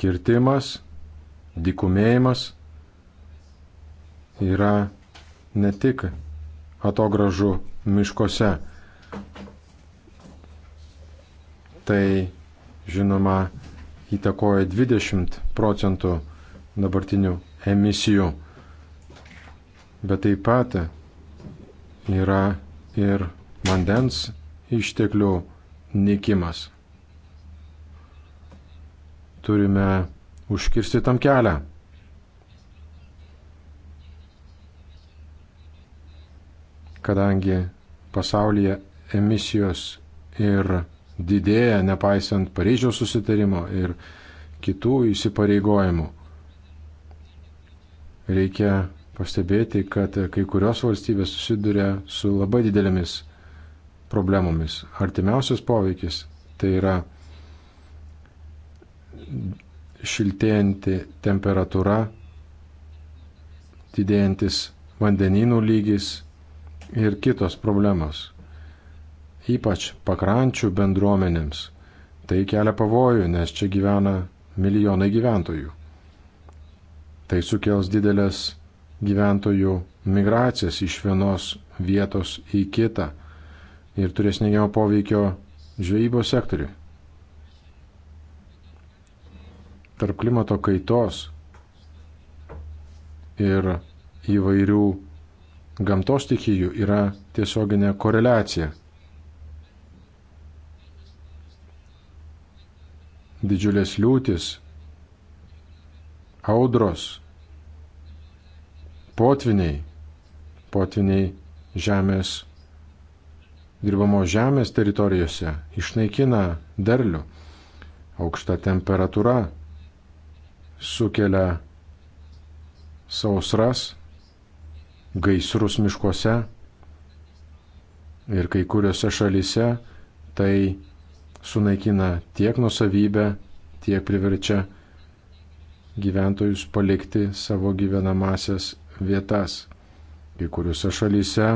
kirtimas, dikumėjimas yra ne tik atogražų miškose. Tai žinoma įtakoja 20 procentų dabartinių emisijų. Bet taip pat yra ir vandens išteklių nikimas turime užkirsti tam kelią. Kadangi pasaulyje emisijos ir didėja, nepaisant Paryžiaus susitarimo ir kitų įsipareigojimų, reikia pastebėti, kad kai kurios valstybės susiduria su labai didelėmis problemomis. Artimiausias poveikis tai yra šiltėjanti temperatūra, didėjantis vandenynų lygis ir kitos problemos. Ypač pakrančių bendruomenėms tai kelia pavojų, nes čia gyvena milijonai gyventojų. Tai sukels didelės gyventojų migracijas iš vienos vietos į kitą ir turės neigiamą poveikio žvejybos sektoriui. tarp klimato kaitos ir įvairių gamtos tikijų yra tiesioginė koreliacija. Didžiulės liūtis, audros, potviniai, potviniai žemės, dirbamos žemės teritorijose išnaikina derlių, aukšta temperatūra sukelia sausras, gaisrus miškuose ir kai kuriuose šalyse tai sunaikina tiek nusavybę, tiek priverčia gyventojus palikti savo gyvenamasias vietas. Kai kuriuose šalyse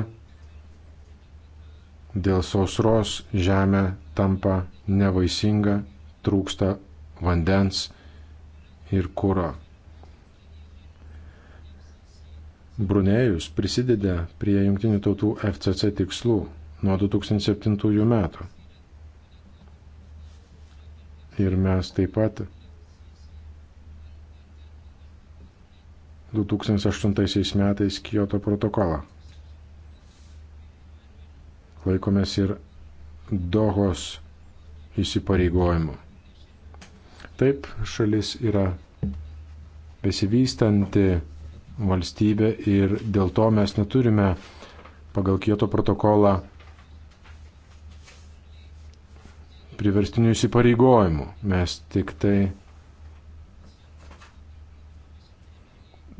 dėl sausros žemė tampa nevaisinga, trūksta vandens ir kūro. Brunėjus prisideda prie Junktinių tautų FCC tikslų nuo 2007 metų. Ir mes taip pat 2008 metais Kyoto protokolą. Laikomės ir Dohos įsipareigojimų. Taip, šalis yra besivystanti valstybė ir dėl to mes neturime pagal Kieto protokolą priverstinių įsipareigojimų. Mes tik tai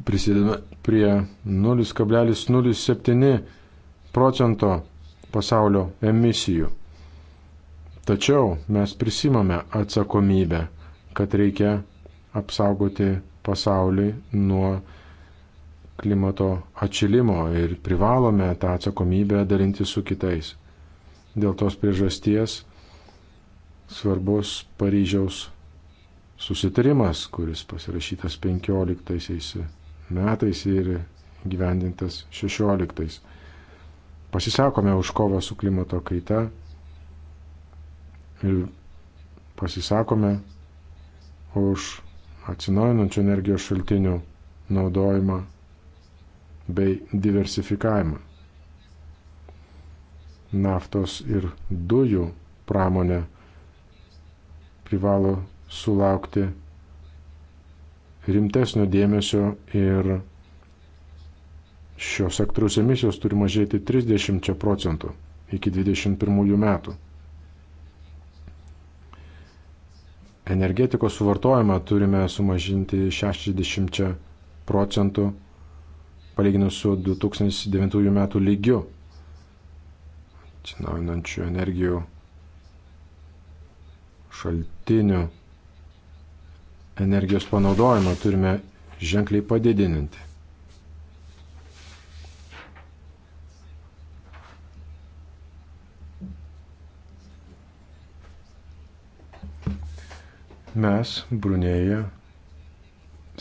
prisidedame prie 0,07 procento pasaulio emisijų. Tačiau mes prisimame atsakomybę kad reikia apsaugoti pasaulį nuo klimato atšilimo ir privalome tą atsakomybę dalinti su kitais. Dėl tos priežasties svarbus Paryžiaus susitarimas, kuris pasirašytas 15 metais ir gyvendintas 16. Pasisakome už kovą su klimato kaita ir pasisakome už atsinaujinančių energijos šaltinių naudojimą bei diversifikavimą. Naftos ir dujų pramonė privalo sulaukti rimtesnio dėmesio ir šio sektoriaus emisijos turi mažėti 30 procentų iki 2021 metų. energetikos suvartojimą turime sumažinti 60 procentų palyginus su 2009 metų lygiu atsinaujinančių energijų šaltinių energijos panaudojimą turime ženkliai padidinti. Mes, Brunėje,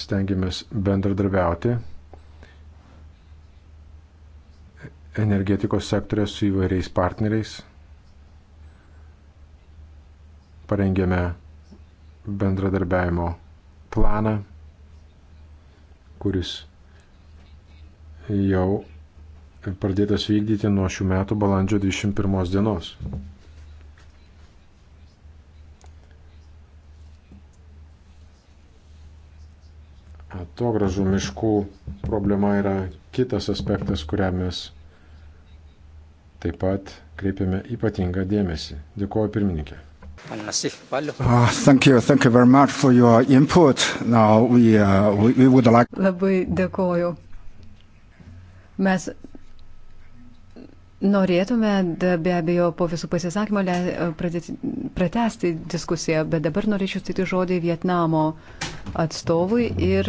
stengiamės bendradarbiauti energetikos sektorė su įvairiais partneriais. Parengėme bendradarbiavimo planą, kuris jau pradėtas vykdyti nuo šių metų balandžio 21 dienos. atogražų miškų problema yra kitas aspektas, kuriam mes taip pat kreipiame ypatingą dėmesį. Dėkuoju pirmininkė. Uh, thank you, thank you very much for your input. Now we, uh, we, we would like. Labai dėkoju. Mes Norėtume be abejo po visų pasisakymų pratesti diskusiją, bet dabar norėčiau sutikti žodį Vietnamo atstovui ir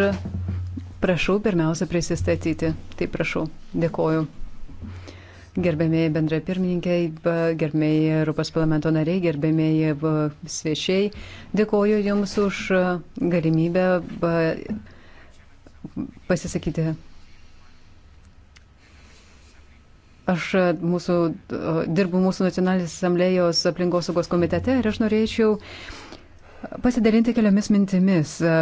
prašau pirmiausia prisistatyti. Tai prašau, dėkoju. Gerbėmėjai bendrai pirmininkai, gerbėmėjai Europos parlamento nariai, gerbėmėjai svečiai, dėkoju Jums už galimybę pasisakyti Aš e, mūsų, e, dirbu mūsų nacionalinės asamblėjos aplinkosaugos komitete ir aš norėčiau pasidalinti keliomis mintimis. E,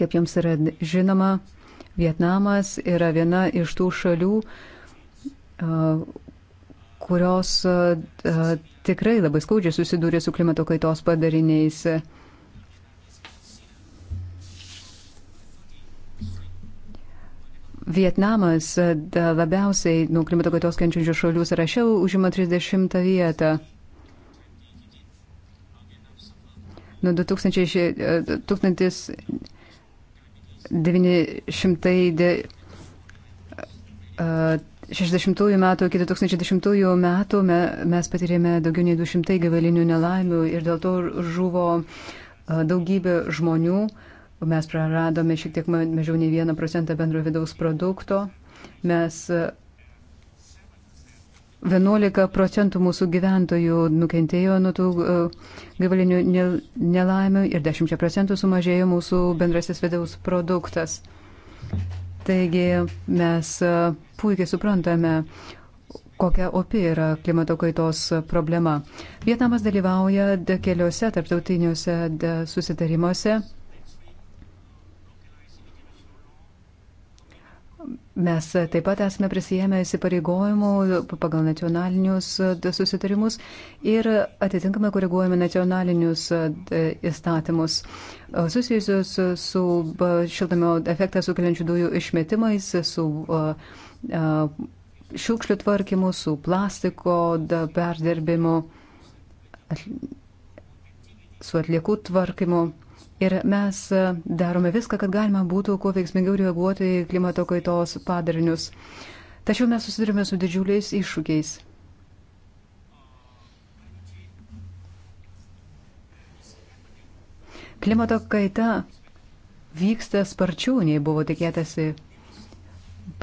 kaip jums yra žinoma, Vietnamas yra viena iš tų šalių, kurios tikrai labai skaudžiai susidūrė su klimato kaitos padariniais. Vietnamas e, labiausiai nuo klimato kaitos kenčiančių šalių sąraše užima 30 vietą. Nuo 1960 e, e, metų iki 2010 metų mes patyrėme daugiau nei 200 gavalinių nelaimių ir dėl to žuvo daugybė žmonių mes praradome šiek tiek mažiau nei vieną procentą bendro vidaus produkto, mes 11 e, procentų mūsų gyventojų nukentėjo nuo tų e, gyvalinių nelaimių ir 10 procentų sumažėjo mūsų bendrasis vidaus produktas. Taigi mes e, puikiai suprantame, kokia opi yra klimato kaitos problema. Vietnamas dalyvauja keliuose tarptautiniuose susitarimuose Mes taip pat esame prisijėmę įsipareigojimų pagal nacionalinius e, susitarimus ir atitinkamai koreguojame nacionalinius e, įstatymus e, susijusius su šiltame efektą sukeliančių dujų išmetimais, su šiukšlių tvarkymu, su plastiko perdirbimu, su atliekų tvarkymu. Ir mes e, darome viską, kad galima būtų kuo veiksmingiau reaguoti į klimato kaitos padarinius. Tačiau mes susidurime su didžiuliais iššūkiais. Klimato kaita vyksta sparčiau, nei buvo tikėtasi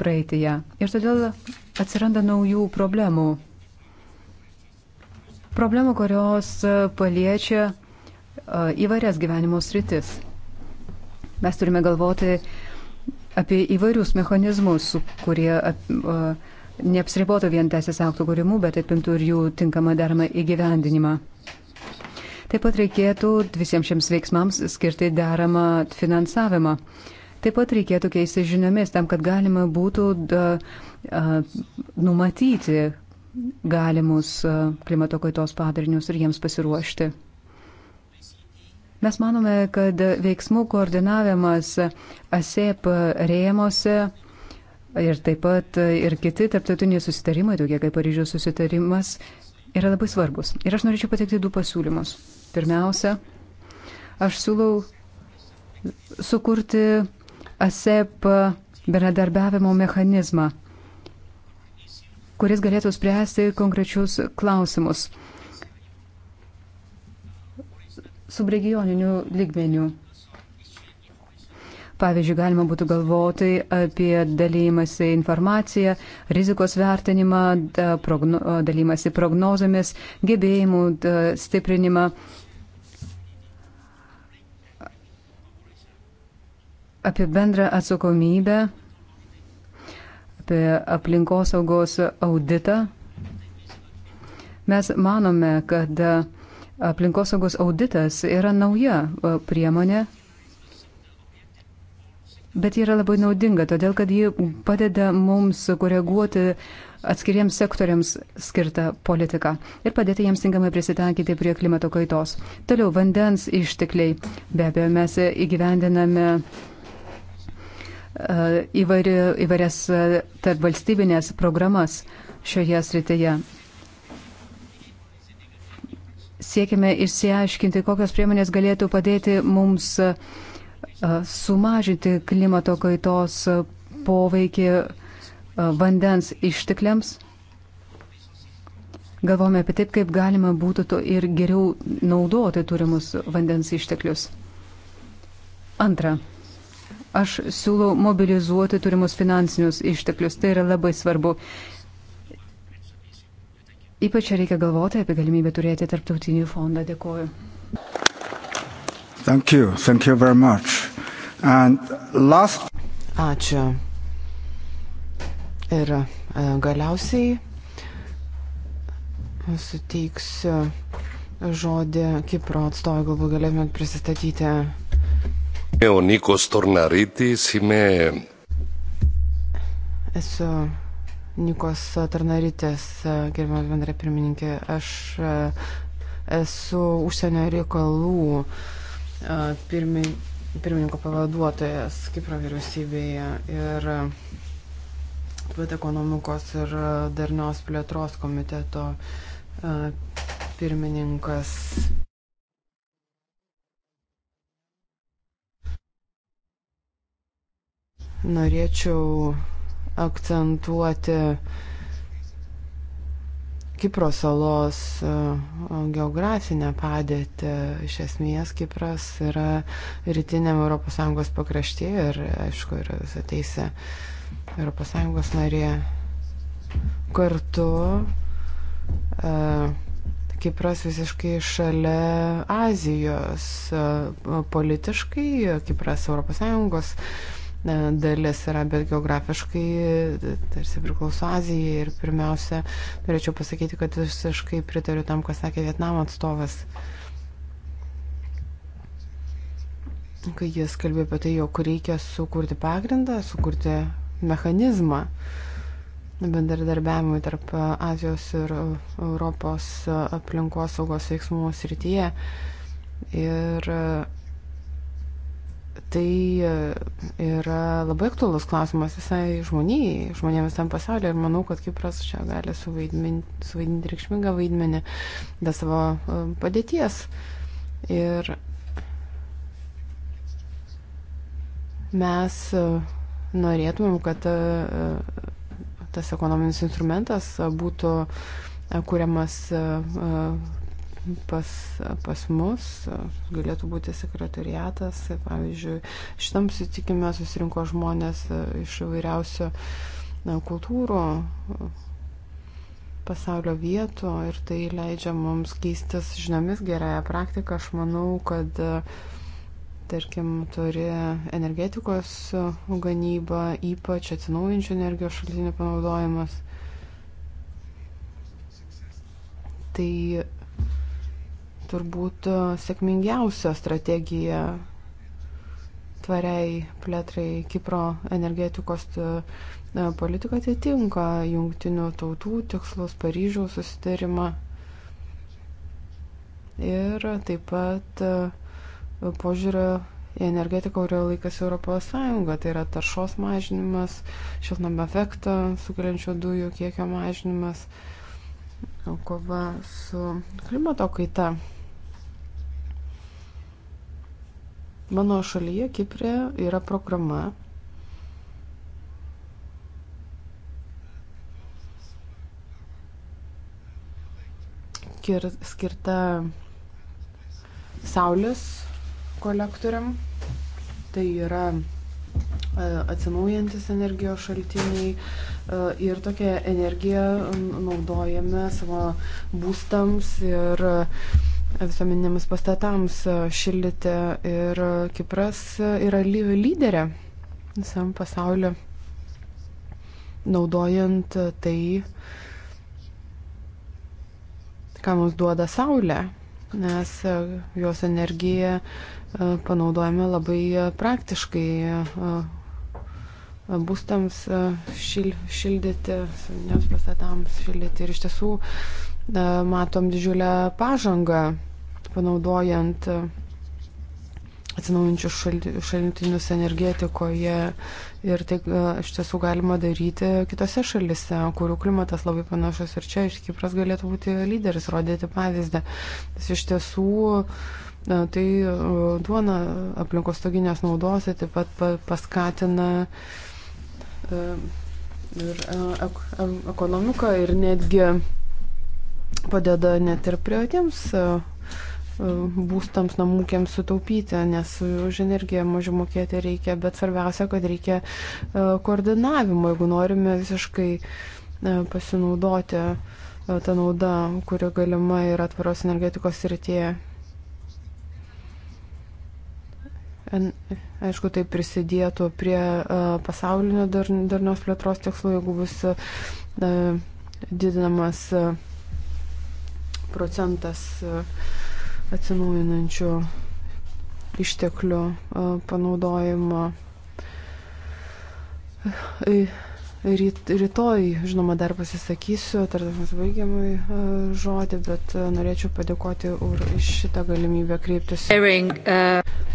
praeitėje. Ir todėl atsiranda naujų problemų. Problemų, kurios paliečia įvairias gyvenimo sritis. Mes turime galvoti apie įvairius mechanizmus, kurie neapsiribotų vien teisės aktų kūrimų, bet apimtų ir jų tinkamą deramą įgyvendinimą. Taip pat reikėtų visiems šiems veiksmams skirti deramą finansavimą. Taip pat reikėtų keisti žiniomis tam, kad galima būtų da, a, numatyti galimus klimato kaitos padarinius ir jiems pasiruošti. Mes manome, kad veiksmų koordinavimas ASEP rėmose ir taip pat ir kiti tarptautiniai susitarimai, tokie kaip Paryžiaus susitarimas, yra labai svarbus. Ir aš norėčiau pateikti du pasiūlymus. Pirmiausia, aš siūlau sukurti ASEP bendradarbiavimo mechanizmą, kuris galėtų spręsti konkrečius klausimus subregioniniu lygmeniu. Pavyzdžiui, galima būtų galvoti apie dalymasi informaciją, rizikos vertinimą, progno, dalymasi prognozomis, gebėjimų stiprinimą. Apie bendrą atsakomybę, apie aplinkosaugos auditą. Mes manome, kad aplinkosaugos auditas yra nauja e, priemonė, bet yra labai naudinga, todėl kad ji padeda mums koreguoti atskiriems sektoriams skirtą politiką ir padėti jiems tinkamai prisitaikyti prie klimato kaitos. Toliau vandens ištekliai. Be abejo, mes įgyvendiname e, įvairias e, tarp valstybinės programas šioje srityje. Siekime išsiaiškinti, kokios priemonės galėtų padėti mums e, sumažinti klimato kaitos poveikį e, vandens ištekliams. Galvome apie taip, kaip galima būtų to ir geriau naudoti turimus vandens išteklius. Antra, aš siūlau mobilizuoti turimus finansinius išteklius. Tai yra labai svarbu. Ypač reikia galvoti apie galimybę turėti tarptautinį fondą. Dėkuoju. Thank you. Thank you very much. And last... Ačiū. Ir e, galiausiai suteiksiu žodį Kipro atstovui, galbūt galėtumėt prisistatyti. O Nikos Tornarytis, jis Esu Nikos Tarnarytės, e, gerbiamas bendra pirmininkė. Aš e, esu užsienio reikalų e, pirmi, pirmininko pavaduotojas Kipro vyriausybėje ir taip pat ekonomikos ir darnios plėtros komiteto pirmininkas. Norėčiau akcentuoti Kipro salos e, geografinę padėtį. Iš esmės Kipras yra rytiniam ES pakraštyje ir, aišku, yra visą teisę ES narė. Kartu uh, Kipras visiškai šalia Azijos e, politiškai, Kipras ES E, dalis yra, bet geografiškai e, tarsi priklauso Azijai. Ir pirmiausia, norėčiau pasakyti, kad visiškai pritariu tam, ką sakė Vietnamo atstovas. Kai jis kalbėjo apie tai, jog reikia sukurti pagrindą, sukurti mechanizmą bendradarbiavimui tarp Azijos ir Europos aplinkosaugos veiksmų srityje. Ir tai e, yra labai aktuolus klausimas visai žmonijai, žmonėms visam pasauliu ir manau, kad Kipras čia gali suvaidinti, suvaidinti reikšmingą vaidmenį dėl savo e, padėties. Ir mes e, norėtumėm, kad tas ekonominis instrumentas būtų kuriamas pas, pas mus, galėtų būti sekretariatas. Pavyzdžiui, šitam sutikime susirinko žmonės e, iš įvairiausių kultūrų, pasaulio vietų ir tai leidžia mums keistis žiniomis gerąją praktiką. Aš manau, kad tarkim turi energetikos gamybą, ypač atsinaujinčių energijos šaltinių panaudojimas. Tai turbūt e, sėkmingiausia strategija tvariai plėtrai Kipro energetikos e, e, politika atitinka jungtinių tautų tikslus, Paryžiaus susitarimą ir taip pat požiūrio į energetiką, kurio laikas Europos Sąjunga, tai yra taršos mažinimas, šiltnamio efektą sukeliančių dujų kiekio mažinimas, kova su klimato kaita. Mano šalyje, Kiprė, yra programa. skirta saulės kolektoriam. Tai yra e, atsinaujantis energijos šaltiniai e, ir tokią energiją naudojame savo būstams ir uh, visuomeniniams pastatams e, šildyti. Ir Kipras e, yra lyderė visam pasauliu, naudojant tai, ką mums duoda Saulė, nes e, jos energiją panaudojame labai praktiškai būstams šil, šildyti, suviniams pastatams šildyti. Ir iš tiesų matom didžiulę pažangą panaudojant e, atsinaujančius šaltinius energetikoje ir tai e, iš tiesų galima daryti kitose šalise, kurių klimatas labai panašus ir čia iš Kipras galėtų būti lyderis, rodyti pavyzdį. Nes iš tiesų e, tai duona aplinkos toginės naudos, tai taip pat paskatina ir ekonomiką ir netgi padeda net ir privatiems e, e, būstams, namūkiams sutaupyti, nes už energiją mažiau mokėti reikia, bet svarbiausia, kad reikia e, koordinavimo, jeigu norime visiškai pasinaudoti tą naudą, kuri galima ir atvaros energetikos srityje. Aišku, tai prisidėtų prie pasaulinio darnios plėtros tikslų, jeigu bus didinamas. Uh, procentas e, atsinaujinančių išteklių e, panaudojimo. E, rytoj, žinoma, dar pasisakysiu, tardamas baigiamui žodį, bet norėčiau padėkoti už šitą galimybę kreiptis.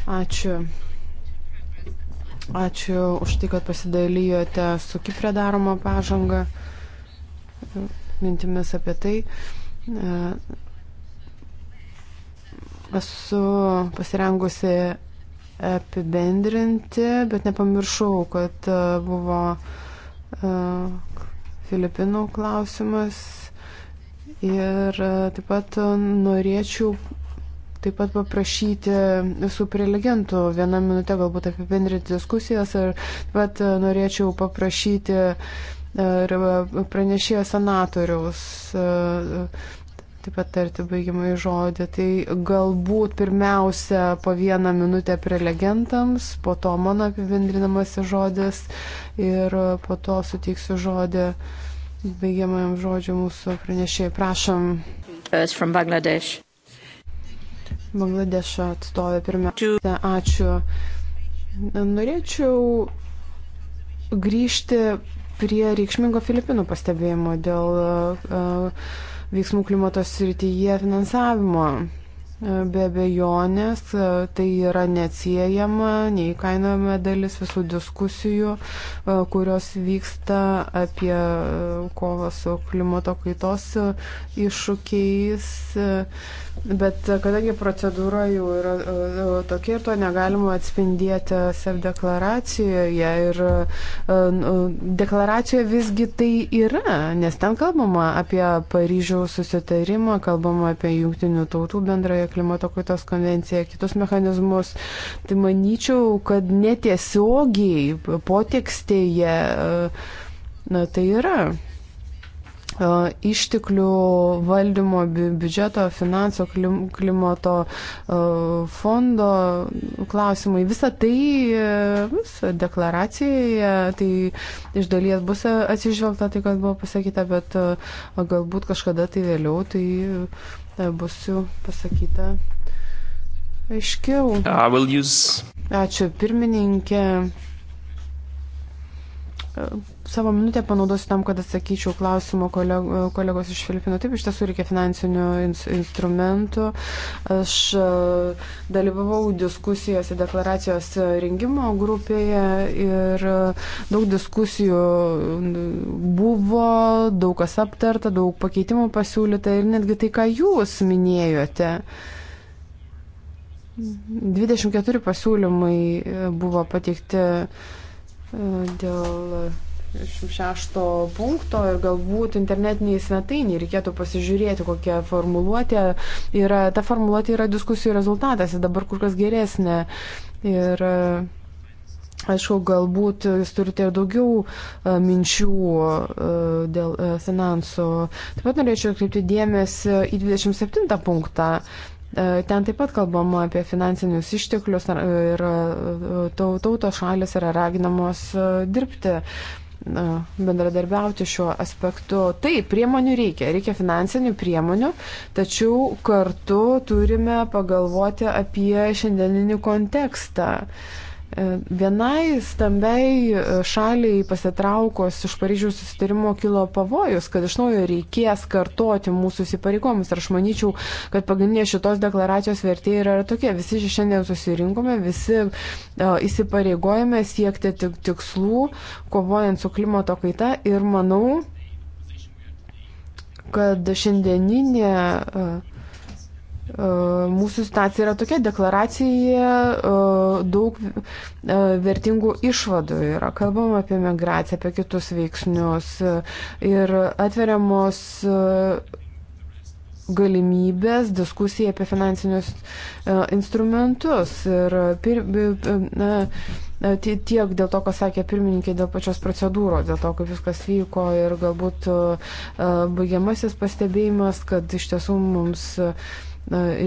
Ačiū. Ačiū už tai, kad pasidalijote su Kiprė daroma pažanga mintimis apie tai. E, esu pasirengusi apibendrinti, bet nepamiršau, kad e, buvo e, Filipinų klausimas. Ir taip pat norėčiau taip pat paprašyti visų prelegentų vieną minutę galbūt apibendrinti diskusijas ir taip pat norėčiau paprašyti uh, ir e, pranešėjo senatoriaus e, taip pat tarti baigiamąjį žodį. Tai galbūt pirmiausia po vieną minutę prelegentams, po to mano apibendrinamasis žodis ir po to suteiksiu žodį baigiamajam žodžiu mūsų pranešėjai. Prašom. Bangladešo atstovė pirmiausia. Ačiū. Norėčiau grįžti prie reikšmingo Filipinų pastebėjimo dėl e, e, veiksmų klimato srityje finansavimo. E, be abejonės, tai yra neatsiejama, neįkainojama dalis visų diskusijų, kurios vyksta apie kovą su klimato kaitos iššūkiais. Bet e, kadangi procedūra jau yra e, e, tokia ir to negalima atspindėti SEF deklaracijoje ir nu, deklaracijoje visgi tai yra, nes ten kalbama apie Paryžiaus susitarimą, kalbama apie jungtinių tautų bendrąją klimato kaitos konvenciją, kitus mechanizmus. Tai manyčiau, kad netiesiogiai potekstėje na, tai yra. E, išteklių valdymo, biudžeto, finanso, klimato e, fondo klausimai. Visa tai e, visa deklaracijoje, tai iš dalies bus atsižvelgta tai, kas buvo pasakyta, bet galbūt kažkada tai vėliau tai bus jau pasakyta aiškiau. Use... Ačiū pirmininkė savo minutę panaudosiu tam, kad atsakyčiau klausimo kolegos iš Filipinų. Taip, iš tiesų reikia finansinių instrumentų. Aš e, dalyvavau diskusijose deklaracijos rengimo grupėje ir daug diskusijų buvo, daug kas aptarta, daug pakeitimų pasiūlyta ir netgi tai, ką jūs minėjote. 24 pasiūlymai e, buvo pateikti e, dėl 66 punkto ir galbūt internetiniai svetainiai reikėtų pasižiūrėti, kokia formuluotė yra. Ta formuluotė yra diskusijų rezultatas ir dabar kur kas geresnė. Ir e, aišku, galbūt jūs turite ir daugiau e, minčių e, dėl finansų. Taip pat norėčiau atkreipti dėmesį į 27 punktą. Ten taip pat kalbama apie finansinius išteklius ir tautos šalis yra raginamos dirbti bendradarbiauti šiuo aspektu. Taip, priemonių reikia, reikia finansinių priemonių, tačiau kartu turime pagalvoti apie šiandieninį kontekstą. Uh, E, vienai stambiai e, šaliai pasitraukus iš Paryžiaus susitarimo kilo pavojus, kad iš naujo reikės kartoti mūsų įsipareigomus. Ir aš manyčiau, kad pagrindinė šitos deklaracijos vertė yra tokia. Visi šiandien susirinkome, visi e, įsipareigojame siekti tik tikslų, kovojant su klimato kaita. Ir manau, kad šiandieninė E, mūsų situacija yra tokia, deklaracija e, daug e, vertingų išvadų yra. Kalbam apie migraciją, apie kitus veiksnius ir atveriamos galimybės diskusijai apie finansinius instrumentus. Ir pir, na, tiek dėl to, ką sakė pirmininkė, dėl pačios procedūros, dėl to, kaip viskas vyko ir galbūt baigiamasis pastebėjimas, kad iš tiesų mums. Uh,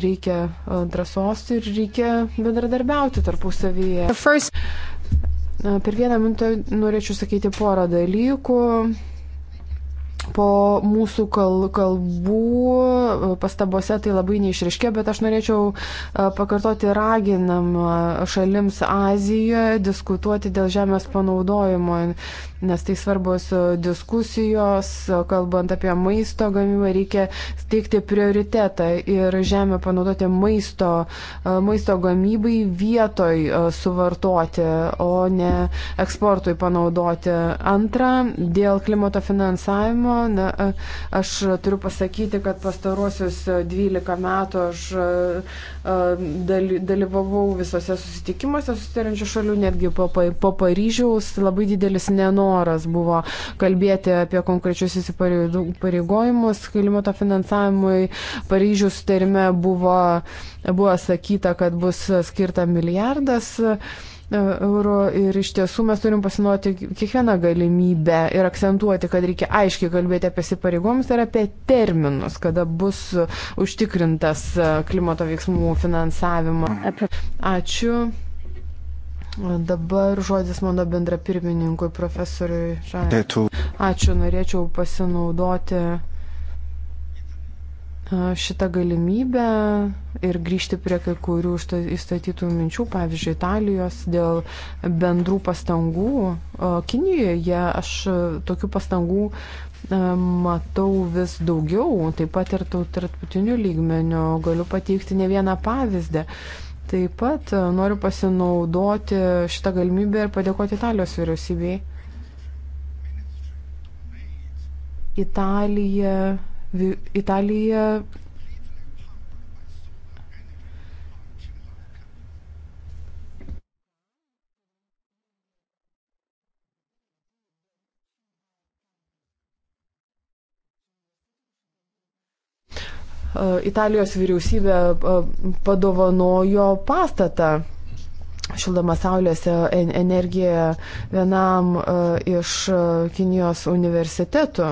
reikia drąsos ir reikia bendradarbiauti tarpusavyje. Per vieną minutę norėčiau sakyti porą dalykų po mūsų kal, kalbų pastabose tai labai neišriškė, bet aš norėčiau pakartoti raginam šalims Azijoje diskutuoti dėl žemės panaudojimo nes tai svarbus e, diskusijos, e, kalbant apie maisto gamybą, reikia steigti prioritetą ir žemę panaudoti maisto, e, maisto gamybai vietoj suvartoti, o ne eksportui panaudoti. Antra, dėl klimato finansavimo, na, aš turiu pasakyti, kad pastaruosius 12 metų aš dalyvavau visose susitikimuose susitarančių šalių, netgi po, po Paryžiaus labai didelis nenorimas noras buvo kalbėti apie konkrečius įsipareigojimus klimato finansavimui. Paryžių sutarime buvo, buvo sakyta, kad bus skirta milijardas e, eurų ir iš tiesų mes turim pasinaudoti kiekvieną galimybę ir akcentuoti, kad reikia aiškiai kalbėti apie įsipareigomus ir apie terminus, kada bus užtikrintas e, klimato veiksmų finansavimas. Ačiū. Dabar žodis mano bendra pirmininkui, profesoriui Žanui. Ačiū, norėčiau pasinaudoti šitą galimybę ir grįžti prie kai kurių įstatytų minčių, pavyzdžiui, Italijos dėl bendrų pastangų. Kinijoje aš tokių pastangų matau vis daugiau, taip pat ir tarptautiniu lygmeniu galiu pateikti ne vieną pavyzdį. Taip pat e, noriu pasinaudoti šitą galimybę ir padėkoti Italijos vyriausybei. Italija, Italija E, Italijos vyriausybė e, padovanojo pastatą šildoma saulės energija vienam e, iš Kinijos universitetų.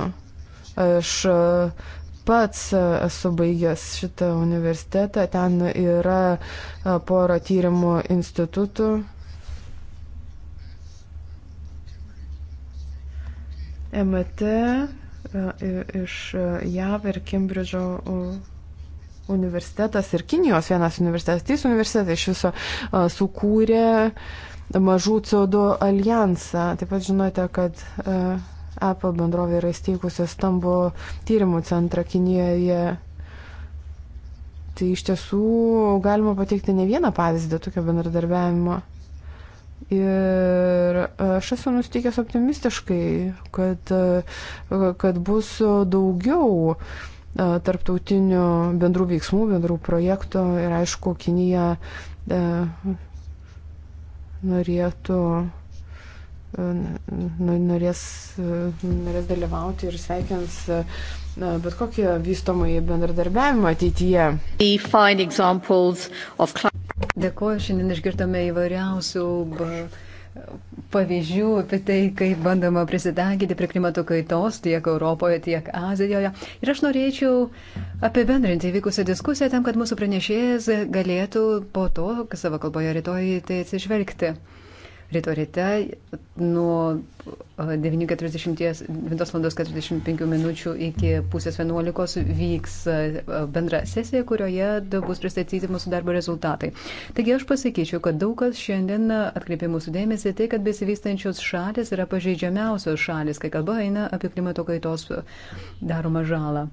Aš pats esu baigęs šitą universitetą, ten yra pora tyrimų institutų. MT iš JAV ir Kimbridžo universitetas ir Kinijos vienas universitetas, trys universitetai iš viso sukūrė mažų CO2 alijansą. Taip pat žinote, kad Apple bendrovė yra įsteigusi stambų tyrimų centrą Kinijoje. Tai iš tiesų galima pateikti ne vieną pavyzdį tokio bendradarbiavimo. Ir aš esu nusteikęs optimistiškai, kad, kad bus daugiau uh, E, tarptautinių bendrų veiksmų, bendrų projektų ir aišku, Kinija e, norėtų e, norės, norės dalyvauti ir sveikins bet kokį vystomąjį bendradarbiavimą ateityje. Dėkuoju, šiandien išgirdome įvairiausių pavyzdžių apie tai, kaip bandoma prisitaikyti prie klimato kaitos tiek Europoje, tiek Azijoje. Ir aš norėčiau apibendrinti įvykusią diskusiją tam, kad mūsų pranešėjas galėtų po to savo kalboje rytoj tai atsižvelgti ryto ryte nuo 9.45 e, min. iki pusės 11 vyks e, bendra sesija, kurioje bus pristatyti mūsų darbo rezultatai. Taigi aš pasakyčiau, kad daug kas šiandien atkreipė mūsų dėmesį tai, kad besivystančios šalis yra pažeidžiamiausios šalis, kai kalba eina apie klimato kaitos daromą žalą.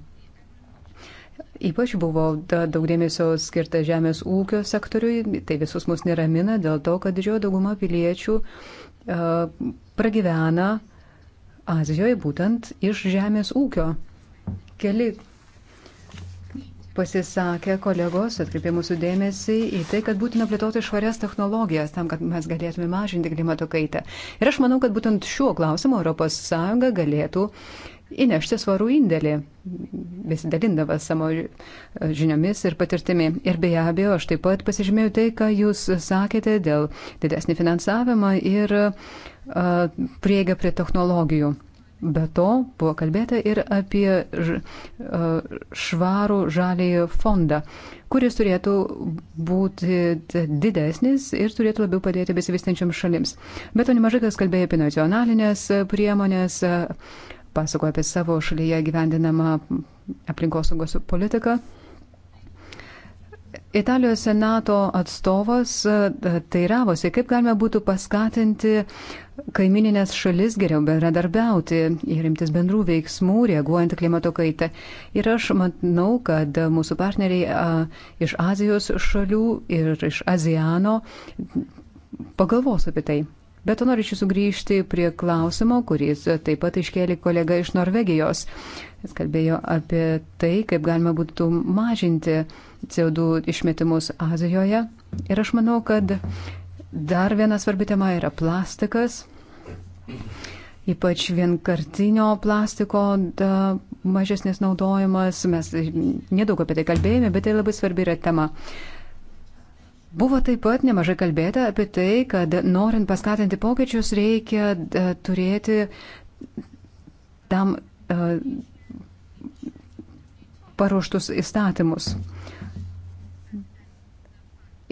Ypač buvo daug dėmesio skirta žemės ūkio sektoriui, tai visus mus neramina dėl to, kad didžioji dauguma piliečių pragyvena Azijoje būtent iš žemės ūkio. Keli pasisakė kolegos, atkreipė mūsų dėmesį į tai, kad būtina plėtoti švarias technologijas tam, kad mes galėtume mažinti klimato kaitą. Ir aš manau, kad būtent šiuo klausimu ES galėtų uh, įnešti svarų indėlį, besidalindavas savo žiniomis ir patirtimi. Ir be abejo, aš taip pat pasižymėjau tai, ką jūs sakėte dėl didesnį finansavimą ir prieigą prie technologijų. Be to buvo kalbėta ir apie švarų žalį fondą, kuris turėtų būti didesnis ir turėtų labiau padėti besivystančiam šalims. Bet to nemažai kas kalbėjo apie nacionalinės priemonės, pasakoja apie savo šalyje gyvendinamą aplinkosaugos politiką. Italijos senato atstovas e, teiravosi, kaip galima būtų paskatinti kaimininės šalis geriau bendradarbiauti ir rimtis bendrų veiksmų, reaguojant klimato kaitą. Ir aš manau, kad mūsų partneriai a, iš Azijos šalių ir iš Azijano pagalvos apie tai. Bet to norėčiau sugrįžti prie klausimo, kurį taip pat iškėlė kolega iš Norvegijos. Jis kalbėjo apie tai, kaip galima būtų mažinti CO2 išmetimus Azijoje. Ir aš manau, kad dar viena svarbi tema yra plastikas ypač vienkartinio plastiko da, mažesnis naudojimas. Mes nedaug apie tai kalbėjome, bet tai labai svarbi yra tema. Buvo taip pat nemažai kalbėta apie tai, kad norint paskatinti pokyčius reikia e, turėti tam e, paruoštus įstatymus.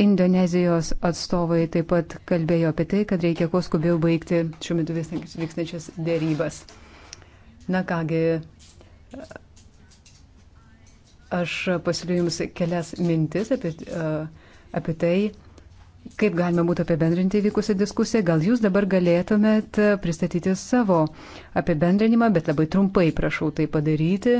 Indonezijos atstovai taip pat kalbėjo apie tai, kad reikia kuo skubiau baigti šiuo metu vykstančias dėrybas. Na kągi, aš pasiūliu Jums kelias mintis apie. Uh, apie tai, kaip galime būtų apibendrinti vykusią diskusiją. Gal jūs dabar galėtumėt pristatyti savo apibendrinimą, bet labai trumpai prašau tai padaryti.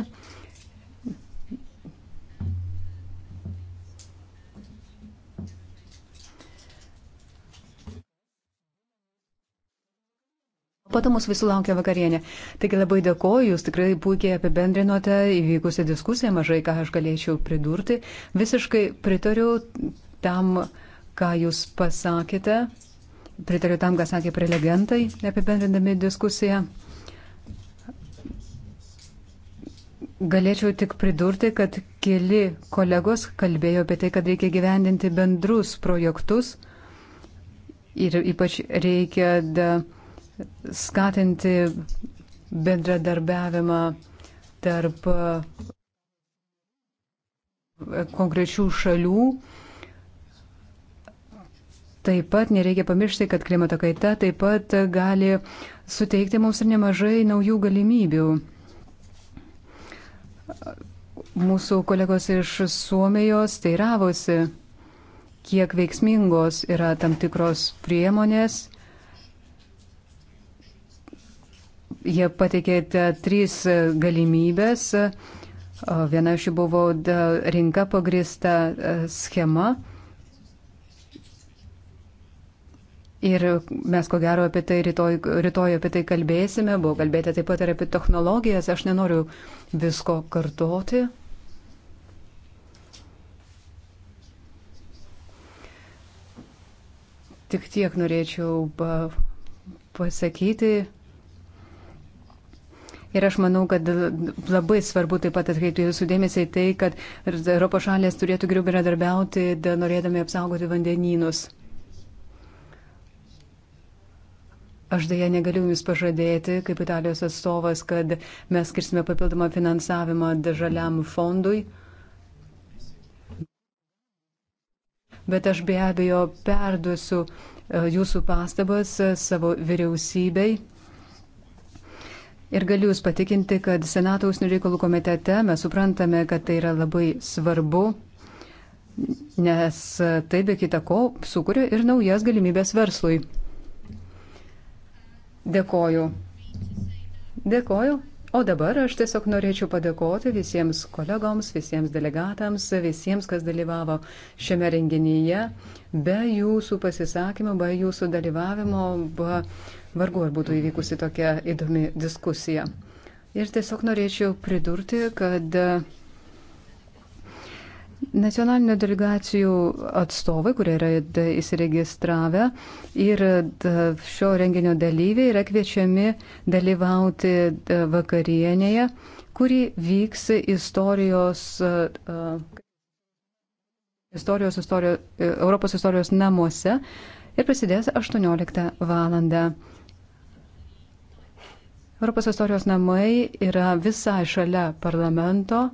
Po to mūsų visų laukia vakarienė. Taigi labai dėkoju, jūs tikrai puikiai apibendrinote įvykusią diskusiją, mažai ką aš galėčiau pridurti. Visiškai pritariu tam, ką jūs pasakėte. Pritariu tam, ką sakė prelegentai, apibendrindami diskusiją. Galėčiau tik pridurti, kad keli kolegos kalbėjo apie tai, kad reikia gyvendinti bendrus projektus ir ypač reikia da, skatinti bendradarbiavimą tarp e, konkrečių šalių Taip pat nereikia pamiršti, kad klimato kaita taip pat gali suteikti mums ir nemažai naujų galimybių. Mūsų kolegos iš Suomijos teiravosi, kiek veiksmingos yra tam tikros priemonės. Jie pateikėte trys galimybės. Viena iš jų buvo rinka pagrista e, schema Ir mes ko gero apie tai rytoj, rytoj apie tai kalbėsime, buvo kalbėti taip pat ir apie technologijas, aš nenoriu visko kartoti. Tik tiek norėčiau pasakyti. Ir aš manau, kad labai svarbu taip pat atkreipti jūsų dėmesį į tai, kad Europos šalės turėtų geriau bendradarbiauti, norėdami apsaugoti vandenynus. Aš dėja negaliu Jums pažadėti, kaip Italijos atstovas, kad mes skirsime papildomą finansavimą žaliam fondui. Bet aš be abejo perduosiu e, Jūsų pastabas e, savo vyriausybei. Ir galiu Jūs patikinti, kad Senato užsienio reikalų komitete mes suprantame, kad tai yra labai svarbu, nes e, tai be kita ko sukuria ir naujas galimybės verslui. Dėkoju. Dėkoju. O dabar aš tiesiog norėčiau padėkoti visiems kolegoms, visiems delegatams, visiems, kas dalyvavo šiame renginyje. Be jūsų pasisakymų, be jūsų dalyvavimo, be vargu ar būtų įvykusi tokia įdomi diskusija. Ir tiesiog norėčiau pridurti, kad Nacionalinio delegacijų atstovai, kurie yra įsiregistravę ir šio renginio dalyviai yra kviečiami dalyvauti vakarienėje, kuri vyks istorijos, e, istorijos, istorijos e, Europos istorijos namuose ir prasidės 18 valandą. Europos istorijos namai yra visai šalia parlamento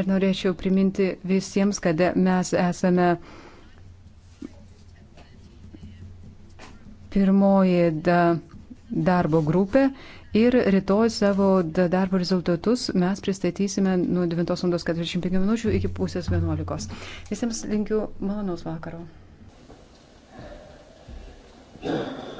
Ir norėčiau priminti visiems, kad mes esame pirmoji da, darbo grupė ir rytoj savo da, darbo rezultatus mes pristatysime nuo 9.45 min. iki pusės 11. Visiems linkiu malonaus vakaro. Yeah.